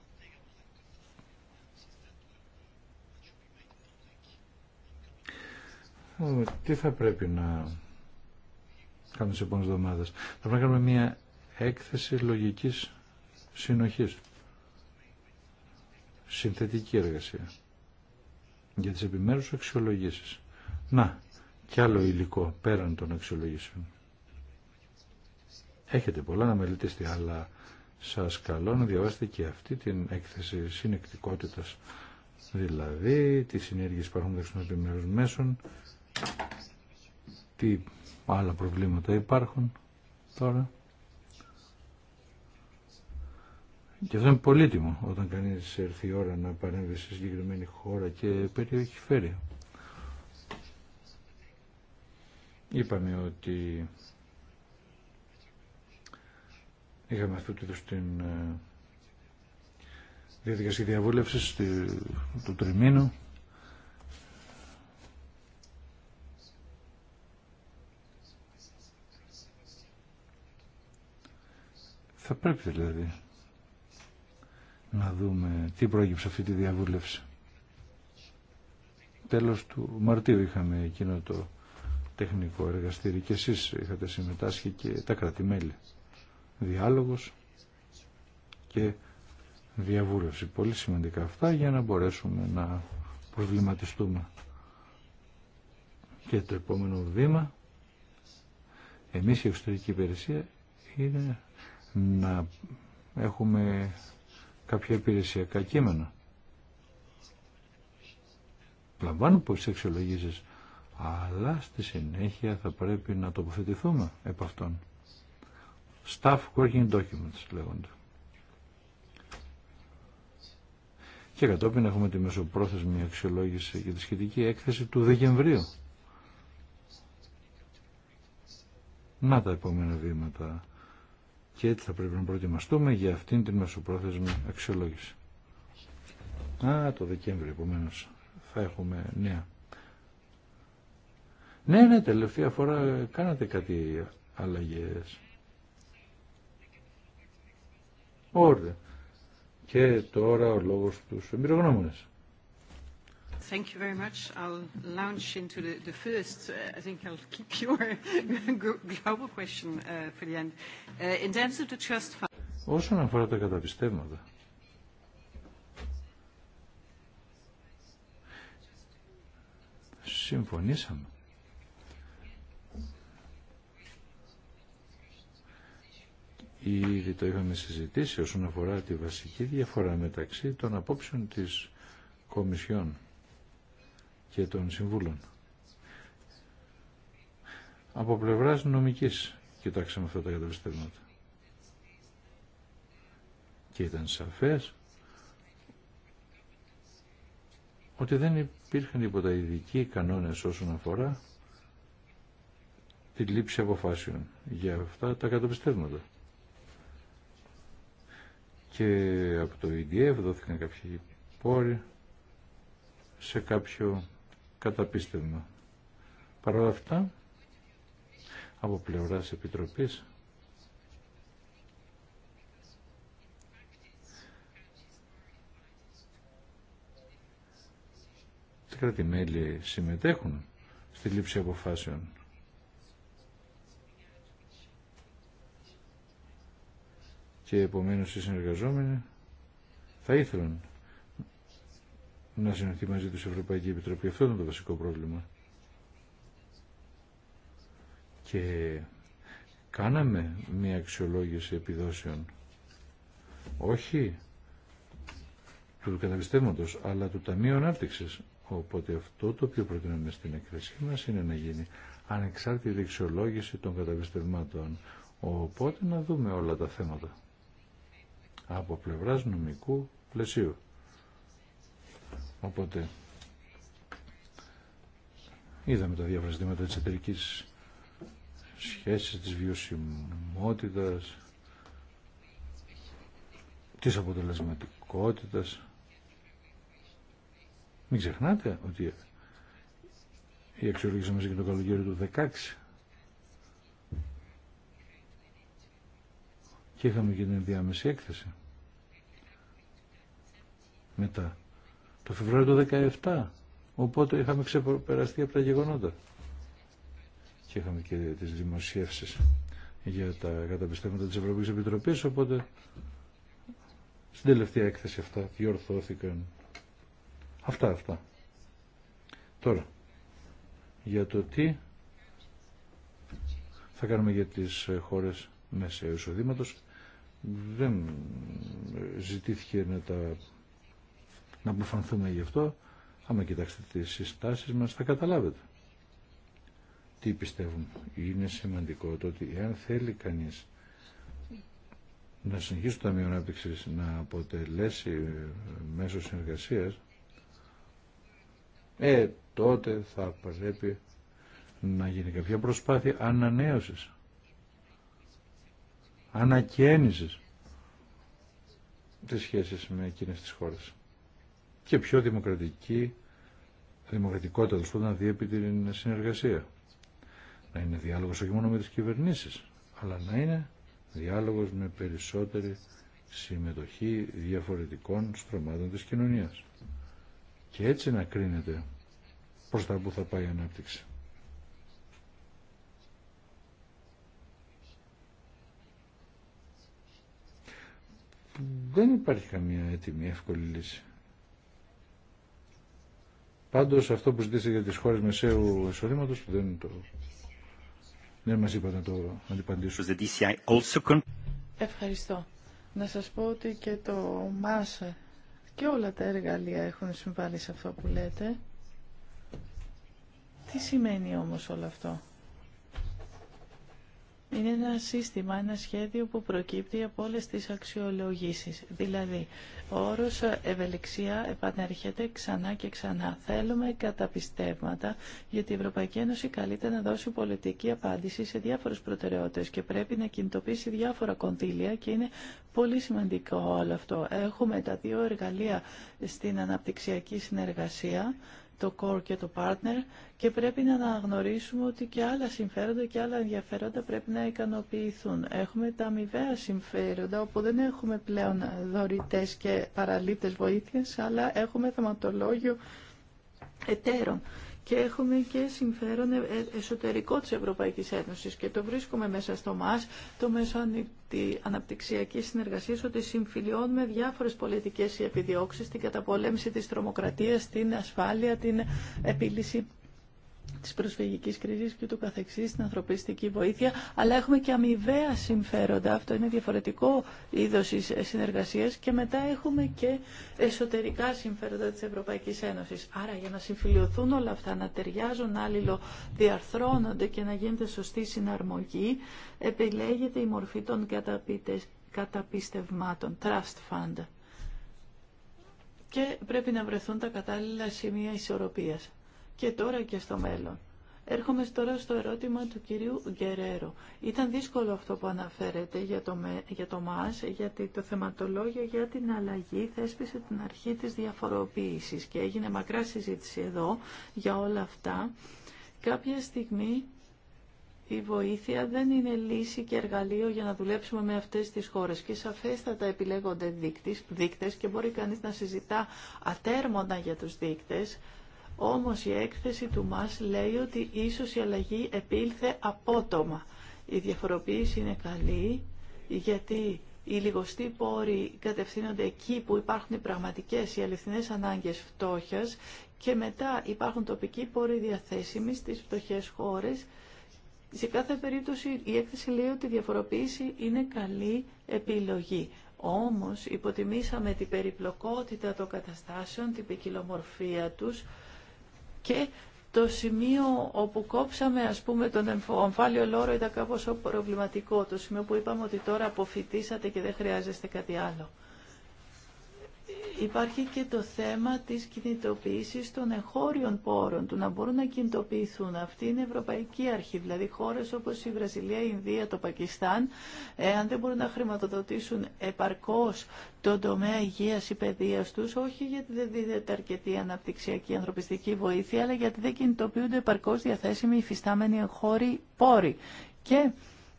Ε, τι θα πρέπει να κάνουμε τις επόμενες εβδομάδες. Θα πρέπει να κάνουμε μια έκθεση λογικής συνοχής. Συνθετική εργασία. Για τις επιμέρους αξιολογήσεις. Να, κι άλλο υλικό πέραν των αξιολογήσεων. Έχετε πολλά να μελετήσετε, αλλά σας καλώ να διαβάσετε και αυτή την έκθεση συνεκτικότητας. Δηλαδή, τι συνέργειες υπάρχουν μεταξύ των επιμέρους μέσων, τι Άλλα προβλήματα υπάρχουν τώρα. Και αυτό είναι πολύτιμο όταν κανείς έρθει η ώρα να παρέμβει σε συγκεκριμένη χώρα και περιοχή φέρει. Είπαμε ότι είχαμε αυτού του είδους την ε, διαδικασία διαβούλευσης του τριμήνου Θα πρέπει δηλαδή να δούμε τι πρόκειψε αυτή τη διαβούλευση. Τέλος του Μαρτίου είχαμε εκείνο το τεχνικό εργαστήρι και εσείς είχατε συμμετάσχει και τα κρατημέλη. Διάλογος και διαβούλευση. Πολύ σημαντικά αυτά για να μπορέσουμε να προβληματιστούμε. Και το επόμενο βήμα εμείς η εξωτερική υπηρεσία είναι να έχουμε κάποια υπηρεσιακά κείμενα. Λαμβάνω πως εξολογίζεις αλλά στη συνέχεια θα πρέπει να τοποθετηθούμε επ' αυτών. Staff Working Documents λέγονται. Και κατόπιν έχουμε τη μεσοπρόθεσμη αξιολόγηση για τη σχετική έκθεση του Δεκεμβρίου. Να τα επόμενα βήματα και έτσι θα πρέπει να προετοιμαστούμε για αυτήν την μεσοπρόθεσμη αξιολόγηση. Α, το Δεκέμβριο επομένω θα έχουμε νέα. Ναι, ναι, τελευταία φορά κάνατε κάτι αλλαγές. Ωραία. Και τώρα ο λόγος τους εμπειρογνώμονες. Thank you very much. I'll launch into the, the first. Uh, I think I'll keep your global question uh, for the end. Uh, in terms of the trust fund... Όσον αφορά τα καταπιστεύματα, συμφωνήσαμε Ήδη το είχαμε συζητήσει όσον αφορά τη βασική διαφορά μεταξύ των απόψεων της Κομισιόν και των συμβούλων. Από πλευράς νομικής κοιτάξαμε αυτά τα καταπιστεύματα. Και ήταν σαφές ότι δεν υπήρχαν τίποτα ειδικοί κανόνες όσον αφορά τη λήψη αποφάσεων για αυτά τα καταπιστεύματα. Και από το EDF δόθηκαν κάποιοι πόροι σε κάποιο καταπίστευμα. Παρ' όλα αυτά, από πλευράς Επιτροπής, τα κράτη-μέλη συμμετέχουν στη λήψη αποφάσεων. Και επομένως οι συνεργαζόμενοι θα ήθελαν να συνεχθεί μαζί του η Ευρωπαϊκή Επιτροπή. Αυτό ήταν το βασικό πρόβλημα. Και κάναμε μία αξιολόγηση επιδόσεων. Όχι του καταπιστεύματος, αλλά του Ταμείου ανάπτυξη. Οπότε αυτό το οποίο προτείνουμε στην εκκλησία μας είναι να γίνει ανεξάρτητη αξιολόγηση των καταπιστευμάτων. Οπότε να δούμε όλα τα θέματα από πλευράς νομικού πλαισίου. Οπότε είδαμε τα διάφορα ζητήματα της εταιρική σχέσης, της βιωσιμότητας, της αποτελεσματικότητας. Μην ξεχνάτε ότι η αξιολόγηση μας και το καλοκαίρι του 16 και είχαμε και την διάμεση έκθεση μετά το Φεβρουάριο του 2017. Οπότε είχαμε ξεπεραστεί από τα γεγονότα. Και είχαμε και τις δημοσίευσεις για τα καταπιστεύματα της Ευρωπαϊκής Επιτροπής, οπότε στην τελευταία έκθεση αυτά διορθώθηκαν. Αυτά, αυτά. Τώρα, για το τι θα κάνουμε για τις χώρες μέσα εισοδήματος. Δεν ζητήθηκε να τα να αποφανθούμε γι' αυτό. Άμα κοιτάξετε τις συστάσεις μας θα καταλάβετε. Τι πιστεύουμε. Είναι σημαντικό το ότι εάν θέλει κανείς να συνεχίσει το Ταμείο Ανάπτυξης να αποτελέσει μέσω συνεργασίας, ε, τότε θα πρέπει να γίνει κάποια προσπάθεια ανανέωσης, ανακαίνησης της σχέσης με εκείνες τις χώρες και πιο δημοκρατική δημοκρατικότητα του να διέπει την συνεργασία. Να είναι διάλογος όχι μόνο με τις κυβερνήσεις, αλλά να είναι διάλογος με περισσότερη συμμετοχή διαφορετικών στρωμάτων της κοινωνίας. Και έτσι να κρίνεται προς τα που θα πάει η ανάπτυξη. Δεν υπάρχει καμία έτοιμη εύκολη λύση. Πάντω αυτό που ζητήσατε για τι χώρε μεσαίου εισοδήματο δεν το... Δεν μας είπατε το αντιπαντήσω. Ευχαριστώ. Να σα πω ότι και το ΜΑΣ και όλα τα εργαλεία έχουν συμβάλει σε αυτό που λέτε. Τι σημαίνει όμως όλο αυτό είναι ένα σύστημα, ένα σχέδιο που προκύπτει από όλες τις αξιολογήσεις. Δηλαδή, ο όρος ευελιξία επανέρχεται ξανά και ξανά. Θέλουμε καταπιστεύματα, γιατί η Ευρωπαϊκή Ένωση καλείται να δώσει πολιτική απάντηση σε διάφορες προτεραιότητες και πρέπει να κινητοποιήσει διάφορα κονδύλια και είναι πολύ σημαντικό όλο αυτό. Έχουμε τα δύο εργαλεία στην αναπτυξιακή συνεργασία, το core και το partner και πρέπει να αναγνωρίσουμε ότι και άλλα συμφέροντα και άλλα ενδιαφέροντα πρέπει να ικανοποιηθούν. Έχουμε τα αμοιβαία συμφέροντα όπου δεν έχουμε πλέον δωρητές και παραλήπτες βοήθειες, αλλά έχουμε θεματολόγιο εταίρων και έχουμε και συμφέρον ε, ε, εσωτερικό της Ευρωπαϊκής Ένωσης και το βρίσκουμε μέσα στο μας το μέσο αναπτυξιακής συνεργασίας ότι συμφιλιώνουμε διάφορες πολιτικές επιδιώξεις την καταπολέμηση της τρομοκρατίας, την ασφάλεια, την επίλυση της προσφυγικής κρίσης και του καθεξής στην ανθρωπιστική βοήθεια, αλλά έχουμε και αμοιβαία συμφέροντα. Αυτό είναι διαφορετικό είδος συνεργασίας και μετά έχουμε και εσωτερικά συμφέροντα της Ευρωπαϊκής Ένωσης. Άρα για να συμφιλειωθούν όλα αυτά, να ταιριάζουν άλληλο, διαρθρώνονται και να γίνεται σωστή συναρμογή, επιλέγεται η μορφή των καταπιστευμάτων, trust fund. Και πρέπει να βρεθούν τα κατάλληλα σημεία ισορροπίας και τώρα και στο μέλλον. Έρχομαι τώρα στο ερώτημα του κυρίου Γκερέρο. Ήταν δύσκολο αυτό που αναφέρεται για το, για ΜΑΣ, γιατί το θεματολόγιο για την αλλαγή θέσπισε την αρχή της διαφοροποίησης και έγινε μακρά συζήτηση εδώ για όλα αυτά. Κάποια στιγμή η βοήθεια δεν είναι λύση και εργαλείο για να δουλέψουμε με αυτές τις χώρες και σαφέστατα επιλέγονται δείκτες και μπορεί κανείς να συζητά ατέρμονα για τους δείκτες, όμως η έκθεση του μας λέει ότι ίσως η αλλαγή επήλθε απότομα. Η διαφοροποίηση είναι καλή γιατί οι λιγοστοί πόροι κατευθύνονται εκεί που υπάρχουν οι πραγματικές, οι αληθινές ανάγκες φτώχειας και μετά υπάρχουν τοπικοί πόροι διαθέσιμοι στις φτωχές χώρες. Σε κάθε περίπτωση η έκθεση λέει ότι η διαφοροποίηση είναι καλή επιλογή. Όμως υποτιμήσαμε την περιπλοκότητα των καταστάσεων, την ποικιλομορφία τους, και το σημείο όπου κόψαμε ας πούμε τον αμφάλιο λόρο ήταν κάπως προβληματικό. Το σημείο που είπαμε ότι τώρα αποφυτίσατε και δεν χρειάζεστε κάτι άλλο. Υπάρχει και το θέμα της κινητοποίησης των εγχώριων πόρων, του να μπορούν να κινητοποιηθούν. Αυτή είναι η Ευρωπαϊκή Αρχή, δηλαδή χώρες όπως η Βραζιλία, η Ινδία, το Πακιστάν, ε, αν δεν μπορούν να χρηματοδοτήσουν επαρκώς τον τομέα υγείας ή παιδείας τους, όχι γιατί δεν δίδεται αρκετή αναπτυξιακή ανθρωπιστική βοήθεια, αλλά γιατί δεν κινητοποιούνται επαρκώς διαθέσιμοι υφιστάμενοι εγχώροι πόροι. Και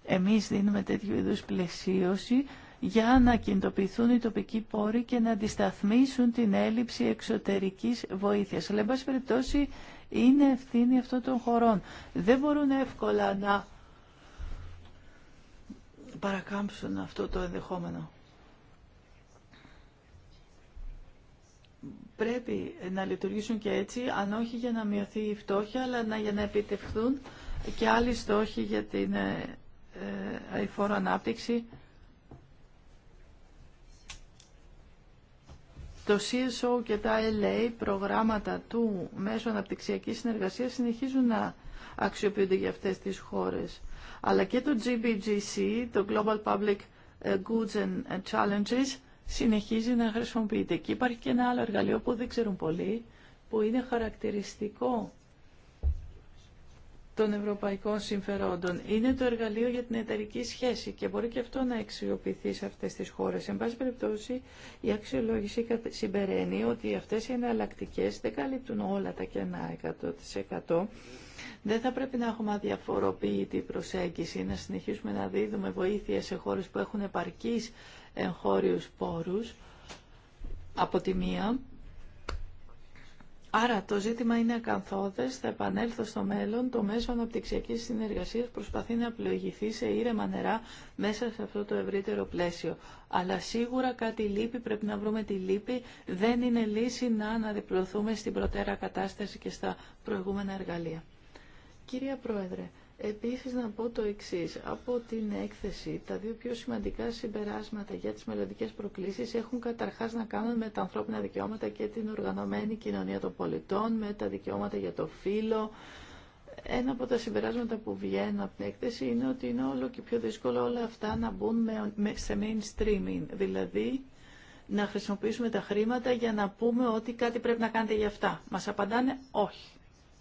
εμείς δίνουμε τέτοιου είδους πλαισίωση για να κινητοποιηθούν οι τοπικοί πόροι και να αντισταθμίσουν την έλλειψη εξωτερικής βοήθειας. Αλλά, εν πάση περιπτώσει, είναι ευθύνη αυτών των χωρών. Δεν μπορούν εύκολα να παρακάμψουν αυτό το ενδεχόμενο. Πρέπει να λειτουργήσουν και έτσι, αν όχι για να μειωθεί η φτώχεια, αλλά για να επιτευχθούν και άλλοι στόχοι για την ε, ε, αηφόρο ανάπτυξη Το CSO και τα LA προγράμματα του μέσω αναπτυξιακής συνεργασίας συνεχίζουν να αξιοποιούνται για αυτές τις χώρες. Αλλά και το GBGC, το Global Public Goods and Challenges, συνεχίζει να χρησιμοποιείται. Και υπάρχει και ένα άλλο εργαλείο που δεν ξέρουν πολλοί, που είναι χαρακτηριστικό των ευρωπαϊκών συμφερόντων. Είναι το εργαλείο για την εταιρική σχέση και μπορεί και αυτό να αξιοποιηθεί σε αυτές τις χώρες. Εν πάση περιπτώσει, η αξιολόγηση συμπεραίνει ότι αυτές οι εναλλακτικέ δεν καλύπτουν όλα τα κενά 100%. Δεν θα πρέπει να έχουμε αδιαφοροποιητή προσέγγιση, να συνεχίσουμε να δίδουμε βοήθεια σε χώρες που έχουν επαρκείς εγχώριους πόρους από τη μία Άρα το ζήτημα είναι ακαθόδες, θα επανέλθω στο μέλλον, το μέσο αναπτυξιακής συνεργασίας προσπαθεί να πλοηγηθεί σε ήρεμα νερά μέσα σε αυτό το ευρύτερο πλαίσιο. Αλλά σίγουρα κάτι λείπει, πρέπει να βρούμε τη λύπη, δεν είναι λύση να αναδιπλωθούμε στην προτέρα κατάσταση και στα προηγούμενα εργαλεία. Κυρία Πρόεδρε, Επίσης να πω το εξής. Από την έκθεση τα δύο πιο σημαντικά συμπεράσματα για τις μελλοντικέ προκλήσεις έχουν καταρχάς να κάνουν με τα ανθρώπινα δικαιώματα και την οργανωμένη κοινωνία των πολιτών, με τα δικαιώματα για το φύλλο. Ένα από τα συμπεράσματα που βγαίνουν από την έκθεση είναι ότι είναι όλο και πιο δύσκολο όλα αυτά να μπουν σε mainstreaming, δηλαδή να χρησιμοποιήσουμε τα χρήματα για να πούμε ότι κάτι πρέπει να κάνετε για αυτά. Μας απαντάνε όχι.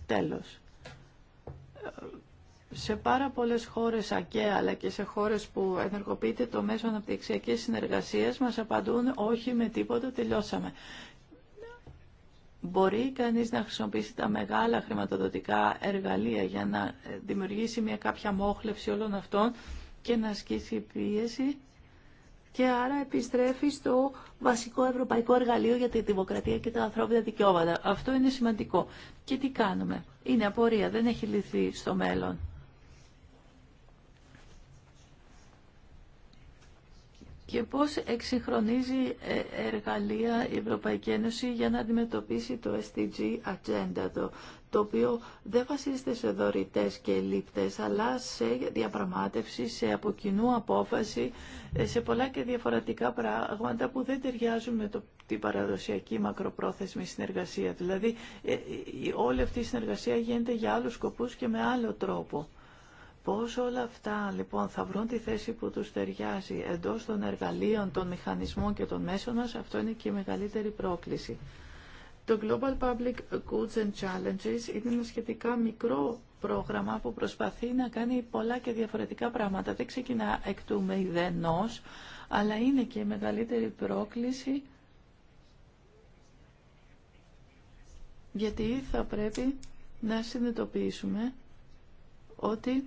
Τέλος σε πάρα πολλές χώρες ΑΚΕ αλλά και σε χώρες που ενεργοποιείται το μέσο αναπτυξιακής συνεργασίας μας απαντούν όχι με τίποτα τελειώσαμε. Μπορεί κανείς να χρησιμοποιήσει τα μεγάλα χρηματοδοτικά εργαλεία για να δημιουργήσει μια κάποια μόχλευση όλων αυτών και να ασκήσει πίεση και άρα επιστρέφει στο βασικό ευρωπαϊκό εργαλείο για τη δημοκρατία και τα ανθρώπινα δικαιώματα. Αυτό είναι σημαντικό. Και τι κάνουμε. Είναι απορία, δεν έχει λυθεί στο μέλλον. και πώς εξυγχρονίζει ε, εργαλεία η Ευρωπαϊκή Ένωση για να αντιμετωπίσει το SDG Agenda, το, το οποίο δεν βασίζεται σε δωρητές και λήπτες, αλλά σε διαπραγμάτευση, σε αποκοινού απόφαση, ε, σε πολλά και διαφορετικά πράγματα που δεν ταιριάζουν με το, την παραδοσιακή μακροπρόθεσμη συνεργασία. Δηλαδή, ε, όλη αυτή η συνεργασία γίνεται για άλλους σκοπούς και με άλλο τρόπο. Πώς όλα αυτά λοιπόν θα βρουν τη θέση που τους ταιριάζει εντός των εργαλείων, των μηχανισμών και των μέσων μας, αυτό είναι και η μεγαλύτερη πρόκληση. Το Global Public Goods and Challenges είναι ένα σχετικά μικρό πρόγραμμα που προσπαθεί να κάνει πολλά και διαφορετικά πράγματα. Δεν ξεκινά εκ του μηδενός, αλλά είναι και η μεγαλύτερη πρόκληση γιατί θα πρέπει να συνειδητοποιήσουμε ότι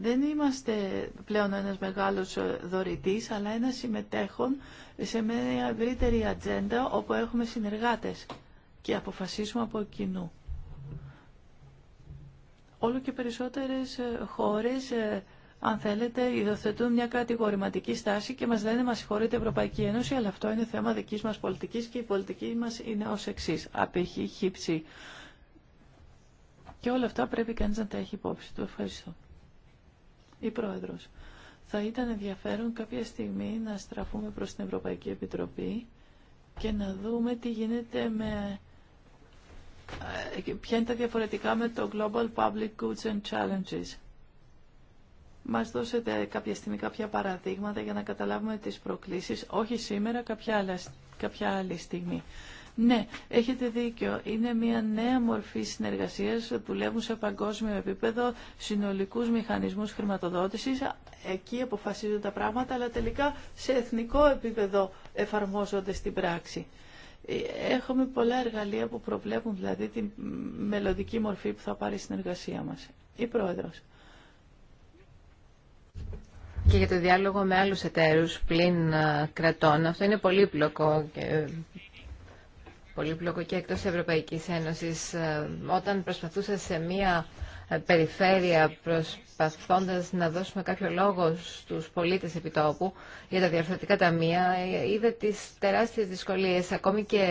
δεν είμαστε πλέον ένας μεγάλος ε, δωρητής, αλλά ένας συμμετέχον σε μια ευρύτερη ατζέντα όπου έχουμε συνεργάτες και αποφασίσουμε από κοινού. Όλο και περισσότερες ε, χώρες, ε, αν θέλετε, υιοθετούν μια κατηγορηματική στάση και μας λένε μας συγχωρείτε Ευρωπαϊκή Ένωση, αλλά αυτό είναι θέμα δικής μας πολιτικής και η πολιτική μας είναι ως εξής. Απέχει, χύψη. Και όλα αυτά πρέπει κανείς να τα έχει υπόψη του. Ευχαριστώ. Η Πρόεδρος. Θα ήταν ενδιαφέρον κάποια στιγμή να στραφούμε προς την Ευρωπαϊκή Επιτροπή και να δούμε τι γίνεται με ε, ποια είναι τα διαφορετικά με το Global Public Goods and Challenges. Μας δώσετε κάποια στιγμή κάποια παραδείγματα για να καταλάβουμε τις προκλήσεις, όχι σήμερα, κάποια, κάποια άλλη στιγμή. Ναι, έχετε δίκιο. Είναι μια νέα μορφή συνεργασίας. Δουλεύουν σε παγκόσμιο επίπεδο συνολικούς μηχανισμούς χρηματοδότησης. Εκεί αποφασίζουν τα πράγματα, αλλά τελικά σε εθνικό επίπεδο εφαρμόζονται στην πράξη. Έχουμε πολλά εργαλεία που προβλέπουν δηλαδή τη μελλοντική μορφή που θα πάρει η συνεργασία μας. Η Πρόεδρος. Και για το διάλογο με άλλους εταίρους πλην ε, κρατών, αυτό είναι πολύπλοκο και πολύπλοκο και εκτός Ευρωπαϊκής Ένωσης. Ε, όταν προσπαθούσα σε μία ε, περιφέρεια προσπαθώντας να δώσουμε κάποιο λόγο στους πολίτες επιτόπου για τα διαφορετικά ταμεία ε, είδα τις τεράστιες δυσκολίες ακόμη και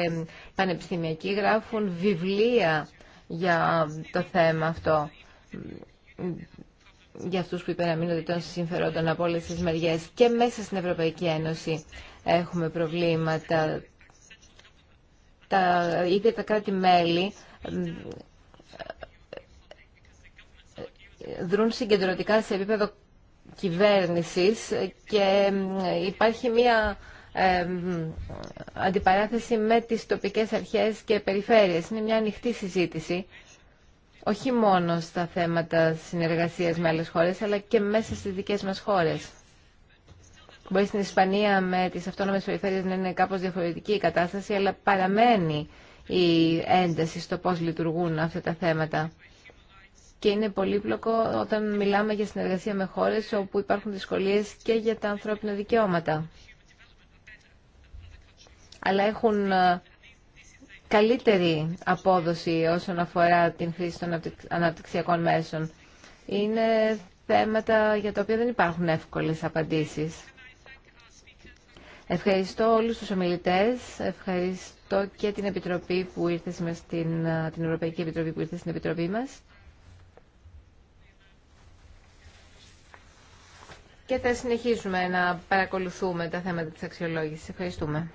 πανεπιστημιακοί γράφουν βιβλία για το θέμα αυτό για αυτούς που υπεραμείνονται των συμφερόντων από όλες τις μεριές και μέσα στην Ευρωπαϊκή Ένωση έχουμε προβλήματα τα τα κράτη-μέλη δρούν συγκεντρωτικά σε επίπεδο κυβέρνησης και υπάρχει μία αντιπαράθεση με τις τοπικές αρχές και περιφέρειες. Είναι μια ανοιχτή συζήτηση, όχι μόνο στα θέματα συνεργασίας με άλλες χώρες, αλλά και μέσα στις δικές μας χώρες. Μπορεί στην Ισπανία με τις αυτόνομε περιφέρειε να είναι κάπως διαφορετική η κατάσταση, αλλά παραμένει η ένταση στο πώς λειτουργούν αυτά τα θέματα. Και είναι πολύπλοκο όταν μιλάμε για συνεργασία με χώρε όπου υπάρχουν δυσκολίε και για τα ανθρώπινα δικαιώματα. Αλλά έχουν ε, καλύτερη απόδοση όσον αφορά την χρήση των αναπτυξιακών μέσων. Είναι θέματα για τα οποία δεν υπάρχουν εύκολες απαντήσεις. Ευχαριστώ όλους τους ομιλητές, ευχαριστώ και την Επιτροπή που ήρθε στην, την Ευρωπαϊκή Επιτροπή που ήρθε στην Επιτροπή μας. Και θα συνεχίσουμε να παρακολουθούμε τα θέματα της αξιολόγησης. Ευχαριστούμε.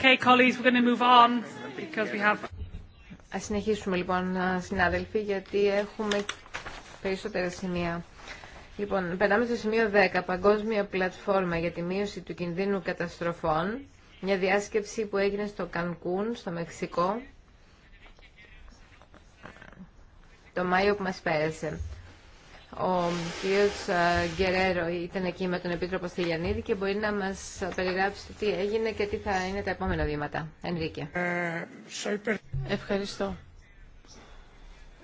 Okay, colleagues, we're going to move on because we have... Ας συνεχίσουμε λοιπόν, συνάδελφοι, γιατί έχουμε περισσότερα σημεία. Λοιπόν, περνάμε στο σημείο 10, Παγκόσμια Πλατφόρμα για τη Μείωση του Κινδύνου Καταστροφών, μια διάσκεψη που έγινε στο Κανκούν, στο Μεξικό, το Μάιο που μας πέρασε. Ο κ. Ε, Γκερέρο ήταν εκεί με τον Επίτροπο Στυλιανίδη και μπορεί να μας περιγράψει τι έγινε και τι θα είναι τα επόμενα βήματα. Ενρίκε. Ε, Ευχαριστώ.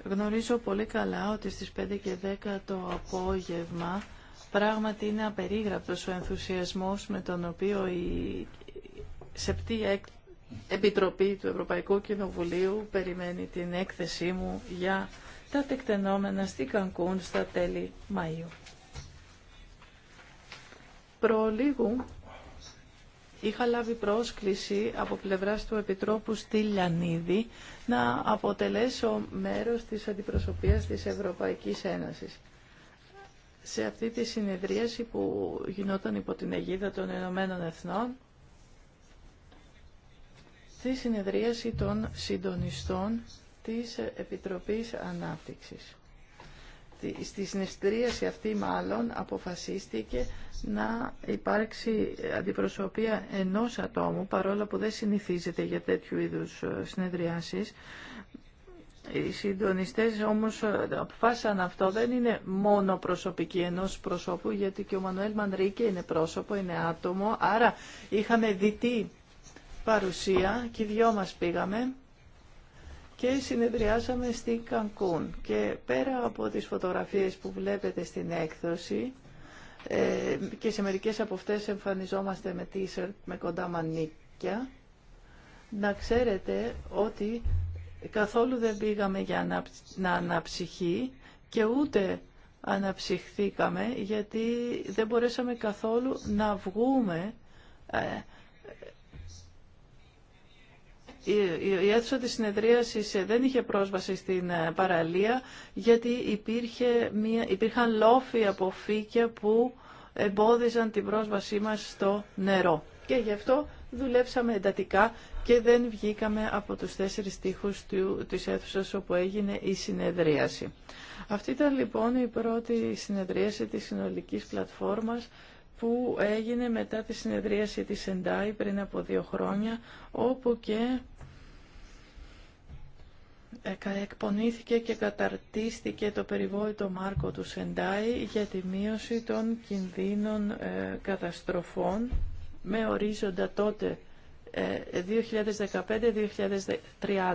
Γνωρίζω πολύ καλά ότι στις 5 και 10 το απόγευμα πράγματι είναι απερίγραπτος ο ενθουσιασμός με τον οποίο η σεπτή Επιτροπή του Ευρωπαϊκού Κοινοβουλίου περιμένει την έκθεσή μου για τα τεκτενόμενα στη Κανκούν στα τέλη Μαΐου. Προλίγου είχα λάβει πρόσκληση από πλευράς του Επιτρόπου στη Λιανίδη να αποτελέσω μέρος της αντιπροσωπείας της Ευρωπαϊκής Ένωσης. Σε αυτή τη συνεδρίαση που γινόταν υπό την αιγίδα των Ηνωμένων Εθνών, στη συνεδρίαση των συντονιστών της Επιτροπής Ανάπτυξης. Στη συνεστρίαση αυτή μάλλον αποφασίστηκε να υπάρξει αντιπροσωπεία ενός ατόμου, παρόλο που δεν συνηθίζεται για τέτοιου είδους ε, συνεδριάσεις. Οι συντονιστές όμως ε, αποφάσισαν αυτό δεν είναι μόνο προσωπική ενός προσώπου, γιατί και ο Μανουέλ Μανρίκε είναι πρόσωπο, είναι άτομο, άρα είχαμε διτή παρουσία και οι δυο μας πήγαμε και συνεδριάσαμε στην Κανκούν. Και πέρα από τις φωτογραφίες που βλέπετε στην έκδοση, ε, και σε μερικές από αυτές εμφανιζόμαστε με t-shirt, με κοντά μανίκια, να ξέρετε ότι καθόλου δεν πήγαμε για να αναψυχεί και ούτε αναψυχθήκαμε γιατί δεν μπορέσαμε καθόλου να βγούμε ε, η αίθουσα της συνεδρίασης ε, δεν είχε πρόσβαση στην ε, παραλία γιατί υπήρχε μια, υπήρχαν λόφοι από φύκια που εμπόδιζαν την πρόσβασή μας στο νερό. Και γι' αυτό δουλέψαμε εντατικά και δεν βγήκαμε από τους τέσσερις τείχους του, της αίθουσας όπου έγινε η συνεδρίαση. Αυτή ήταν λοιπόν η πρώτη συνεδρίαση της συνολικής πλατφόρμας που έγινε μετά τη συνεδρίαση της ΕΝΤΑΗ πριν από δύο χρόνια, όπου και εκπονήθηκε και καταρτίστηκε το περιβόητο μάρκο του Σεντάι για τη μείωση των κινδύνων ε, καταστροφών με ορίζοντα τότε 2015-2030,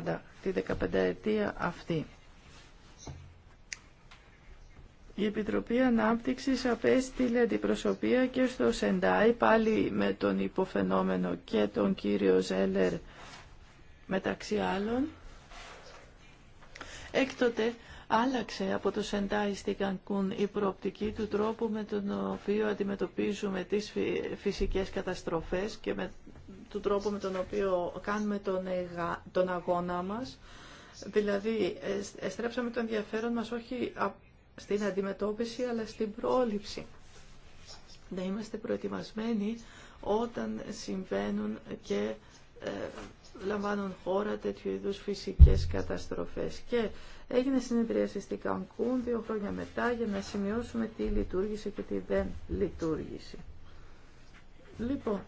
ε, τη 15 ετία αυτή. Η Επιτροπή Ανάπτυξης απέστειλε αντιπροσωπεία και στο Σεντάι, πάλι με τον υποφαινόμενο και τον κύριο Ζέλερ μεταξύ άλλων, Έκτοτε άλλαξε από το Σεντάι στην Κανκούν η προοπτική του τρόπου με τον οποίο αντιμετωπίζουμε τις φυσικές καταστροφές και με τον τρόπο με τον οποίο κάνουμε τον, τον αγώνα μας. Δηλαδή, εστρέψαμε το ενδιαφέρον μας όχι στην αντιμετώπιση, αλλά στην πρόληψη. Να είμαστε προετοιμασμένοι όταν συμβαίνουν και ε, λαμβάνουν χώρα τέτοιου είδους φυσικές καταστροφές. Και έγινε συνεδρίαση στη Κανκούν δύο χρόνια μετά για να σημειώσουμε τι λειτουργήσε και τι δεν λειτουργήσε. Λοιπόν,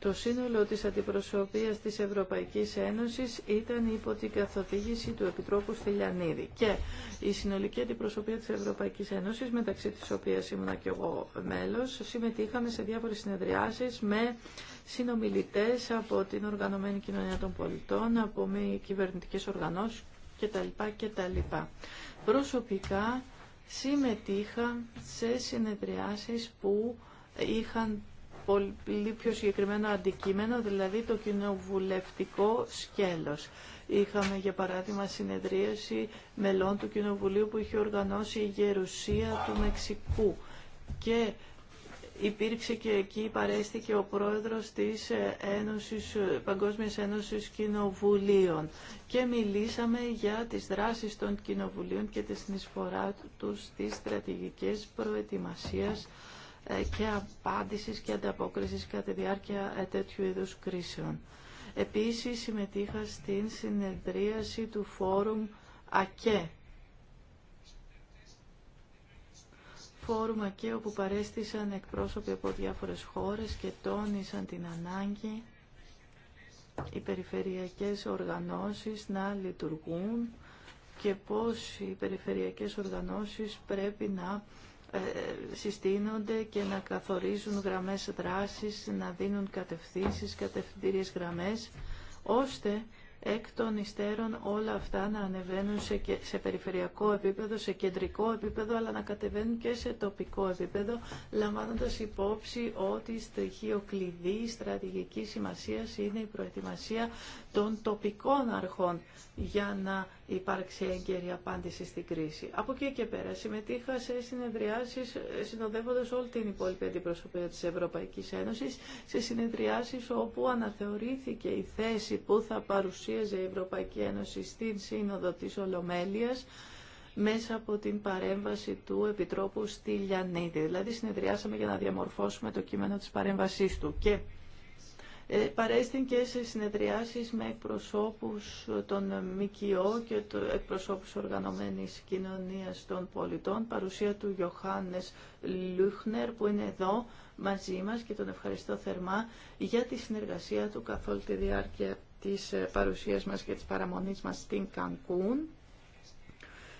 Το σύνολο της αντιπροσωπείας της Ευρωπαϊκής Ένωσης ήταν υπό την καθοδήγηση του Επιτρόπου Στυλιανίδη και η συνολική αντιπροσωπεία της Ευρωπαϊκής Ένωσης, μεταξύ της οποίας ήμουνα και εγώ μέλος, συμμετείχαμε σε διάφορες συνεδριάσεις με συνομιλητές από την Οργανωμένη Κοινωνία των Πολιτών, από μη κυβερνητικές οργανώσεις κτλ. κτλ. Προσωπικά συμμετείχα σε συνεδριάσεις που είχαν πολύ πιο συγκεκριμένο αντικείμενο, δηλαδή το κοινοβουλευτικό σκέλος. Είχαμε για παράδειγμα συνεδρίαση μελών του Κοινοβουλίου που είχε οργανώσει η Γερουσία του Μεξικού και υπήρξε και εκεί παρέστηκε ο πρόεδρος της Ένωσης, Παγκόσμιας Ένωσης Κοινοβουλίων και μιλήσαμε για τις δράσεις των κοινοβουλίων και τη συνεισφορά τους στις στρατηγικές προετοιμασίας ε, και απάντησης και ανταπόκρισης κατά τη διάρκεια ε, τέτοιου είδους κρίσεων. Επίσης συμμετείχα στην συνεδρίαση του Φόρουμ ΑΚΕ. Φόρουμ ΑΚΕ όπου παρέστησαν εκπρόσωποι από διάφορες χώρες και τόνισαν την ανάγκη οι περιφερειακές οργανώσεις να λειτουργούν και πώς οι περιφερειακές οργανώσεις πρέπει να ε, συστήνονται και να καθορίζουν γραμμές δράσης, να δίνουν κατευθύνσεις, κατευθυντήριες γραμμές, ώστε εκ των υστέρων όλα αυτά να ανεβαίνουν σε, σε περιφερειακό επίπεδο, σε κεντρικό επίπεδο, αλλά να κατεβαίνουν και σε τοπικό επίπεδο, λαμβάνοντας υπόψη ότι στοιχείο κλειδί στρατηγικής σημασίας είναι η προετοιμασία των τοπικών αρχών για να υπάρξει έγκαιρη απάντηση στην κρίση. Από εκεί και πέρα συμμετείχα σε συνεδριάσεις ε, συνοδεύοντας όλη την υπόλοιπη αντιπροσωπεία της Ευρωπαϊκής Ένωσης, σε συνεδριάσεις όπου αναθεωρήθηκε η θέση που θα παρουσίαζε η Ευρωπαϊκή Ένωση στην Σύνοδο της Ολομέλειας, μέσα από την παρέμβαση του Επιτρόπου στη Λιανίδη. Δηλαδή συνεδριάσαμε για να διαμορφώσουμε το κείμενο της παρέμβασής του. Και ε, παρέστην και σε συνεδριάσεις με εκπροσώπους των ΜΚΟ και το εκπροσώπους οργανωμένης κοινωνίας των πολιτών, παρουσία του Γιωχάννες Λούχνερ που είναι εδώ μαζί μας και τον ευχαριστώ θερμά για τη συνεργασία του καθ' όλη τη διάρκεια της ε, παρουσίας μας και της παραμονής μας στην Κανκούν.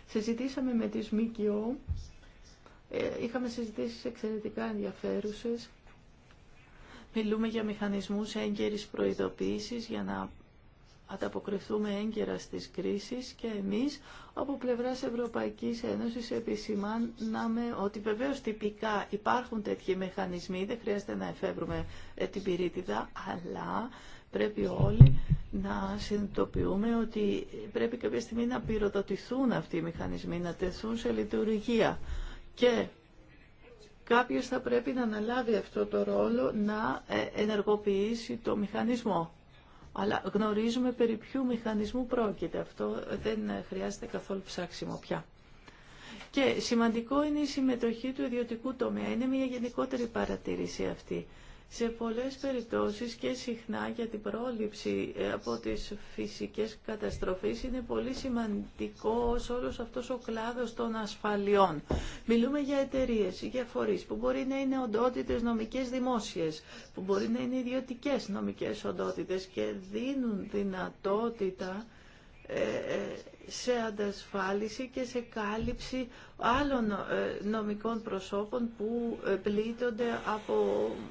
Συζητήσαμε με τις ΜΚΟ, ε, είχαμε συζητήσεις εξαιρετικά ενδιαφέρουσες Μιλούμε για μηχανισμούς έγκαιρης προειδοποίησης για να ανταποκριθούμε έγκαιρα στις κρίσεις και εμείς από πλευράς Ευρωπαϊκής Ένωσης επισημάναμε ότι βεβαίως τυπικά υπάρχουν τέτοιοι μηχανισμοί, δεν χρειάζεται να εφεύρουμε ε, την πυρίτιδα, αλλά πρέπει όλοι να συνειδητοποιούμε ότι πρέπει κάποια στιγμή να πυροδοτηθούν αυτοί οι μηχανισμοί, να τεθούν σε λειτουργία. Και Κάποιος θα πρέπει να αναλάβει αυτό το ρόλο να ε, ενεργοποιήσει το μηχανισμό. Αλλά γνωρίζουμε περί ποιου μηχανισμού πρόκειται. Αυτό δεν χρειάζεται καθόλου ψάξιμο πια. Και σημαντικό είναι η συμμετοχή του ιδιωτικού τομέα. Είναι μια γενικότερη παρατήρηση αυτή σε πολλές περιπτώσεις και συχνά για την πρόληψη ε, από τις φυσικές καταστροφές είναι πολύ σημαντικό όλος αυτός ο κλάδος των ασφαλιών. Μιλούμε για εταιρείε ή για φορείς που μπορεί να είναι οντότητες νομικές δημόσιες, που μπορεί να είναι ιδιωτικές νομικές οντότητες και δίνουν δυνατότητα ε, ε, σε αντασφάλιση και σε κάλυψη άλλων ε, νομικών προσώπων που πλήττονται από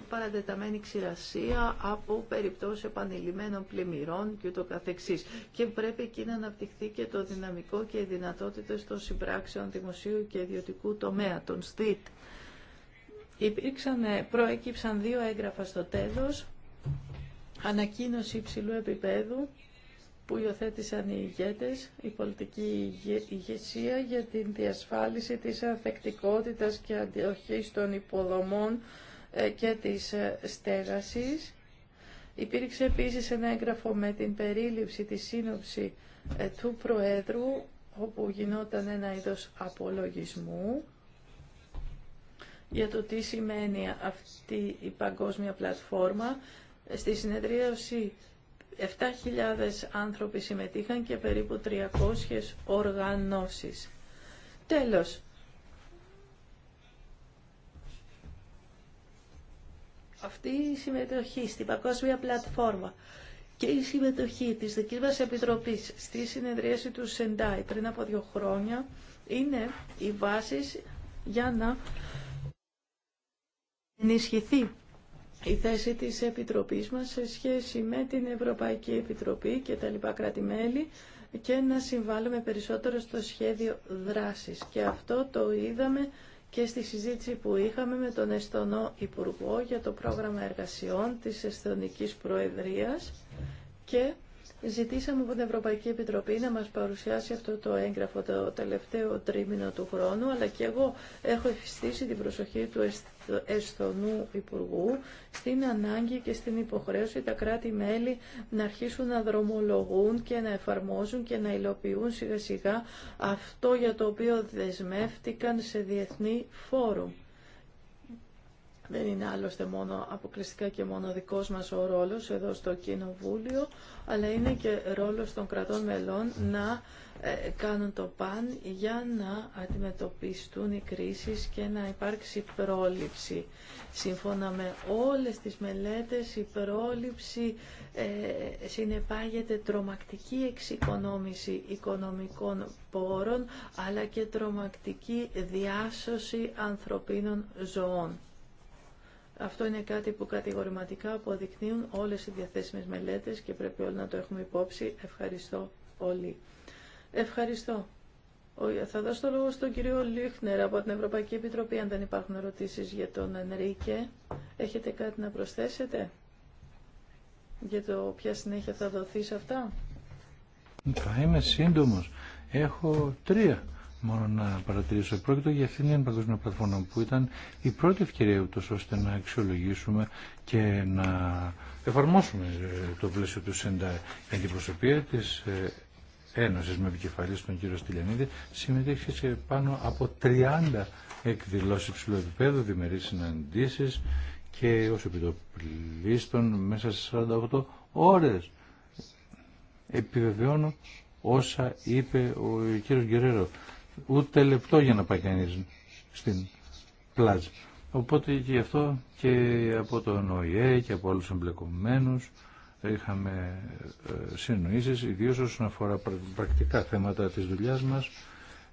παρατεταμένη ξηρασία, από περιπτώσεις επανειλημμένων πλημμυρών και το καθεξής. Και πρέπει εκεί να αναπτυχθεί και το δυναμικό και οι δυνατότητες των συμπράξεων δημοσίου και ιδιωτικού τομέα, των ΣΤΙΤ. προέκυψαν δύο έγγραφα στο τέλος, ανακοίνωση υψηλού επίπεδου, που υιοθέτησαν οι ηγέτες, η πολιτική ηγεσία για την διασφάλιση της ανθεκτικότητας και αντιοχής των υποδομών ε, και της ε, στέγασης. Υπήρξε επίσης ένα έγγραφο με την περίληψη, της σύνοψη ε, του Προέδρου, όπου γινόταν ένα είδος απολογισμού για το τι σημαίνει αυτή η παγκόσμια πλατφόρμα. Στη συνεδρίαση 7.000 άνθρωποι συμμετείχαν και περίπου 300 οργανώσεις. Τέλος, αυτή η συμμετοχή στην παγκόσμια πλατφόρμα και η συμμετοχή της δικής μας Επιτροπής στη συνεδρίαση του Σεντάι πριν από δύο χρόνια είναι οι βάσεις για να ενισχυθεί η θέση της Επιτροπής μας σε σχέση με την Ευρωπαϊκή Επιτροπή και τα λοιπά και να συμβάλλουμε περισσότερο στο σχέδιο δράσης. Και αυτό το είδαμε και στη συζήτηση που είχαμε με τον Εστονό Υπουργό για το πρόγραμμα εργασιών της Εσθονικής Προεδρίας και Ζητήσαμε από την Ευρωπαϊκή Επιτροπή να μας παρουσιάσει αυτό το έγγραφο το τελευταίο τρίμηνο του χρόνου, αλλά και εγώ έχω εφιστήσει την προσοχή του Εσθονού Υπουργού στην ανάγκη και στην υποχρέωση τα κράτη-μέλη να αρχίσουν να δρομολογούν και να εφαρμόζουν και να υλοποιούν σιγά-σιγά αυτό για το οποίο δεσμεύτηκαν σε διεθνή φόρουμ. Δεν είναι άλλωστε μόνο αποκλειστικά και μόνο δικός μας ο ρόλος εδώ στο Κοινοβούλιο, αλλά είναι και ρόλος των κρατών μελών να ε, κάνουν το παν για να αντιμετωπιστούν οι κρίσεις και να υπάρξει πρόληψη. Σύμφωνα με όλες τις μελέτες, η πρόληψη ε, συνεπάγεται τρομακτική εξοικονόμηση οικονομικών πόρων, αλλά και τρομακτική διάσωση ανθρωπίνων ζωών. Αυτό είναι κάτι που κατηγορηματικά αποδεικνύουν όλες οι διαθέσιμες μελέτες και πρέπει όλοι να το έχουμε υπόψη. Ευχαριστώ όλοι. Ευχαριστώ. Θα δώσω το λόγο στον κύριο Λίχνερ από την Ευρωπαϊκή Επιτροπή, αν δεν υπάρχουν ερωτήσεις για τον Ενρίκε. Έχετε κάτι να προσθέσετε για το ποια συνέχεια θα δοθεί σε αυτά. Θα είμαι σύντομος. Έχω τρία μόνο να παρατηρήσω. Πρόκειται για αυτήν την παγκόσμια πλατφόρμα που ήταν η πρώτη ευκαιρία ούτως ώστε να αξιολογήσουμε και να εφαρμόσουμε ε, το πλαίσιο του ΣΕΝΤΑ για την προσωπία της ε, Ένωσης με επικεφαλή στον κύριο Στυλιανίδη συμμετέχει σε πάνω από 30 εκδηλώσεις υψηλού επίπεδου, διμερείς συναντήσεις και ως επιτοπλίστων μέσα σε 48 ώρες επιβεβαιώνω όσα είπε ο κύριος Γκερέρο ούτε λεπτό για να πάει κανείς στην πλάζ. Οπότε και γι' αυτό και από τον ΟΗΕ και από όλους εμπλεκομένους είχαμε ε, συνοήσεις, ιδίως όσον αφορά πρακτικά θέματα της δουλειάς μας,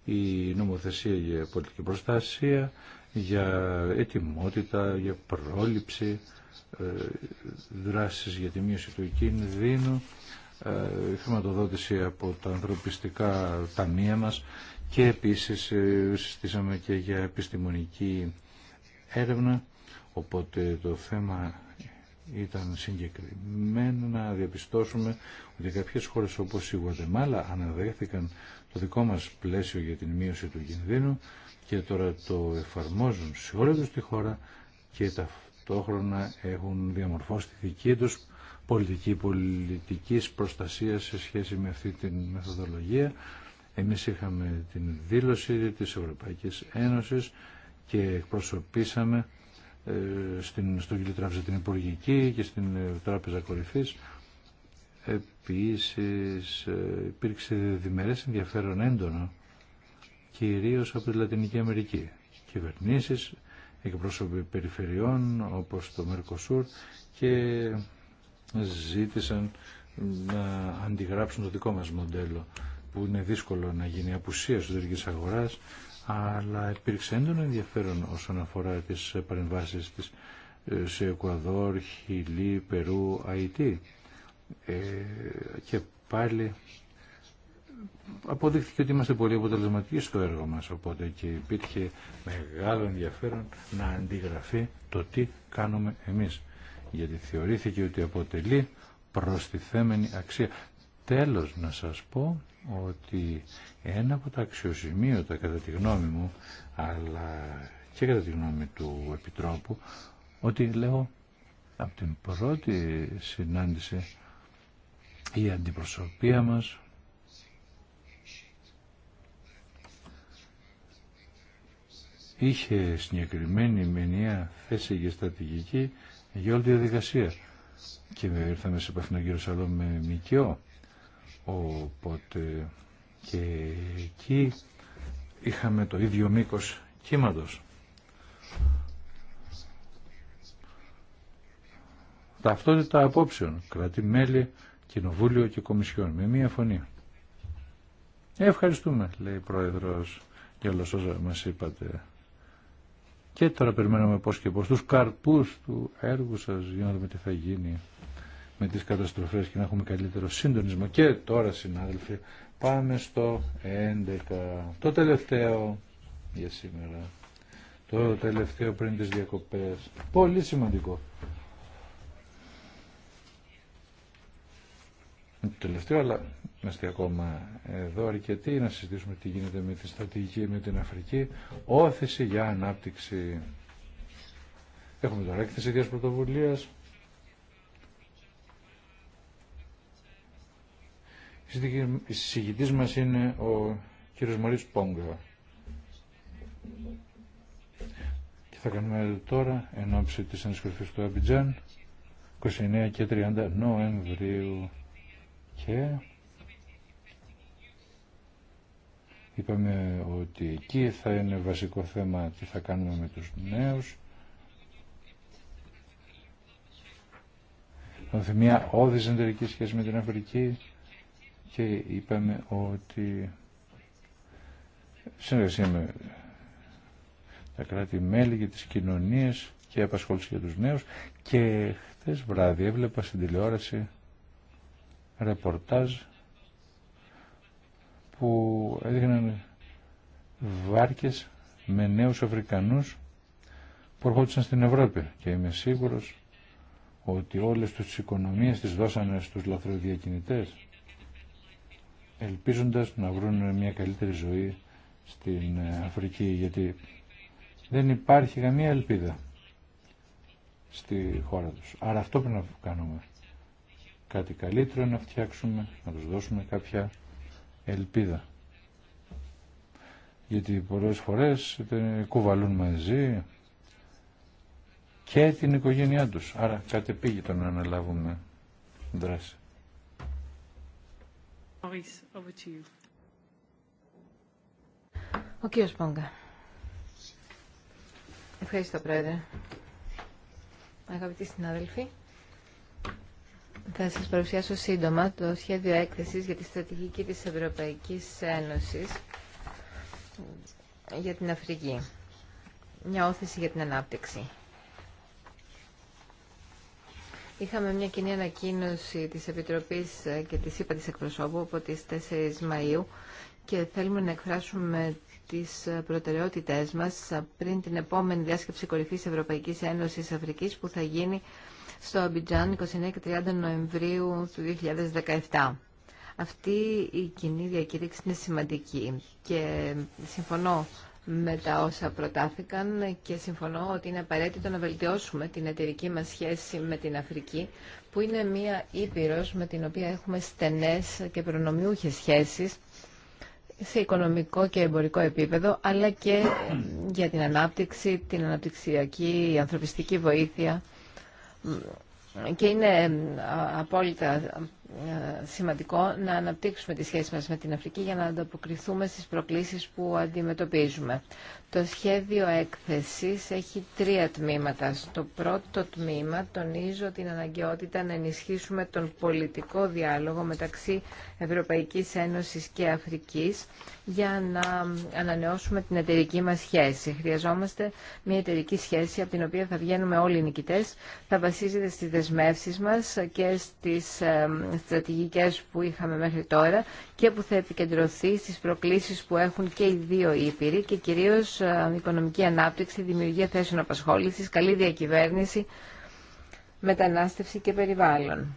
η νομοθεσία για πολιτική προστασία, για ετοιμότητα, για πρόληψη, ε, δράσεις για τη μείωση του κίνδυνου, ε, χρηματοδότηση από τα ανθρωπιστικά ταμεία μας και επίσης ε, συστήσαμε και για επιστημονική έρευνα οπότε το θέμα ήταν συγκεκριμένο να διαπιστώσουμε ότι κάποιες χώρες όπως η Γουατεμάλα αναδέχθηκαν το δικό μας πλαίσιο για την μείωση του κινδύνου και τώρα το εφαρμόζουν σε όλη τους τη χώρα και ταυτόχρονα έχουν διαμορφώσει τη δική τους πολιτική πολιτικής προστασίας σε σχέση με αυτή την μεθοδολογία εμείς είχαμε την δήλωση της Ευρωπαϊκής Ένωσης και εκπροσωπήσαμε ε, στην, στο Τράπεζα την Υπουργική και στην ε, Τράπεζα Κορυφής. Επίσης ε, υπήρξε διμερές ενδιαφέρον έντονο κυρίως από τη Λατινική Αμερική. Κυβερνήσεις, εκπρόσωποι περιφερειών όπως το Μερκοσούρ και ζήτησαν να αντιγράψουν το δικό μας μοντέλο που είναι δύσκολο να γίνει απουσία εσωτερικής αγοράς, αλλά υπήρξε έντονο ενδιαφέρον όσον αφορά τις παρεμβάσεις της ε, σε Εκουαδόρ, Χιλή, Περού, Αϊτή. Ε, και πάλι αποδείχθηκε ότι είμαστε πολύ αποτελεσματικοί στο έργο μας, οπότε και υπήρχε μεγάλο ενδιαφέρον να αντιγραφεί το τι κάνουμε εμείς, γιατί θεωρήθηκε ότι αποτελεί προστιθέμενη αξία. Τέλος να σας πω ότι ένα από τα αξιοσημείωτα κατά τη γνώμη μου αλλά και κατά τη γνώμη του Επιτρόπου ότι λέω από την πρώτη συνάντηση η αντιπροσωπεία μας είχε συγκεκριμένη μενία θέση για στρατηγική για όλη τη διαδικασία και ήρθαμε σε επαφή με τον κύριο με ΜΚΟ Οπότε και εκεί είχαμε το ίδιο μήκος κύματος. Ταυτότητα απόψεων, κρατή μέλη, κοινοβούλιο και κομισιόν, με μία φωνή. Ευχαριστούμε, λέει ο Πρόεδρος, για όλα όσα μας είπατε. Και τώρα περιμένουμε πώς και πώς τους καρπούς του έργου σας για να δούμε τι θα γίνει με τις καταστροφές και να έχουμε καλύτερο σύντονισμό. Και τώρα συνάδελφοι πάμε στο 11. Το τελευταίο για σήμερα. Το τελευταίο πριν τις διακοπές. Πολύ σημαντικό. Το τελευταίο, αλλά είμαστε ακόμα εδώ αρκετοί να συζητήσουμε τι γίνεται με τη στρατηγική με την Αφρική. Όθηση για ανάπτυξη. Έχουμε τώρα έκθεση ίδιας πρωτοβουλίας Η συγητής μας είναι ο κύριος Μωρίς Πόγκα. Και θα κάνουμε τώρα, εν ώψη της του Αμπιτζάν, 29 και 30 Νοεμβρίου. Και είπαμε ότι εκεί θα είναι βασικό θέμα τι θα κάνουμε με τους νέους. Θα μια όδηση σχέση με την Αφρική και είπαμε ότι συνεργασία με τα κράτη-μέλη και τις κοινωνίες και απασχόληση για τους νέους και χτες βράδυ έβλεπα στην τηλεόραση ρεπορτάζ που έδειχναν βάρκες με νέους Αφρικανούς που ερχόντουσαν στην Ευρώπη και είμαι σίγουρος ότι όλες τις οικονομίες τις δώσανε στους λαθροδιακινητές ελπίζοντας να βρουν μια καλύτερη ζωή στην ε, Αφρική γιατί δεν υπάρχει καμία ελπίδα στη χώρα τους. Άρα αυτό πρέπει να κάνουμε. Κάτι καλύτερο να φτιάξουμε, να τους δώσουμε κάποια ελπίδα. Γιατί πολλές φορές κουβαλούν μαζί και την οικογένειά τους. Άρα κάτι πήγε το να αναλάβουμε δράση. Ο κύριος Πόγκα. Ευχαριστώ, Πρόεδρε. Αγαπητοί συνάδελφοι, θα σας παρουσιάσω σύντομα το σχέδιο έκθεσης για τη στρατηγική της Ευρωπαϊκής Ένωσης για την Αφρική. Μια όθηση για την ανάπτυξη. Είχαμε μια κοινή ανακοίνωση της Επιτροπής ε, και της ΥΠΑ της Εκπροσώπου από τις 4 Μαΐου και θέλουμε να εκφράσουμε τις ε, προτεραιότητές μας ε, πριν την επόμενη διάσκεψη κορυφής Ευρωπαϊκής Ένωσης Αφρικής που θα γίνει στο Αμπιτζάν 29 και 30 Νοεμβρίου του 2017. Αυτή η κοινή διακήρυξη είναι σημαντική και συμφωνώ με τα όσα προτάθηκαν και συμφωνώ ότι είναι απαραίτητο να βελτιώσουμε την εταιρική μας σχέση με την Αφρική, που είναι μία ήπειρος με την οποία έχουμε στενές και προνομιούχες σχέσεις σε οικονομικό και εμπορικό επίπεδο, αλλά και για την ανάπτυξη, την αναπτυξιακή, η ανθρωπιστική βοήθεια. Και είναι απόλυτα ε, σημαντικό να αναπτύξουμε τη σχέση μας με την Αφρική για να ανταποκριθούμε στις προκλήσεις που αντιμετωπίζουμε. Το σχέδιο έκθεσης έχει τρία τμήματα. Στο πρώτο τμήμα τονίζω την αναγκαιότητα να ενισχύσουμε τον πολιτικό διάλογο μεταξύ Ευρωπαϊκής Ένωσης και Αφρικής για να ανανεώσουμε την εταιρική μας σχέση. Χρειαζόμαστε μια εταιρική σχέση από την οποία θα βγαίνουμε όλοι οι νικητές, θα βασίζεται στις δεσμεύσεις μας και στις ε, στρατηγικές που είχαμε μέχρι τώρα και που θα επικεντρωθεί στις προκλήσεις που έχουν και οι δύο ήπειροι και κυρίως οικονομική ανάπτυξη, δημιουργία θέσεων απασχόλησης, καλή διακυβέρνηση, μετανάστευση και περιβάλλον.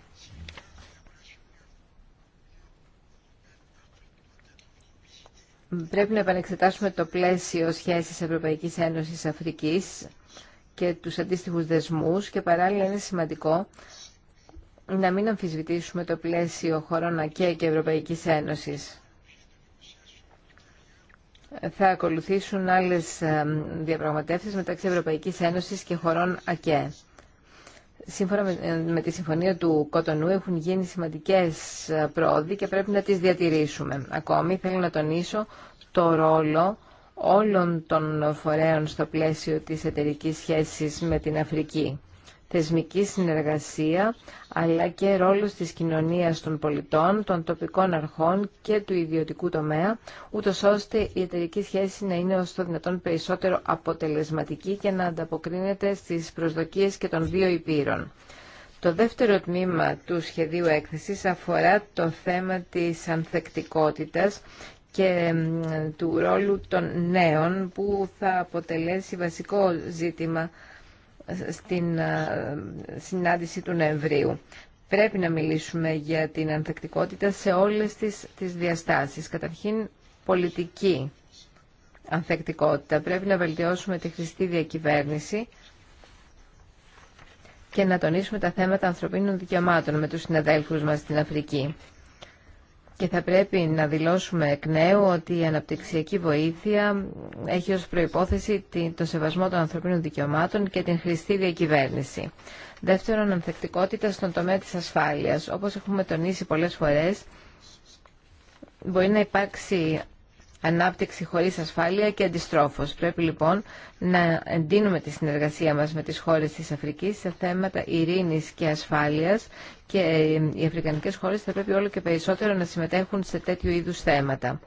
Πρέπει να επανεξετάσουμε το πλαίσιο σχέσης Ευρωπαϊκής Ένωσης Αφρικής και του αντίστοιχους δεσμούς και παράλληλα είναι σημαντικό να μην αμφισβητήσουμε το πλαίσιο χωρών και Ευρωπαϊκής Ένωσης θα ακολουθήσουν άλλες ε, διαπραγματεύσεις μεταξύ Ευρωπαϊκής Ένωσης και χωρών ΑΚΕ. Σύμφωνα με ε, τη συμφωνία του Κοτονού έχουν γίνει σημαντικές ε, πρόοδοι και πρέπει να τις διατηρήσουμε. Ακόμη θέλω να τονίσω το ρόλο όλων των φορέων στο πλαίσιο της εταιρικής σχέσης με την Αφρική θεσμική συνεργασία, αλλά και ρόλους της κοινωνίας των πολιτών, των τοπικών αρχών και του ιδιωτικού τομέα, ούτω ώστε η εταιρική σχέση να είναι ως το δυνατόν περισσότερο αποτελεσματική και να ανταποκρίνεται στις προσδοκίες και των δύο υπήρων. Το δεύτερο τμήμα του σχεδίου έκθεσης αφορά το θέμα της ανθεκτικότητας και του ρόλου των νέων που θα αποτελέσει βασικό ζήτημα στην ε, συνάντηση του Νοεμβρίου. Πρέπει να μιλήσουμε για την ανθεκτικότητα σε όλες τις, τις διαστάσεις. Καταρχήν, πολιτική ανθεκτικότητα. Πρέπει να βελτιώσουμε τη χρηστή διακυβέρνηση και να τονίσουμε τα θέματα ανθρωπίνων δικαιωμάτων με τους συναδέλφους μας στην Αφρική και θα πρέπει να δηλώσουμε εκ νέου ότι η αναπτυξιακή βοήθεια έχει ως προϋπόθεση το σεβασμό των ανθρωπίνων δικαιωμάτων και την χρηστή διακυβέρνηση. Δεύτερον, ανθεκτικότητα στον τομέα της ασφάλειας. Όπως έχουμε τονίσει πολλές φορές, μπορεί να υπάρξει ανάπτυξη χωρίς ασφάλεια και αντιστρόφως. Πρέπει λοιπόν να εντείνουμε τη συνεργασία μας με τις χώρες της Αφρικής σε θέματα ειρήνης και ασφάλειας και ε, οι αφρικανικές χώρες θα πρέπει όλο και περισσότερο να συμμετέχουν σε τέτοιου είδους θέματα.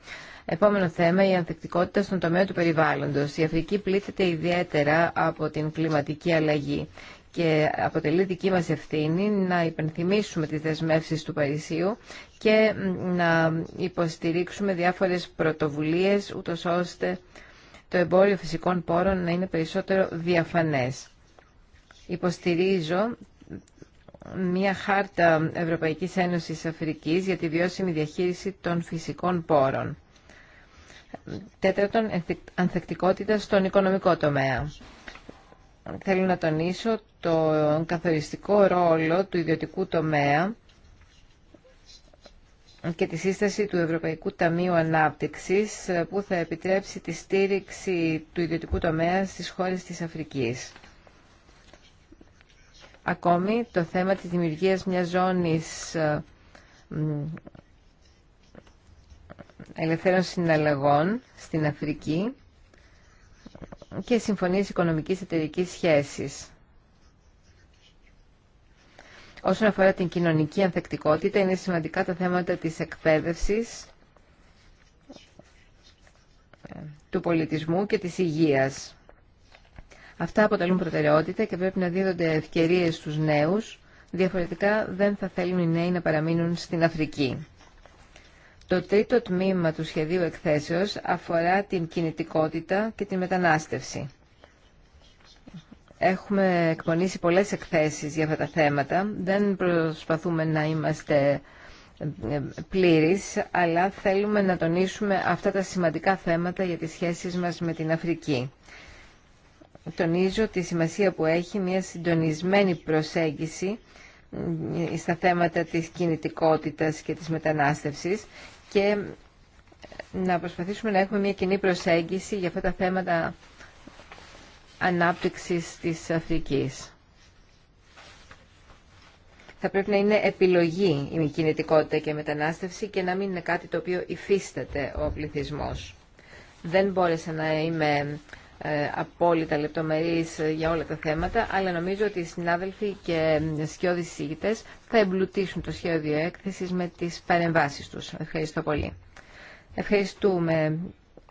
Επόμενο θέμα, η ανθεκτικότητα στον τομέα του περιβάλλοντος. Η Αφρική πλήθεται ιδιαίτερα από την κλιματική αλλαγή και αποτελεί δική μας ευθύνη να υπενθυμίσουμε τις δεσμεύσεις του Παρισίου και να υποστηρίξουμε διάφορες πρωτοβουλίες ούτως ώστε το εμπόριο φυσικών πόρων να είναι περισσότερο διαφανές. Υποστηρίζω μια χάρτα Ευρωπαϊκής Ένωσης Αφρικής για τη βιώσιμη διαχείριση των φυσικών πόρων. Τέταρτον, ανθεκτικότητα στον οικονομικό τομέα θέλω να τονίσω τον καθοριστικό ρόλο του ιδιωτικού τομέα και τη σύσταση του Ευρωπαϊκού Ταμείου Ανάπτυξης ε, που θα επιτρέψει τη στήριξη του ιδιωτικού τομέα στις χώρες της Αφρικής. Ακόμη, το θέμα της δημιουργίας μιας ζώνης ε, ελευθέρων συναλλαγών στην Αφρική και συμφωνίες οικονομικής εταιρικής σχέσης. Όσον αφορά την κοινωνική ανθεκτικότητα, είναι σημαντικά τα θέματα της εκπαίδευσης, του πολιτισμού και της υγείας. Αυτά αποτελούν προτεραιότητα και πρέπει να δίδονται ευκαιρίες στους νέους, διαφορετικά δεν θα θέλουν οι νέοι να παραμείνουν στην Αφρική. Το τρίτο τμήμα του σχεδίου εκθέσεως αφορά την κινητικότητα και τη μετανάστευση. Έχουμε εκπονήσει πολλές εκθέσεις για αυτά τα θέματα. Δεν προσπαθούμε να είμαστε ε, πλήρεις, αλλά θέλουμε να τονίσουμε αυτά τα σημαντικά θέματα για τις σχέσεις μας με την Αφρική. Τονίζω τη σημασία που έχει μια συντονισμένη προσέγγιση ε, στα θέματα της κινητικότητας και της μετανάστευσης και να προσπαθήσουμε να έχουμε μια κοινή προσέγγιση για αυτά τα θέματα ανάπτυξης της Αφρικής. Θα πρέπει να είναι επιλογή η κινητικότητα και η μετανάστευση και να μην είναι κάτι το οποίο υφίσταται ο πληθυσμός. Δεν μπόρεσα να είμαι ε, απόλυτα λεπτομερής ε, για όλα τα θέματα, αλλά νομίζω ότι οι συνάδελφοι και σκιώδεις συζητητές θα εμπλουτίσουν το σχέδιο έκθεσης με τις παρεμβάσεις τους. Ευχαριστώ πολύ. Ευχαριστούμε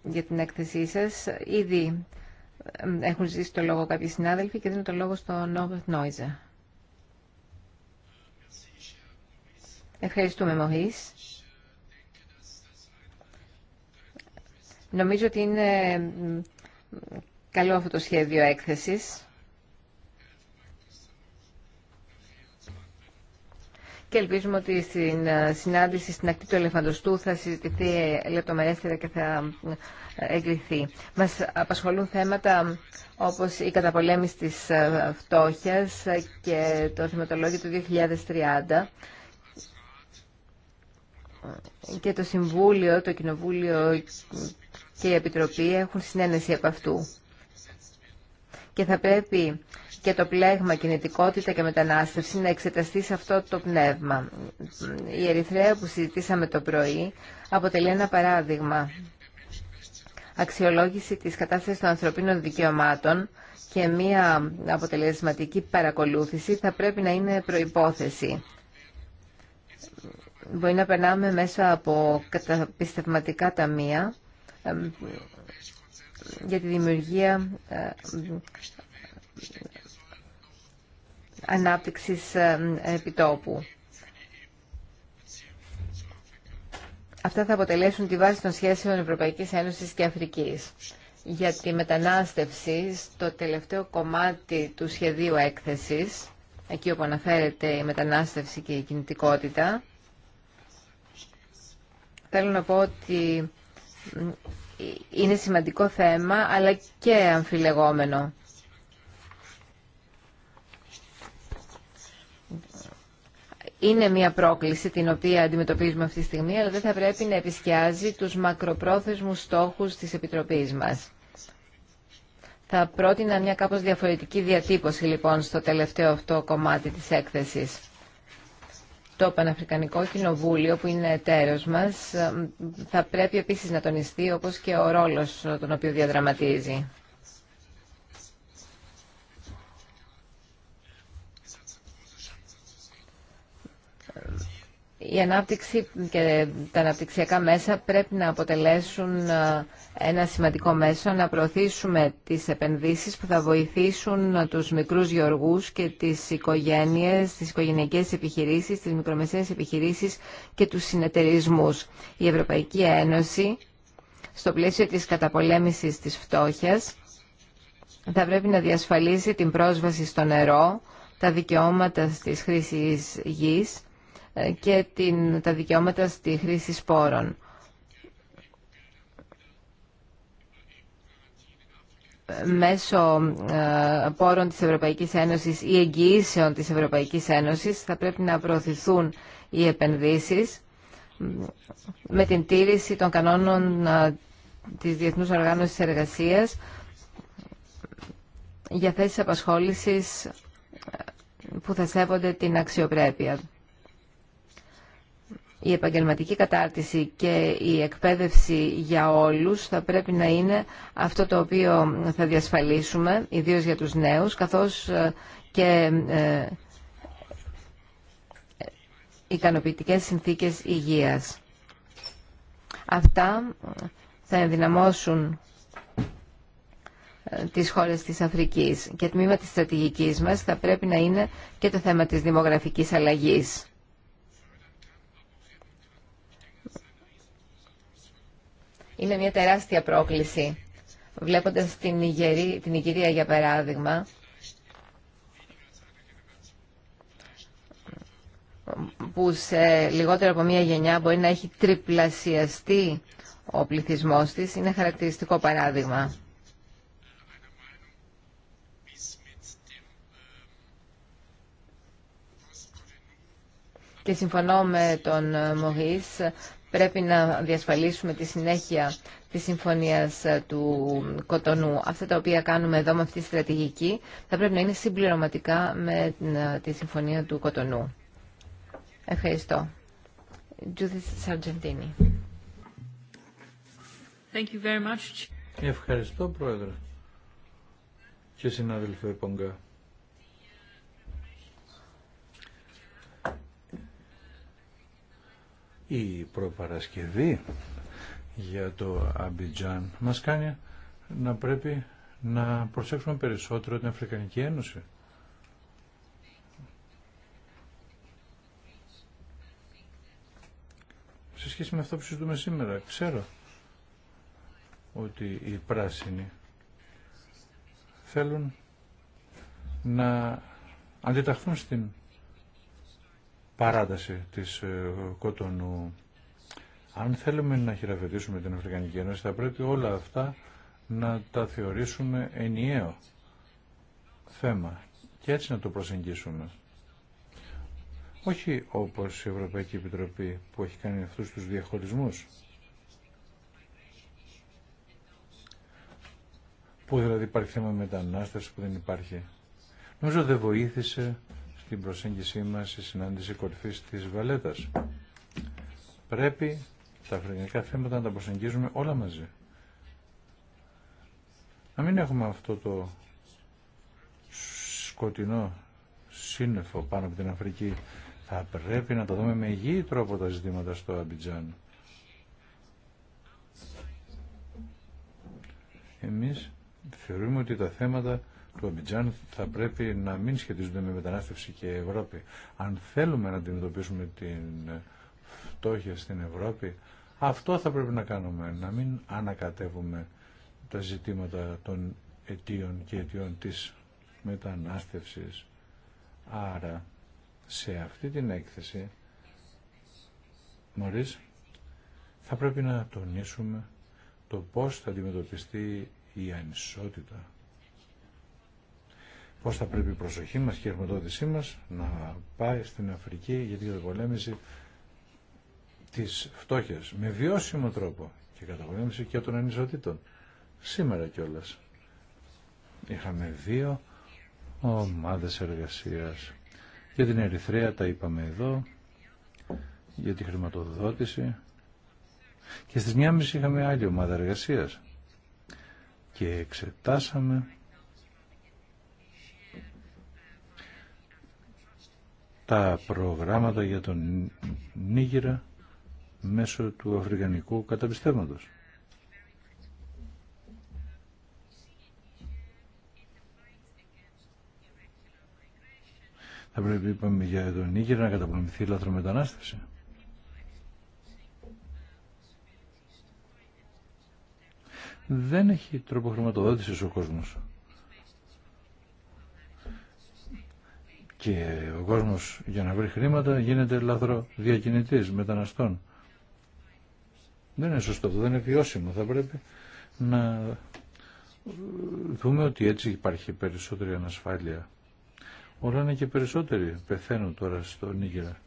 για την έκθεσή σας. Ήδη ε, έχουν ζήσει το λόγο κάποιοι συνάδελφοι και δίνω το λόγο στο Νόβερτ Νόιζα. Ευχαριστούμε, Μωρίς. Νομίζω ότι είναι καλό αυτό το σχέδιο έκθεσης. Και ελπίζουμε ότι στην ε, συνάντηση στην ακτή του Ελεφαντοστού θα συζητηθεί λεπτομερέστερα και θα ε, εγκριθεί. Μας απασχολούν θέματα όπως η καταπολέμηση της ε, φτώχειας και το θεματολόγιο του 2030 και το Συμβούλιο, το Κοινοβούλιο και η Επιτροπή έχουν συνένεση από αυτού. Και θα πρέπει και το πλέγμα κινητικότητα και μετανάστευση να εξεταστεί σε αυτό το πνεύμα. Η Ερυθρέα που συζητήσαμε το πρωί αποτελεί ένα παράδειγμα. Αξιολόγηση της κατάστασης των ανθρωπίνων δικαιωμάτων και μία αποτελεσματική παρακολούθηση θα πρέπει να είναι προϋπόθεση. Μπορεί να περνάμε μέσα από καταπιστευματικά ταμεία για τη δημιουργία ε, ε, ανάπτυξης ε, επιτόπου. Αυτά θα αποτελέσουν τη βάση των σχέσεων Ευρωπαϊκής Ένωσης και Αφρικής. Για τη μετανάστευση, στο τελευταίο κομμάτι του σχεδίου έκθεσης, εκεί όπου αναφέρεται η μετανάστευση και η κινητικότητα, θέλω να πω ότι είναι σημαντικό θέμα, αλλά και αμφιλεγόμενο. Είναι μια πρόκληση την οποία αντιμετωπίζουμε αυτή τη στιγμή, αλλά δεν θα πρέπει να επισκιάζει τους μακροπρόθεσμους στόχους της Επιτροπής μας. Θα πρότεινα μια κάπως διαφορετική διατύπωση λοιπόν στο τελευταίο αυτό κομμάτι της έκθεσης το Παναφρικανικό Κοινοβούλιο που είναι εταίρος μας θα πρέπει επίσης να τονιστεί όπως και ο ρόλος τον οποίο διαδραματίζει. Η ανάπτυξη και τα αναπτυξιακά μέσα πρέπει να αποτελέσουν ε, ένα σημαντικό μέσο να προωθήσουμε τις επενδύσεις που θα βοηθήσουν ε, τους μικρούς γεωργούς και τις οικογένειες, τις οικογενειακές επιχειρήσεις, τις μικρομεσαίες επιχειρήσεις και τους συνεταιρισμούς. Η Ευρωπαϊκή Ένωση, στο πλαίσιο της καταπολέμησης της φτώχειας, θα πρέπει να διασφαλίσει την πρόσβαση στο νερό, τα δικαιώματα στις χρήσεις γης, ε, και την, τα δικαιώματα στη χρήση σπόρων. μέσω ε, πόρων της Ευρωπαϊκής Ένωσης ή εγγυήσεων της Ευρωπαϊκής Ένωσης θα πρέπει να προωθηθούν οι επενδύσεις με την τήρηση των κανόνων ε, της Διεθνούς Οργάνωσης Εργασίας για θέσεις απασχόλησης που θα σέβονται την αξιοπρέπεια η επαγγελματική κατάρτιση και η εκπαίδευση για όλους θα πρέπει να είναι αυτό το οποίο θα διασφαλίσουμε, ιδίως για τους νέους, καθώς ε, και ε, ικανοποιητικές συνθήκες υγείας. Αυτά ε, θα ενδυναμώσουν τις χώρες της Αφρικής και τμήμα της στρατηγικής μας θα πρέπει να είναι και το θέμα της δημογραφικής αλλαγής. είναι μια τεράστια πρόκληση. Βλέποντας την, Ιγερή, την Ιγυρία, για παράδειγμα, που σε λιγότερο από μία γενιά μπορεί να έχει τριπλασιαστεί ο πληθυσμός της, είναι χαρακτηριστικό παράδειγμα. Και συμφωνώ με τον Μωρίς Πρέπει να διασφαλίσουμε τη συνέχεια της συμφωνίας ε, του Κοτονού. Αυτά τα οποία κάνουμε εδώ με αυτή τη στρατηγική θα πρέπει να είναι συμπληρωματικά με ε, τη συμφωνία του Κοτονού. Ευχαριστώ. Judith Sargentini. Thank you very much. Ευχαριστώ, Πρόεδρε. Και συνάδελφε Πονγκά. Η προπαρασκευή για το Αμπιτζάν μας κάνει να πρέπει να προσέξουμε περισσότερο την Αφρικανική Ένωση. Σε σχέση με αυτό που συζητούμε σήμερα, ξέρω ότι οι πράσινοι θέλουν να αντιταχθούν στην παράταση της ε, Κότονου. Αν θέλουμε να χειραφετήσουμε την Αφρικανική Ένωση θα πρέπει όλα αυτά να τα θεωρήσουμε ενιαίο θέμα και έτσι να το προσεγγίσουμε. Όχι όπως η Ευρωπαϊκή Επιτροπή που έχει κάνει αυτούς τους διαχωρισμούς. Πού δηλαδή υπάρχει θέμα μετανάστευση που δεν υπάρχει. Νομίζω δεν βοήθησε την προσέγγιση μας στη συνάντηση κορυφής της Βαλέτας. Πρέπει τα αφρικανικά θέματα να τα προσεγγίζουμε όλα μαζί. Να μην έχουμε αυτό το σκοτεινό σύννεφο πάνω από την Αφρική. Θα πρέπει να τα δούμε με υγιή τρόπο τα ζητήματα στο Αμπιτζάν. Εμείς θεωρούμε ότι τα θέματα του Αμπιτζάν θα πρέπει να μην σχετίζονται με μετανάστευση και Ευρώπη. Αν θέλουμε να αντιμετωπίσουμε την φτώχεια στην Ευρώπη, αυτό θα πρέπει να κάνουμε, να μην ανακατεύουμε τα ζητήματα των αιτίων και αιτιών της μετανάστευσης. Άρα, σε αυτή την έκθεση, Μωρίς, θα πρέπει να τονίσουμε το πώς θα αντιμετωπιστεί η ανισότητα πώς θα πρέπει η προσοχή μας και η χρηματοδότησή μας να πάει στην Αφρική για την καταπολέμηση της φτώχειας με βιώσιμο τρόπο και καταπολέμηση και των ανισοτήτων. Σήμερα κιόλας είχαμε δύο ομάδες εργασίας. Για την Ερυθρέα τα είπαμε εδώ, για τη χρηματοδότηση και στις 1.30 είχαμε άλλη ομάδα εργασίας και εξετάσαμε τα προγράμματα για τον Νίγηρα μέσω του Αφρικανικού καταπιστεύματος. Θα πρέπει, είπαμε, για τον Νίγηρα να καταπολεμηθεί η λαθρομετανάστευση. Δεν έχει τρόπο χρηματοδότησης ο κόσμος. Και ο κόσμος για να βρει χρήματα γίνεται διακινητής μεταναστών. Δεν είναι σωστό δεν είναι βιώσιμο. Θα πρέπει να δούμε ότι έτσι υπάρχει περισσότερη ανασφάλεια. Όλα είναι και περισσότεροι πεθαίνουν τώρα στο Νίγηρα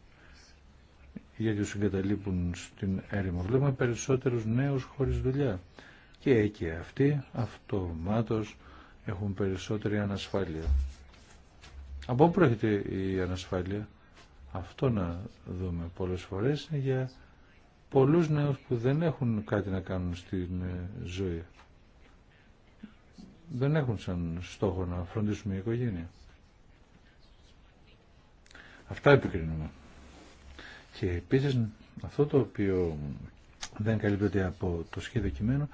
γιατί τους εγκαταλείπουν στην έρημο. Βλέπουμε περισσότερους νέους χωρίς δουλειά. Και εκεί αυτοί αυτομάτως έχουν περισσότερη ανασφάλεια. Από πού προέρχεται η ανασφάλεια. Αυτό να δούμε πολλές φορές είναι για πολλούς νέους που δεν έχουν κάτι να κάνουν στην ε, ζωή. Δεν έχουν σαν στόχο να φροντίσουν η οικογένεια. Αυτά επικρίνουμε. Και επίσης αυτό το οποίο δεν καλύπτεται από το σχέδιο κειμένου,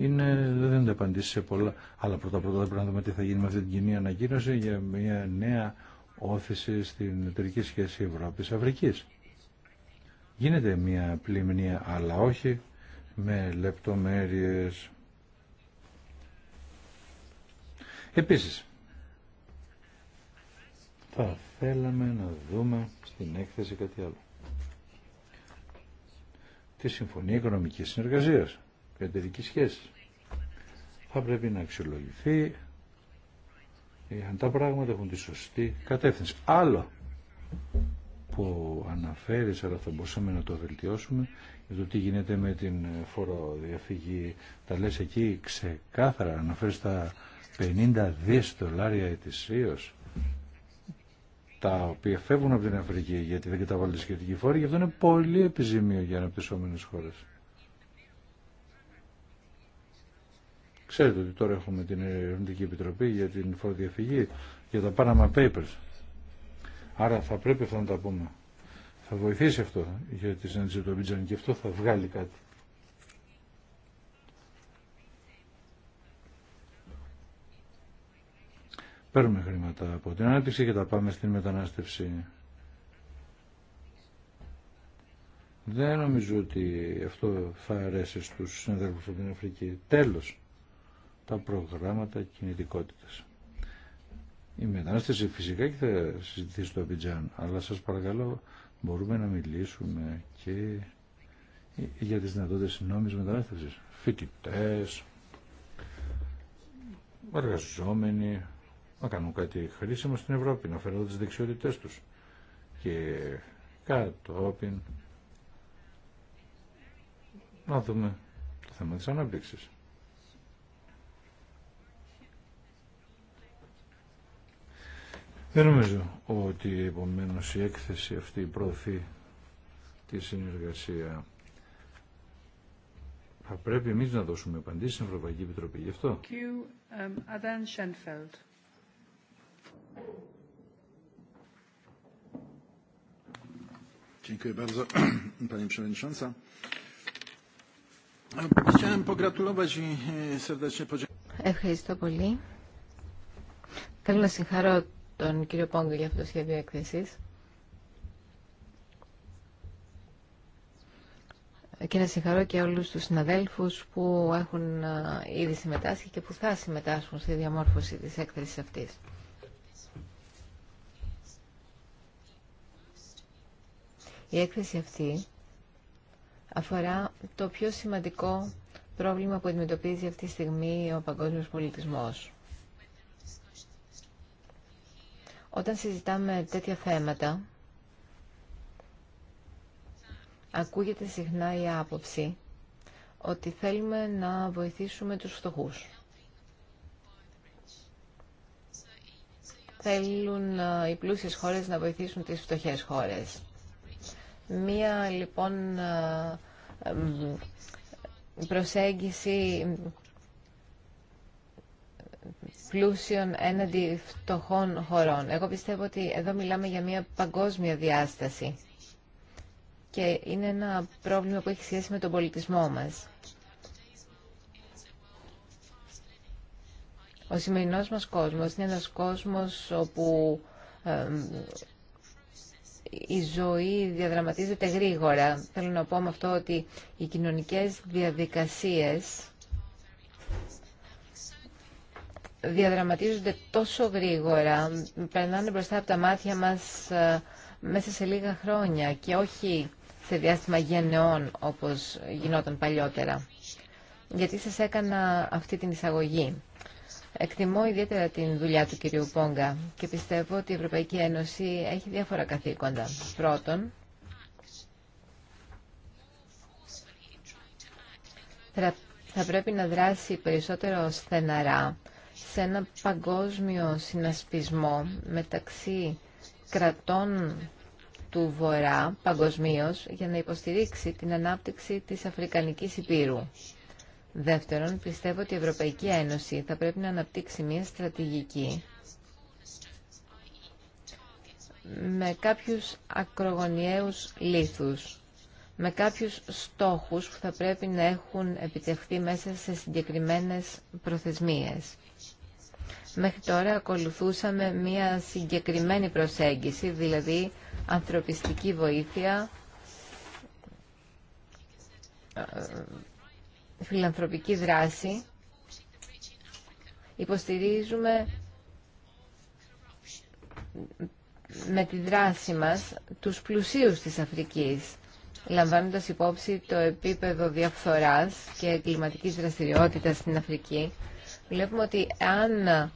είναι, δεν είναι απαντήσει σε πολλά. Αλλά πρώτα πρώτα πρέπει να δούμε τι θα γίνει με αυτή την κοινή ανακοίνωση για μια νέα όθηση στην εταιρική σχέση Ευρώπης-Αφρικής. Γίνεται μια πλημνία, αλλά όχι με λεπτομέρειες. Επίσης, θα θέλαμε να δούμε στην έκθεση κάτι άλλο. Τη Συμφωνία Οικονομικής Συνεργασίας εταιρική σχέση. Θα πρέπει να αξιολογηθεί αν τα πράγματα έχουν τη σωστή κατεύθυνση. Άλλο που αναφέρεις, αλλά θα μπορούσαμε να το βελτιώσουμε, για το τι γίνεται με την φοροδιαφυγή. Τα λες εκεί ξεκάθαρα, αναφέρεις τα 50 δις δολάρια ετησίως, τα οποία φεύγουν από την Αφρική γιατί δεν καταβάλλονται σχετική φόρη γι' αυτό είναι πολύ επιζημίο για αναπτυσσόμενες χώρες. Ξέρετε ότι τώρα έχουμε την Ερευνητική Επιτροπή για την φοροδιαφυγή, για τα Panama Papers. Άρα θα πρέπει αυτό να τα πούμε. Θα βοηθήσει αυτό για τη συνάντηση του Αμπιτζάν και αυτό θα βγάλει κάτι. Παίρνουμε χρήματα από την ανάπτυξη και τα πάμε στην μετανάστευση. Δεν νομίζω ότι αυτό θα αρέσει στους από την Αφρική. Τέλος τα προγράμματα κινητικότητα. Η μετανάστευση φυσικά και θα συζητηθεί στο Αμπιτζάν, αλλά σας παρακαλώ μπορούμε να μιλήσουμε και για τις δυνατότητες νόμιμης μετανάστευσης. Φοιτητές, εργαζόμενοι, να κάνουν κάτι χρήσιμο στην Ευρώπη, να φέρουν τις δεξιότητές τους. Και κατόπιν να δούμε το θέμα της ανάπτυξης. Δεν νομίζω ότι επομένω η έκθεση αυτή προωθεί τη συνεργασία. Θα πρέπει εμεί να δώσουμε απαντήσει στην Ευρωπαϊκή Επιτροπή γι' αυτό. Um, Dziękuję bardzo, panie Przewodnicząca. E, chciałem pogratulować i e, serdecznie podziękować. Ευχαριστώ πολύ. Θέλω να συγχαρώ τον κύριο Πόγκο για αυτό το σχέδιο έκθεση. και να συγχαρώ και όλους τους συναδέλφους που έχουν ήδη συμμετάσχει και που θα συμμετάσχουν στη διαμόρφωση της έκθεσης αυτής. Η έκθεση αυτή αφορά το πιο σημαντικό πρόβλημα που αντιμετωπίζει αυτή τη στιγμή ο παγκόσμιος πολιτισμός. Όταν συζητάμε τέτοια θέματα, ακούγεται συχνά η άποψη ότι θέλουμε να βοηθήσουμε τους φτωχούς. Θέλουν ε, οι πλούσιες χώρες να βοηθήσουν τις φτωχές χώρες. Μία λοιπόν ε, ε, προσέγγιση πλούσιων έναντι φτωχών χωρών. Εγώ πιστεύω ότι εδώ μιλάμε για μια παγκόσμια διάσταση και είναι ένα πρόβλημα που έχει σχέση με τον πολιτισμό μας. Ο σημερινός μας κόσμος είναι ένας κόσμος όπου η ζωή διαδραματίζεται γρήγορα. Θέλω να πω με αυτό ότι οι κοινωνικές διαδικασίες διαδραματίζονται τόσο γρήγορα, περνάνε μπροστά από τα μάτια μας ε, μέσα σε λίγα χρόνια και όχι σε διάστημα γενεών όπως γινόταν παλιότερα. Γιατί σας έκανα αυτή την εισαγωγή. Εκτιμώ ιδιαίτερα την δουλειά του κυρίου Πόγκα και πιστεύω ότι η Ευρωπαϊκή Ένωση έχει διάφορα καθήκοντα. Πρώτον, θα πρέπει να δράσει περισσότερο στεναρά σε ένα παγκόσμιο συνασπισμό μεταξύ κρατών του Βορρά παγκοσμίω για να υποστηρίξει την ανάπτυξη της Αφρικανικής Υπήρου. Δεύτερον, πιστεύω ότι η Ευρωπαϊκή Ένωση θα πρέπει να αναπτύξει μια στρατηγική με κάποιους ακρογωνιαίους λίθους, με κάποιους στόχους που θα πρέπει να έχουν επιτευχθεί μέσα σε συγκεκριμένες προθεσμίες. Μέχρι τώρα ακολουθούσαμε μία συγκεκριμένη προσέγγιση, δηλαδή ανθρωπιστική βοήθεια, ε, φιλανθρωπική δράση. Υποστηρίζουμε με τη δράση μας τους πλουσίους της Αφρικής, λαμβάνοντας υπόψη το επίπεδο διαφθοράς και κλιματικής δραστηριότητας στην Αφρική. Βλέπουμε ότι αν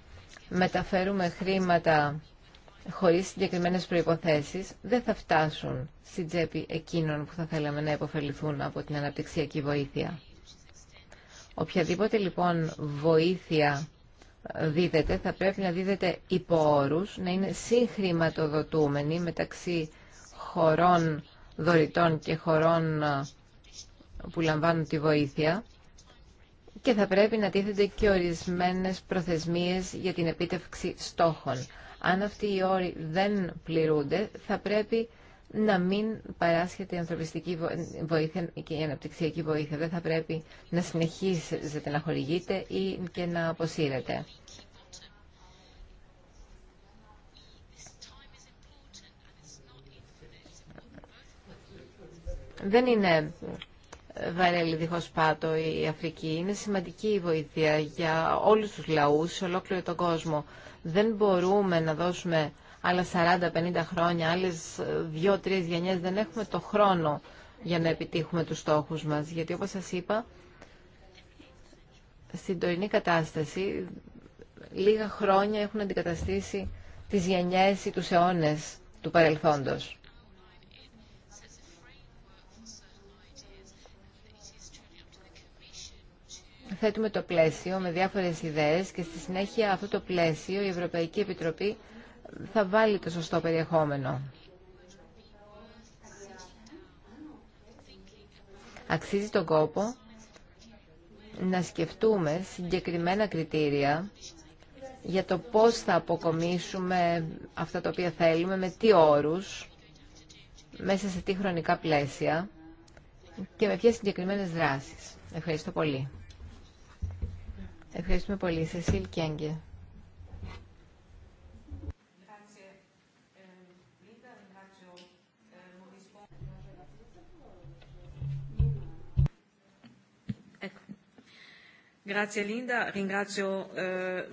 μεταφέρουμε χρήματα χωρίς συγκεκριμένε προϋποθέσεις δεν θα φτάσουν στην τσέπη εκείνων που θα θέλαμε να υποφεληθούν από την αναπτυξιακή βοήθεια. Οποιαδήποτε λοιπόν βοήθεια δίδεται θα πρέπει να δίδεται υπό όρους, να είναι συγχρηματοδοτούμενη μεταξύ χωρών δωρητών και χωρών που λαμβάνουν τη βοήθεια και θα πρέπει να τίθενται και ορισμένες προθεσμίες για την επίτευξη στόχων. Αν αυτοί οι όροι δεν πληρούνται, θα πρέπει να μην παράσχεται η ανθρωπιστική βοήθεια και η αναπτυξιακή βοήθεια. Δεν θα πρέπει να συνεχίζεται να χορηγείτε ή και να αποσύρετε. Δεν είναι Βαρέλη, δίχως πάτο η Αφρική. Είναι σημαντική η βοήθεια για όλους τους λαούς, σε ολόκληρο τον κόσμο. Δεν μπορούμε να δώσουμε άλλα 40-50 χρόνια, άλλες 2-3 γενιές. Δεν έχουμε το χρόνο για να επιτύχουμε τους στόχους μας. Γιατί όπως σας είπα, στην τωρινή κατάσταση λίγα χρόνια έχουν αντικαταστήσει τι γενιές ή τους αιώνες του παρελθόντος. θέτουμε το πλαίσιο με διάφορες ιδέες και στη συνέχεια αυτό το πλαίσιο η Ευρωπαϊκή Επιτροπή θα βάλει το σωστό περιεχόμενο. Αξίζει τον κόπο να σκεφτούμε συγκεκριμένα κριτήρια για το πώς θα αποκομίσουμε αυτά τα οποία θέλουμε, με τι όρους, μέσα σε τι χρονικά πλαίσια και με ποιες συγκεκριμένες δράσεις. Ευχαριστώ πολύ. Ευχαριστούμε πολύ. Σεσίλ Κιέγγε. Eh,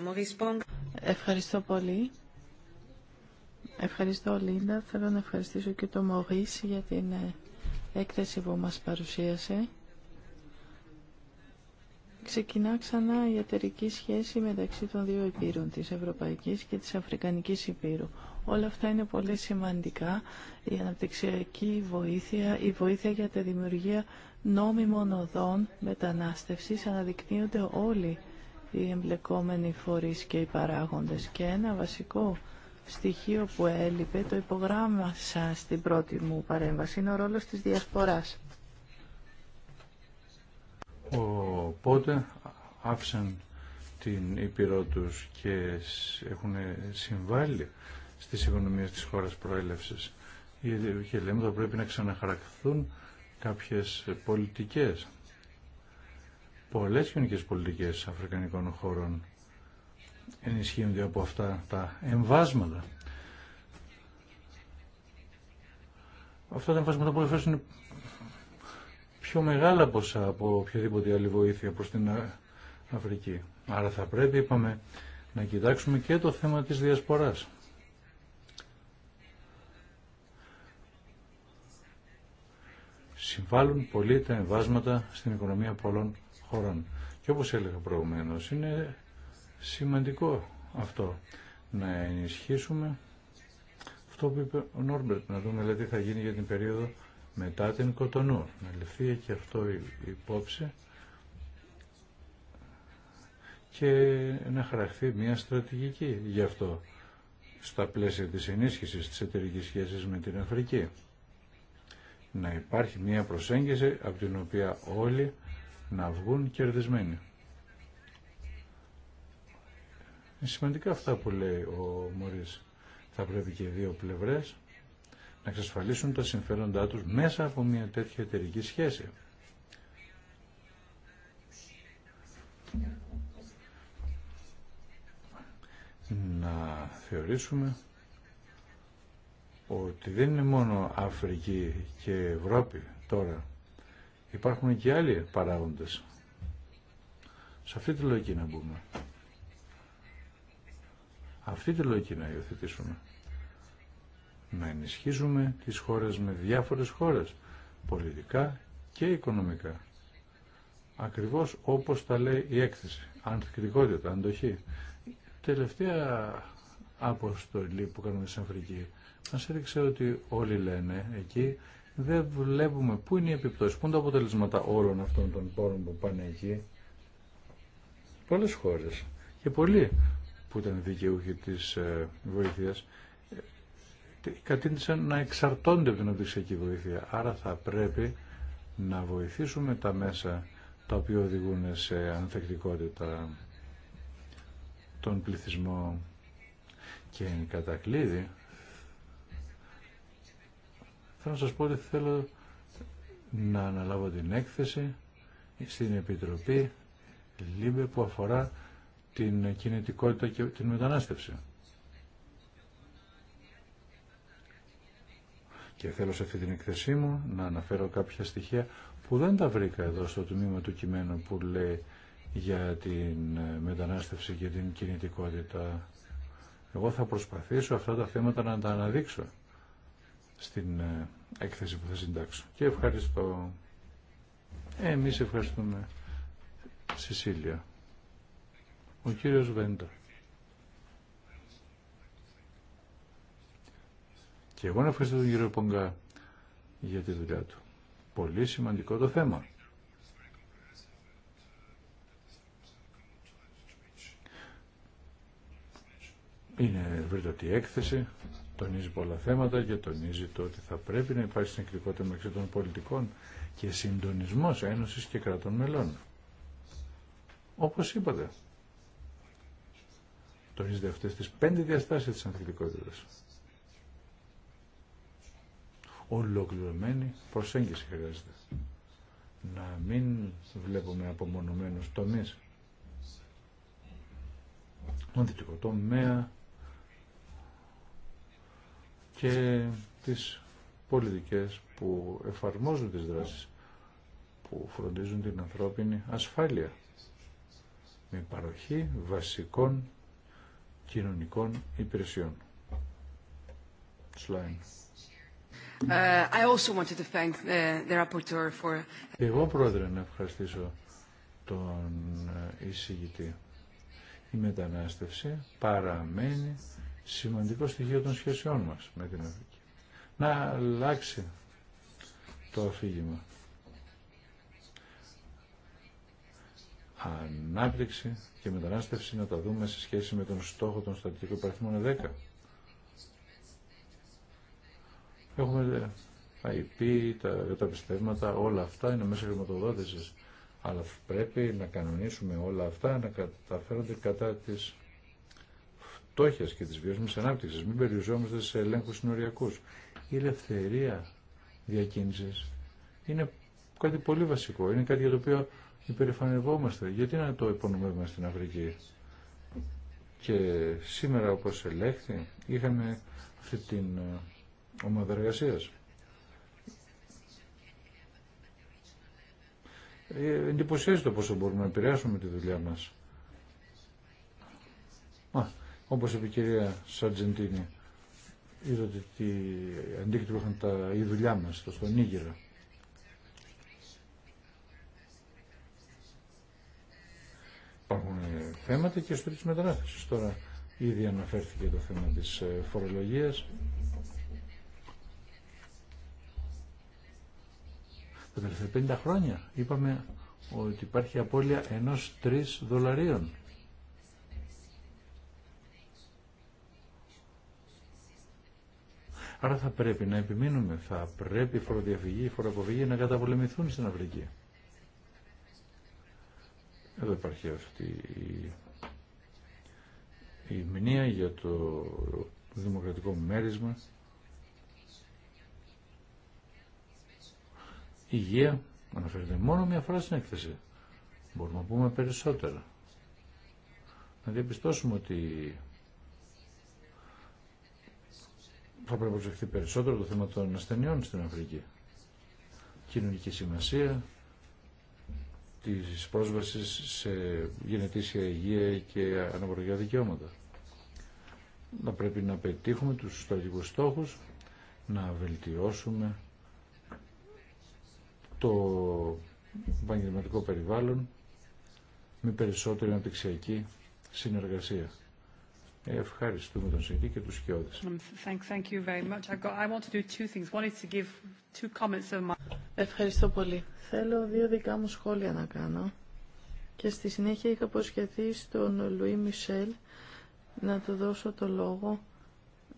Ευχαριστώ πολύ. Ευχαριστώ Λίντα. Θέλω να ευχαριστήσω και τον Μωρίς για την ε, έκθεση που μας παρουσίασε ξεκινά ξανά η εταιρική σχέση μεταξύ των δύο υπήρων, της Ευρωπαϊκής και της Αφρικανικής Υπήρου. Όλα αυτά είναι πολύ σημαντικά. Η αναπτυξιακή βοήθεια, η βοήθεια για τη δημιουργία νόμιμων οδών μετανάστευσης αναδεικνύονται όλοι οι εμπλεκόμενοι φορείς και οι παράγοντες. Και ένα βασικό στοιχείο που έλειπε, το υπογράμμασα στην πρώτη μου παρέμβαση, είναι ο ρόλος της διασποράς. Οπότε άφησαν την Ήπειρό τους και έχουν συμβάλει στις οικονομίες της χώρας προέλευσης. Και λέμε θα πρέπει να ξαναχαρακτηθούν κάποιες πολιτικές. Πολλές κοινωνικές πολιτικές αφρικανικών χωρών ενισχύονται από αυτά τα εμβάσματα. Αυτά τα εμβάσματα που είναι πιο μεγάλα ποσά από οποιαδήποτε άλλη βοήθεια προς την ε, Αφρική. Άρα θα πρέπει, είπαμε, να κοιτάξουμε και το θέμα της διασποράς. Συμβάλλουν πολύ τα εμβάσματα στην οικονομία πολλών χωρών. Και όπως έλεγα προηγουμένως, είναι σημαντικό αυτό να ενισχύσουμε αυτό που είπε ο Νόρμπερτ, να δούμε δηλαδή τι θα γίνει για την περίοδο μετά την Κοτονού. Να ληφθεί και αυτό η υπόψη και να χαραχθεί μια στρατηγική γι' αυτό στα πλαίσια της ενίσχυσης της εταιρικής σχέσης με την Αφρική. Να υπάρχει μια προσέγγιση από την οποία όλοι να βγουν κερδισμένοι. Είναι σημαντικά αυτά που λέει ο Μωρίς. Θα πρέπει και δύο πλευρές να εξασφαλίσουν τα συμφέροντά τους μέσα από μια τέτοια εταιρική σχέση. Να θεωρήσουμε ότι δεν είναι μόνο Αφρική και Ευρώπη τώρα. Υπάρχουν και άλλοι παράγοντες. Σε αυτή τη λογική να μπούμε. Αυτή τη λογική να υιοθετήσουμε να ενισχύσουμε τις χώρες με διάφορες χώρες, πολιτικά και οικονομικά. Ακριβώς όπως τα λέει η έκθεση, ανθρωπικότητα, αντοχή. τελευταία αποστολή που κάνουμε στην Αφρική μας έδειξε ότι όλοι λένε εκεί δεν βλέπουμε πού είναι οι επιπτώσεις, πού είναι τα αποτελέσματα όλων αυτών των πόρων που πάνε εκεί. Πολλές χώρες και πολλοί που ήταν δικαιούχοι της ε, βοήθειας κατήντησαν να εξαρτώνται από την οπτικσιακή βοήθεια. Άρα θα πρέπει να βοηθήσουμε τα μέσα τα οποία οδηγούν σε ανθεκτικότητα τον πληθυσμό και εν κατακλείδη θέλω να σας πω ότι θέλω να αναλάβω την έκθεση στην Επιτροπή ΛΥΜΠΕ που αφορά την κινητικότητα και την μετανάστευση. Και θέλω σε αυτή την εκθεσή μου να αναφέρω κάποια στοιχεία που δεν τα βρήκα εδώ στο τμήμα του κειμένου που λέει για την ε, μετανάστευση και την κινητικότητα. Εγώ θα προσπαθήσω αυτά τα θέματα να τα αναδείξω στην ε, έκθεση που θα συντάξω. Και ευχαριστώ. Ε, εμείς ευχαριστούμε. Σισίλια. Ο κύριος Βέντα. Και εγώ να ευχαριστώ τον κύριο Πονγκά για τη δουλειά του. Πολύ σημαντικό το θέμα. Είναι η έκθεση, τονίζει πολλά θέματα και τονίζει το ότι θα πρέπει να υπάρχει συνεκτικότητα μεταξύ των πολιτικών και συντονισμός Ένωσης και κρατών μελών. Όπως είπατε, τονίζεται αυτές τις πέντε διαστάσεις της ανθεκτικότητας ολοκληρωμένη προσέγγιση χρειάζεται. Να μην βλέπουμε απομονωμένους τομείς. Τον δυτικό τομέα και τις πολιτικές που εφαρμόζουν τις δράσεις που φροντίζουν την ανθρώπινη ασφάλεια με παροχή βασικών κοινωνικών υπηρεσιών. Uh, Εγώ πρόεδρε να ευχαριστήσω τον ε, εισηγητή. Η μετανάστευση παραμένει σημαντικό στοιχείο των σχέσεών μας με την Αφρική. Να αλλάξει το αφήγημα. Ανάπτυξη και μετανάστευση να τα δούμε σε σχέση με τον στόχο των στατικών υπαριθμών 10. Έχουμε IP, ε, τα πιστεύματα, όλα αυτά είναι μέσα χρηματοδότησης. Αλλά πρέπει να κανονίσουμε όλα αυτά να καταφέρονται κατά της φτώχειας και της βιώσιμης ανάπτυξης. Μην περιοριζόμαστε σε ελέγχους συνοριακούς. Η ελευθερία διακίνησης είναι κάτι πολύ βασικό. Είναι κάτι για το οποίο υπερηφανευόμαστε. Γιατί να το υπονομεύουμε στην Αφρική. Και σήμερα όπως ελέγχθη είχαμε αυτή την ε, ομάδα εργασία. Ε, εντυπωσιάζει το πόσο μπορούμε να επηρεάσουμε τη δουλειά μας. Όπω όπως είπε η κυρία Σαρτζεντίνη, είδατε τι αντίκτυπο είχαν τα, η δουλειά μας στο στον Νίγηρα. Υπάρχουν ε, θέματα και στο της μετανάστευσης. Τώρα ήδη αναφέρθηκε το θέμα της ε, φορολογίας. Τα τελευταία 50 χρόνια είπαμε ότι υπάρχει απώλεια ενός 3 δολαρίων. Άρα θα πρέπει να επιμείνουμε, θα πρέπει η φοροδιαφυγή, η φοροαποφυγή να καταπολεμηθούν στην Αφρική. Εδώ υπάρχει αυτή η, η για το δημοκρατικό μέρισμα. υγεία αναφέρεται μόνο μία φορά στην έκθεση. Μπορούμε να πούμε περισσότερα. Να διαπιστώσουμε ότι θα πρέπει να προσεχθεί περισσότερο το θέμα των ασθενειών στην Αφρική. Κοινωνική σημασία, της πρόσβασης σε γενετήσια υγεία και αναπορικά δικαιώματα. Να πρέπει να πετύχουμε τους στρατηγικούς στόχους, να βελτιώσουμε το επαγγελματικό περιβάλλον με περισσότερη αναπτυξιακή συνεργασία. Ευχαριστούμε τον Σιγητή και τους Σκιώδης. Ευχαριστώ πολύ. Θέλω δύο δικά μου σχόλια να κάνω. Και στη συνέχεια είχα προσχεθεί στον Λουί Μισελ να του δώσω το λόγο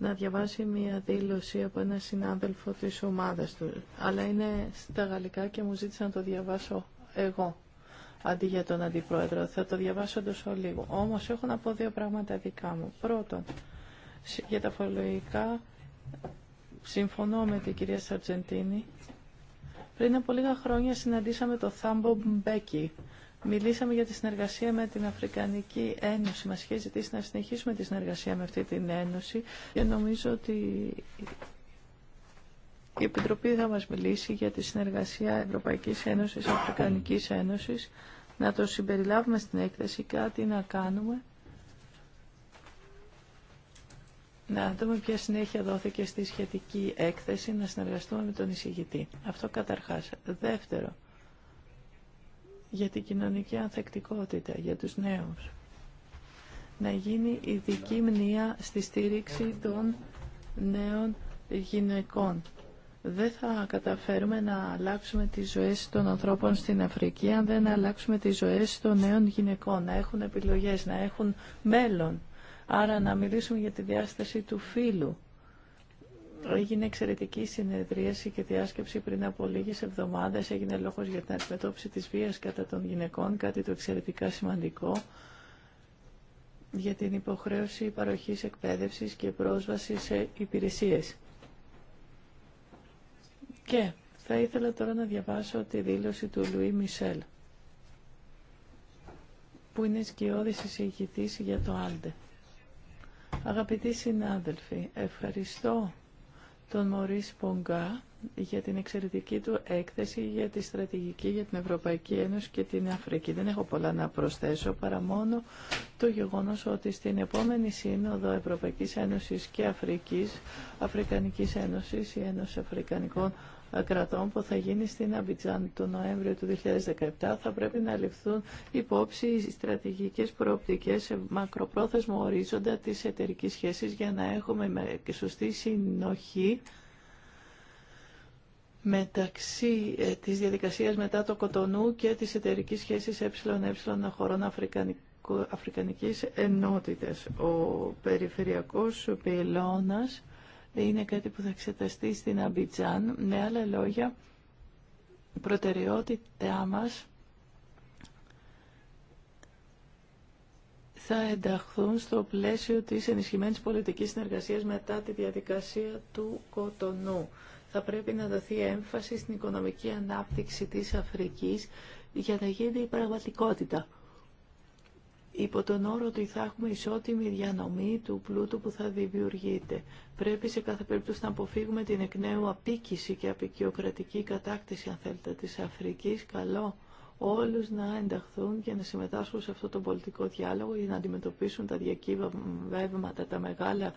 να διαβάσει μία δήλωση από ένα συνάδελφο της ομάδας του. Αλλά είναι στα γαλλικά και μου ζήτησαν να το διαβάσω εγώ αντί για τον αντιπρόεδρο. Θα το διαβάσω εντός λίγο. Όμως έχω να πω δύο πράγματα δικά μου. Πρώτον, για τα φορολογικά συμφωνώ με την κυρία Σαρτζεντίνη. Πριν από λίγα χρόνια συναντήσαμε το Θάμπο Μπέκι Μιλήσαμε για τη συνεργασία με την Αφρικανική Ένωση. Μας είχε ζητήσει να συνεχίσουμε τη συνεργασία με αυτή την Ένωση και νομίζω ότι η Επιτροπή θα μας μιλήσει για τη συνεργασία Ευρωπαϊκής Ένωσης, Αφρικανικής Ένωσης, να το συμπεριλάβουμε στην έκθεση, κάτι να κάνουμε. Να δούμε ποια συνέχεια δόθηκε στη σχετική έκθεση, να συνεργαστούμε με τον εισηγητή. Αυτό καταρχάς. Δεύτερο, για την κοινωνική ανθεκτικότητα για τους νέους. Να γίνει ειδική μνήμα στη στήριξη των νέων γυναικών. Δεν θα καταφέρουμε να αλλάξουμε τις ζωές των ανθρώπων στην Αφρική αν δεν αλλάξουμε τις ζωές των νέων γυναικών, να έχουν επιλογές, να έχουν μέλλον. Άρα να μιλήσουμε για τη διάσταση του φίλου. Έγινε εξαιρετική συνεδρίαση και διάσκεψη πριν από λίγες εβδομάδες. Έγινε λόγος για την αντιμετώπιση της βίας κατά των γυναικών, κάτι το εξαιρετικά σημαντικό για την υποχρέωση παροχής εκπαίδευσης και πρόσβαση σε υπηρεσίες. Και θα ήθελα τώρα να διαβάσω τη δήλωση του Λουί Μισελ, που είναι σκιώδης εισηγητής για το Άλντε. Αγαπητοί συνάδελφοι, ευχαριστώ τον Μωρίς Πονγκά για την εξαιρετική του έκθεση για τη στρατηγική για την Ευρωπαϊκή Ένωση και την Αφρική. Δεν έχω πολλά να προσθέσω παρά μόνο το γεγονός ότι στην επόμενη σύνοδο Ευρωπαϊκής Ένωσης και Αφρικής, Αφρικανικής Ένωσης, η Ένωση Αφρικανικών κρατών που θα γίνει στην Αμπιτζάν το Νοέμβριο του 2017 θα πρέπει να ληφθούν υπόψη οι στρατηγικές προοπτικές σε μακροπρόθεσμο ορίζοντα της εταιρική σχέσης για να έχουμε και σωστή συνοχή μεταξύ ε, της διαδικασίας μετά το Κοτονού και της εταιρικής σχέσης ΕΕ χωρών Αφρικανικών Αφρικανικής Ενότητας. Ο περιφερειακός πυλώνας είναι κάτι που θα εξεταστεί στην Αμπιτζάν. Με άλλα λόγια, η προτεραιότητά μας θα ενταχθούν στο πλαίσιο της ενισχυμένης πολιτικής συνεργασίας μετά τη διαδικασία του Κοτονού. Θα πρέπει να δοθεί έμφαση στην οικονομική ανάπτυξη της Αφρικής για να γίνει η πραγματικότητα υπό τον όρο ότι θα έχουμε ισότιμη διανομή του πλούτου που θα δημιουργείται. Πρέπει σε κάθε περίπτωση να αποφύγουμε την εκ νέου απίκηση και απεικιοκρατική κατάκτηση, αν θέλετε, της Αφρικής. Καλό όλους να ενταχθούν και να συμμετάσχουν σε αυτό το πολιτικό διάλογο για να αντιμετωπίσουν τα διακύβευματα, τα μεγάλα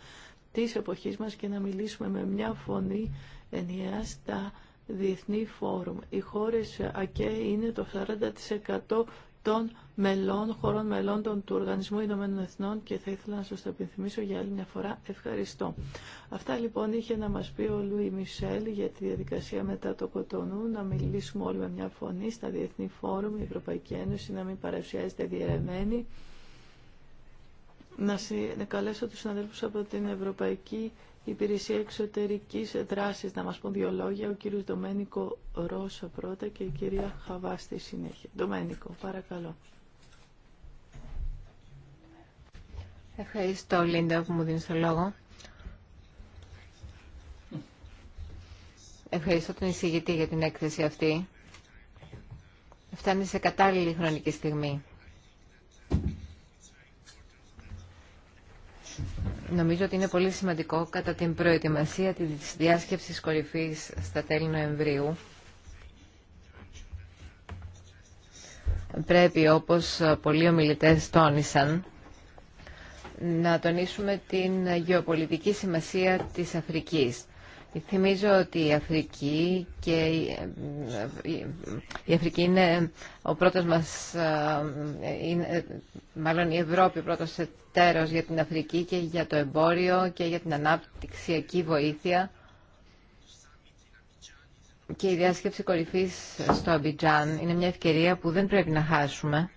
της εποχής μας και να μιλήσουμε με μια φωνή ενιαία στα διεθνή φόρουμ. Οι χώρες ΑΚΕ είναι το 40% των μελών, χωρών μελών των, του Οργανισμού Ηνωμένων Εθνών και θα ήθελα να σας το επιθυμίσω για άλλη μια φορά. Ευχαριστώ. Αυτά λοιπόν είχε να μας πει ο Λουί Μισελ για τη διαδικασία μετά το Κοτονού, να μιλήσουμε όλοι με μια φωνή στα Διεθνή Φόρουμ, η Ευρωπαϊκή Ένωση να μην παρουσιάζεται διαιρεμένη. Να καλέσω τους συναδέλφους από την Ευρωπαϊκή Υπηρεσία Εξωτερικής δράση να μας πούν δύο λόγια. Ο κύριο Ντομένικο Ρώσο πρώτα και η κυρία Χαβά στη συνέχεια. Ντομένικο, παρακαλώ. Ευχαριστώ, Λίντα, που μου δίνει το λόγο. Ευχαριστώ τον εισηγητή για την έκθεση αυτή. Φτάνει σε κατάλληλη χρονική στιγμή. Νομίζω ότι είναι πολύ σημαντικό κατά την προετοιμασία της διάσκεψης κορυφής στα τέλη Νοεμβρίου. Πρέπει, όπως πολλοί ομιλητές τόνισαν, να τονίσουμε την γεωπολιτική σημασία της Αφρικής Θυμίζω ότι η Αφρική και η Αφρική είναι ο πρώτος μας, ε, μάλλον η Ευρώπη ο πρώτος εταίρος για την Αφρική και για το εμπόριο και για την ανάπτυξιακή βοήθεια και η διάσκεψη κορυφής στο Αμπιτζάν είναι μια ευκαιρία που δεν πρέπει να χάσουμε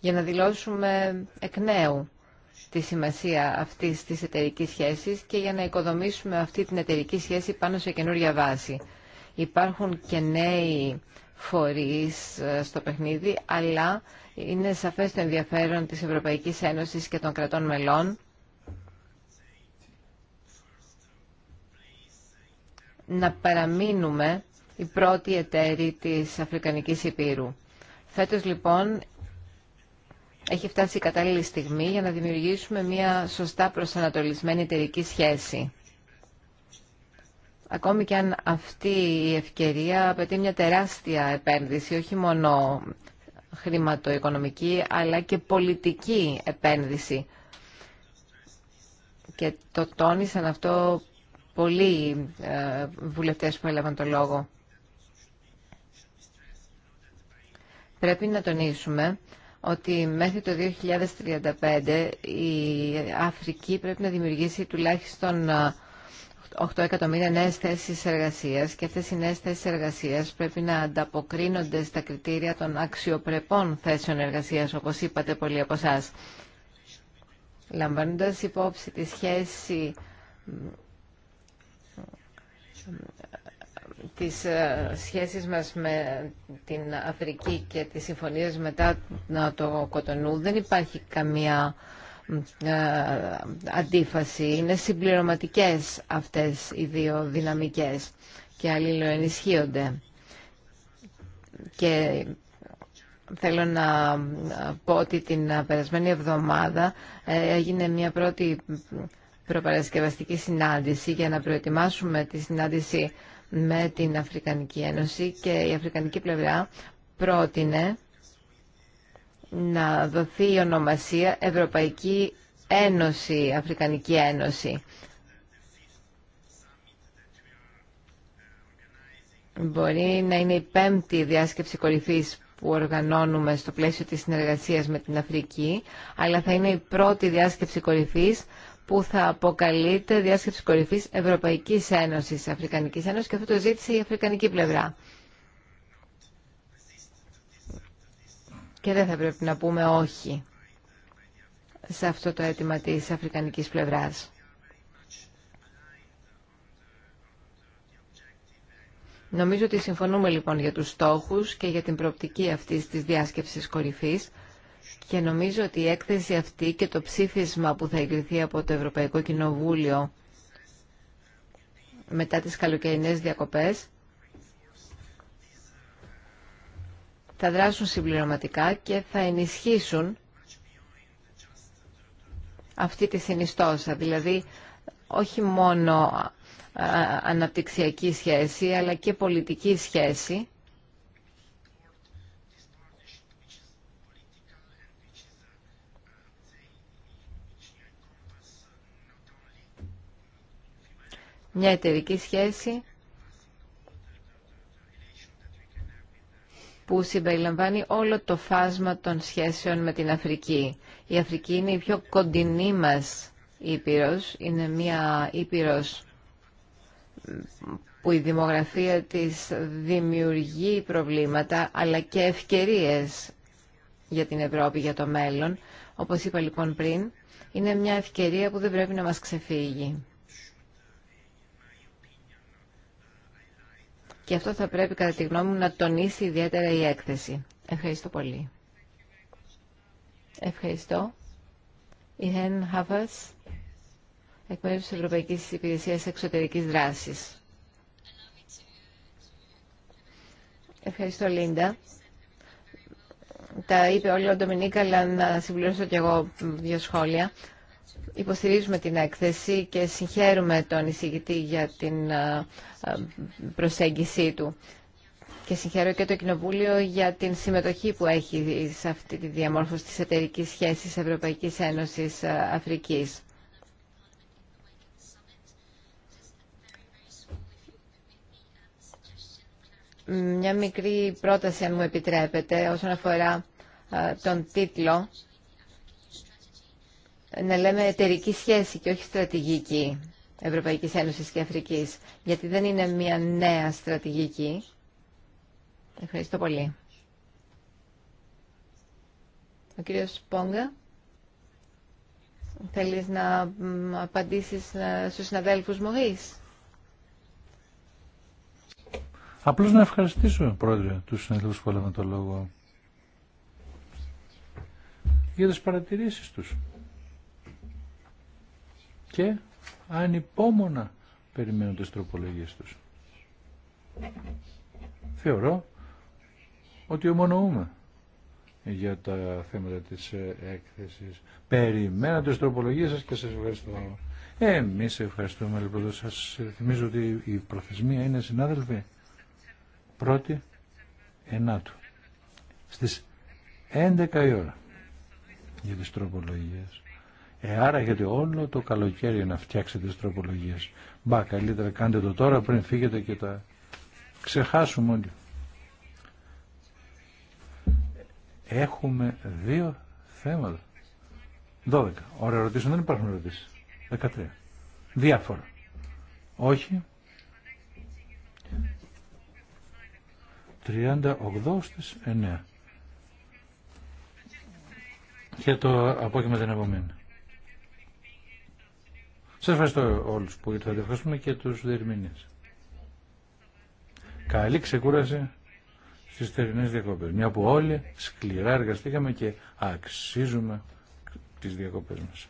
για να δηλώσουμε εκ νέου τη σημασία αυτής της εταιρική σχέση και για να οικοδομήσουμε αυτή την εταιρική σχέση πάνω σε καινούρια βάση. Υπάρχουν και νέοι φορείς ε, στο παιχνίδι, αλλά είναι σαφές το ενδιαφέρον της Ευρωπαϊκής Ένωσης και των κρατών μελών να παραμείνουμε η πρώτη εταίροι της Αφρικανικής Υπήρου. Φέτος λοιπόν έχει φτάσει η κατάλληλη στιγμή για να δημιουργήσουμε μια σωστά προσανατολισμένη εταιρική σχέση. Ακόμη και αν αυτή η ευκαιρία απαιτεί μια τεράστια επένδυση, όχι μόνο χρηματοοικονομική, αλλά και πολιτική επένδυση. Και το τόνισαν αυτό πολλοί ε, βουλευτές που έλαβαν το λόγο. Πρέπει να τονίσουμε ότι μέχρι το 2035 η Αφρική πρέπει να δημιουργήσει τουλάχιστον 8 ε, εκατομμύρια νέε θέσει εργασία και αυτέ οι νέε θέσει εργασία πρέπει να ανταποκρίνονται στα κριτήρια των αξιοπρεπών θέσεων εργασία, όπω είπατε πολλοί από εσά. Λαμβάνοντα υπόψη τη σχέση τις ε, σχέσεις μας με την Αφρική και τις συμφωνίες μετά το Κοτονού δεν υπάρχει καμία ε, αντίφαση. Είναι συμπληρωματικές αυτές οι δύο δυναμικές και αλληλοενισχύονται. Και θέλω να ε, πω ότι την περασμένη εβδομάδα έγινε μια πρώτη προπαρασκευαστική συνάντηση για να προετοιμάσουμε τη συνάντηση με την Αφρικανική Ένωση και η Αφρικανική πλευρά πρότεινε να δοθεί η ονομασία Ευρωπαϊκή Ένωση, Αφρικανική Ένωση. Μπορεί να είναι η πέμπτη διάσκεψη κορυφής που οργανώνουμε στο πλαίσιο της συνεργασίας με την Αφρική, αλλά θα είναι η πρώτη διάσκεψη κορυφής που θα αποκαλείται διάσκεψη κορυφής Ευρωπαϊκής Ένωσης, Αφρικανικής Ένωσης και αυτό το ζήτησε η Αφρικανική πλευρά. Και δεν θα πρέπει να πούμε όχι σε αυτό το αίτημα της αφρικανικής πλευράς. Νομίζω ότι συμφωνούμε λοιπόν για τους στόχους και για την προοπτική αυτής της διάσκεψης κορυφής και νομίζω ότι η έκθεση αυτή και το ψήφισμα που θα εγκριθεί από το Ευρωπαϊκό Κοινοβούλιο μετά τις καλοκαιρινές διακοπές θα δράσουν συμπληρωματικά και θα ενισχύσουν αυτή τη συνιστόσα, δηλαδή όχι μόνο αναπτυξιακή σχέση αλλά και πολιτική σχέση μια εταιρική σχέση που συμπεριλαμβάνει όλο το φάσμα των σχέσεων με την Αφρική. Η Αφρική είναι η πιο κοντινή μας Ήπειρος, είναι μια Ήπειρος που η δημογραφία της δημιουργεί προβλήματα αλλά και ευκαιρίες για την Ευρώπη, για το μέλλον. Όπως είπα λοιπόν πριν, είναι μια ευκαιρία που δεν πρέπει να μας ξεφύγει. Και αυτό θα πρέπει κατά τη γνώμη μου να τονίσει ιδιαίτερα η έκθεση. Ευχαριστώ πολύ. Ευχαριστώ. Η Χέν Χαβας, εκ μέρους της Ευρωπαϊκής Υπηρεσίας Εξωτερικής Δράσης. Ευχαριστώ, Λίντα. Τα είπε όλοι ο Ντομινίκα, αλλά να συμπληρώσω κι εγώ δύο σχόλια υποστηρίζουμε την έκθεση και συγχαίρουμε τον εισηγητή για την ε, ε, προσέγγιση του. Και συγχαίρω και το Κοινοβούλιο για την συμμετοχή που έχει σε αυτή τη διαμόρφωση της εταιρικής σχέσης Ευρωπαϊκής Ένωσης ε, Αφρικής. Μια μικρή πρόταση, αν μου επιτρέπετε, όσον αφορά τον τίτλο να λέμε εταιρική σχέση και όχι στρατηγική Ευρωπαϊκής Ένωσης και Αφρικής, γιατί δεν είναι μια νέα στρατηγική. Ευχαριστώ πολύ. Ο κύριος Πόγκα, θέλεις να απαντήσεις ε, στους συναδέλφους Μωρίς. Απλώς να ευχαριστήσω, Πρόεδρε, τους συναδέλφους που έλαβαν το λόγο για τις παρατηρήσεις τους και ανυπόμονα περιμένω τις τροπολογίες τους. Θεωρώ ότι ομονοούμε για τα θέματα της ε, έκθεσης. Περιμένω τις τροπολογίες σας και σας ευχαριστώ. Εμείς ευχαριστούμε λοιπόν. Σας θυμίζω ότι η προθεσμία είναι συνάδελφοι πρώτη ενάτου στις 11 η ώρα για τις τροπολογίες. Ε, άρα γιατί όλο το καλοκαίρι να φτιάξετε τις τροπολογίες. Μπα, καλύτερα κάντε το τώρα πριν φύγετε και τα ξεχάσουμε όλοι. Έχουμε δύο θέματα. Δώδεκα. Ωραία ρωτήσουν, Δεν υπάρχουν ρωτήσεις. Δεκατρία. Διάφορα. Όχι. 38 στις εννέα. Και το απόγευμα την επομένη. Σας ευχαριστώ όλους που ήρθατε. Ευχαριστούμε και τους διερμηνείς. Καλή ξεκούραση στις θερινές διακοπές. Μια που όλοι σκληρά εργαστήκαμε και αξίζουμε τις διακοπές μας.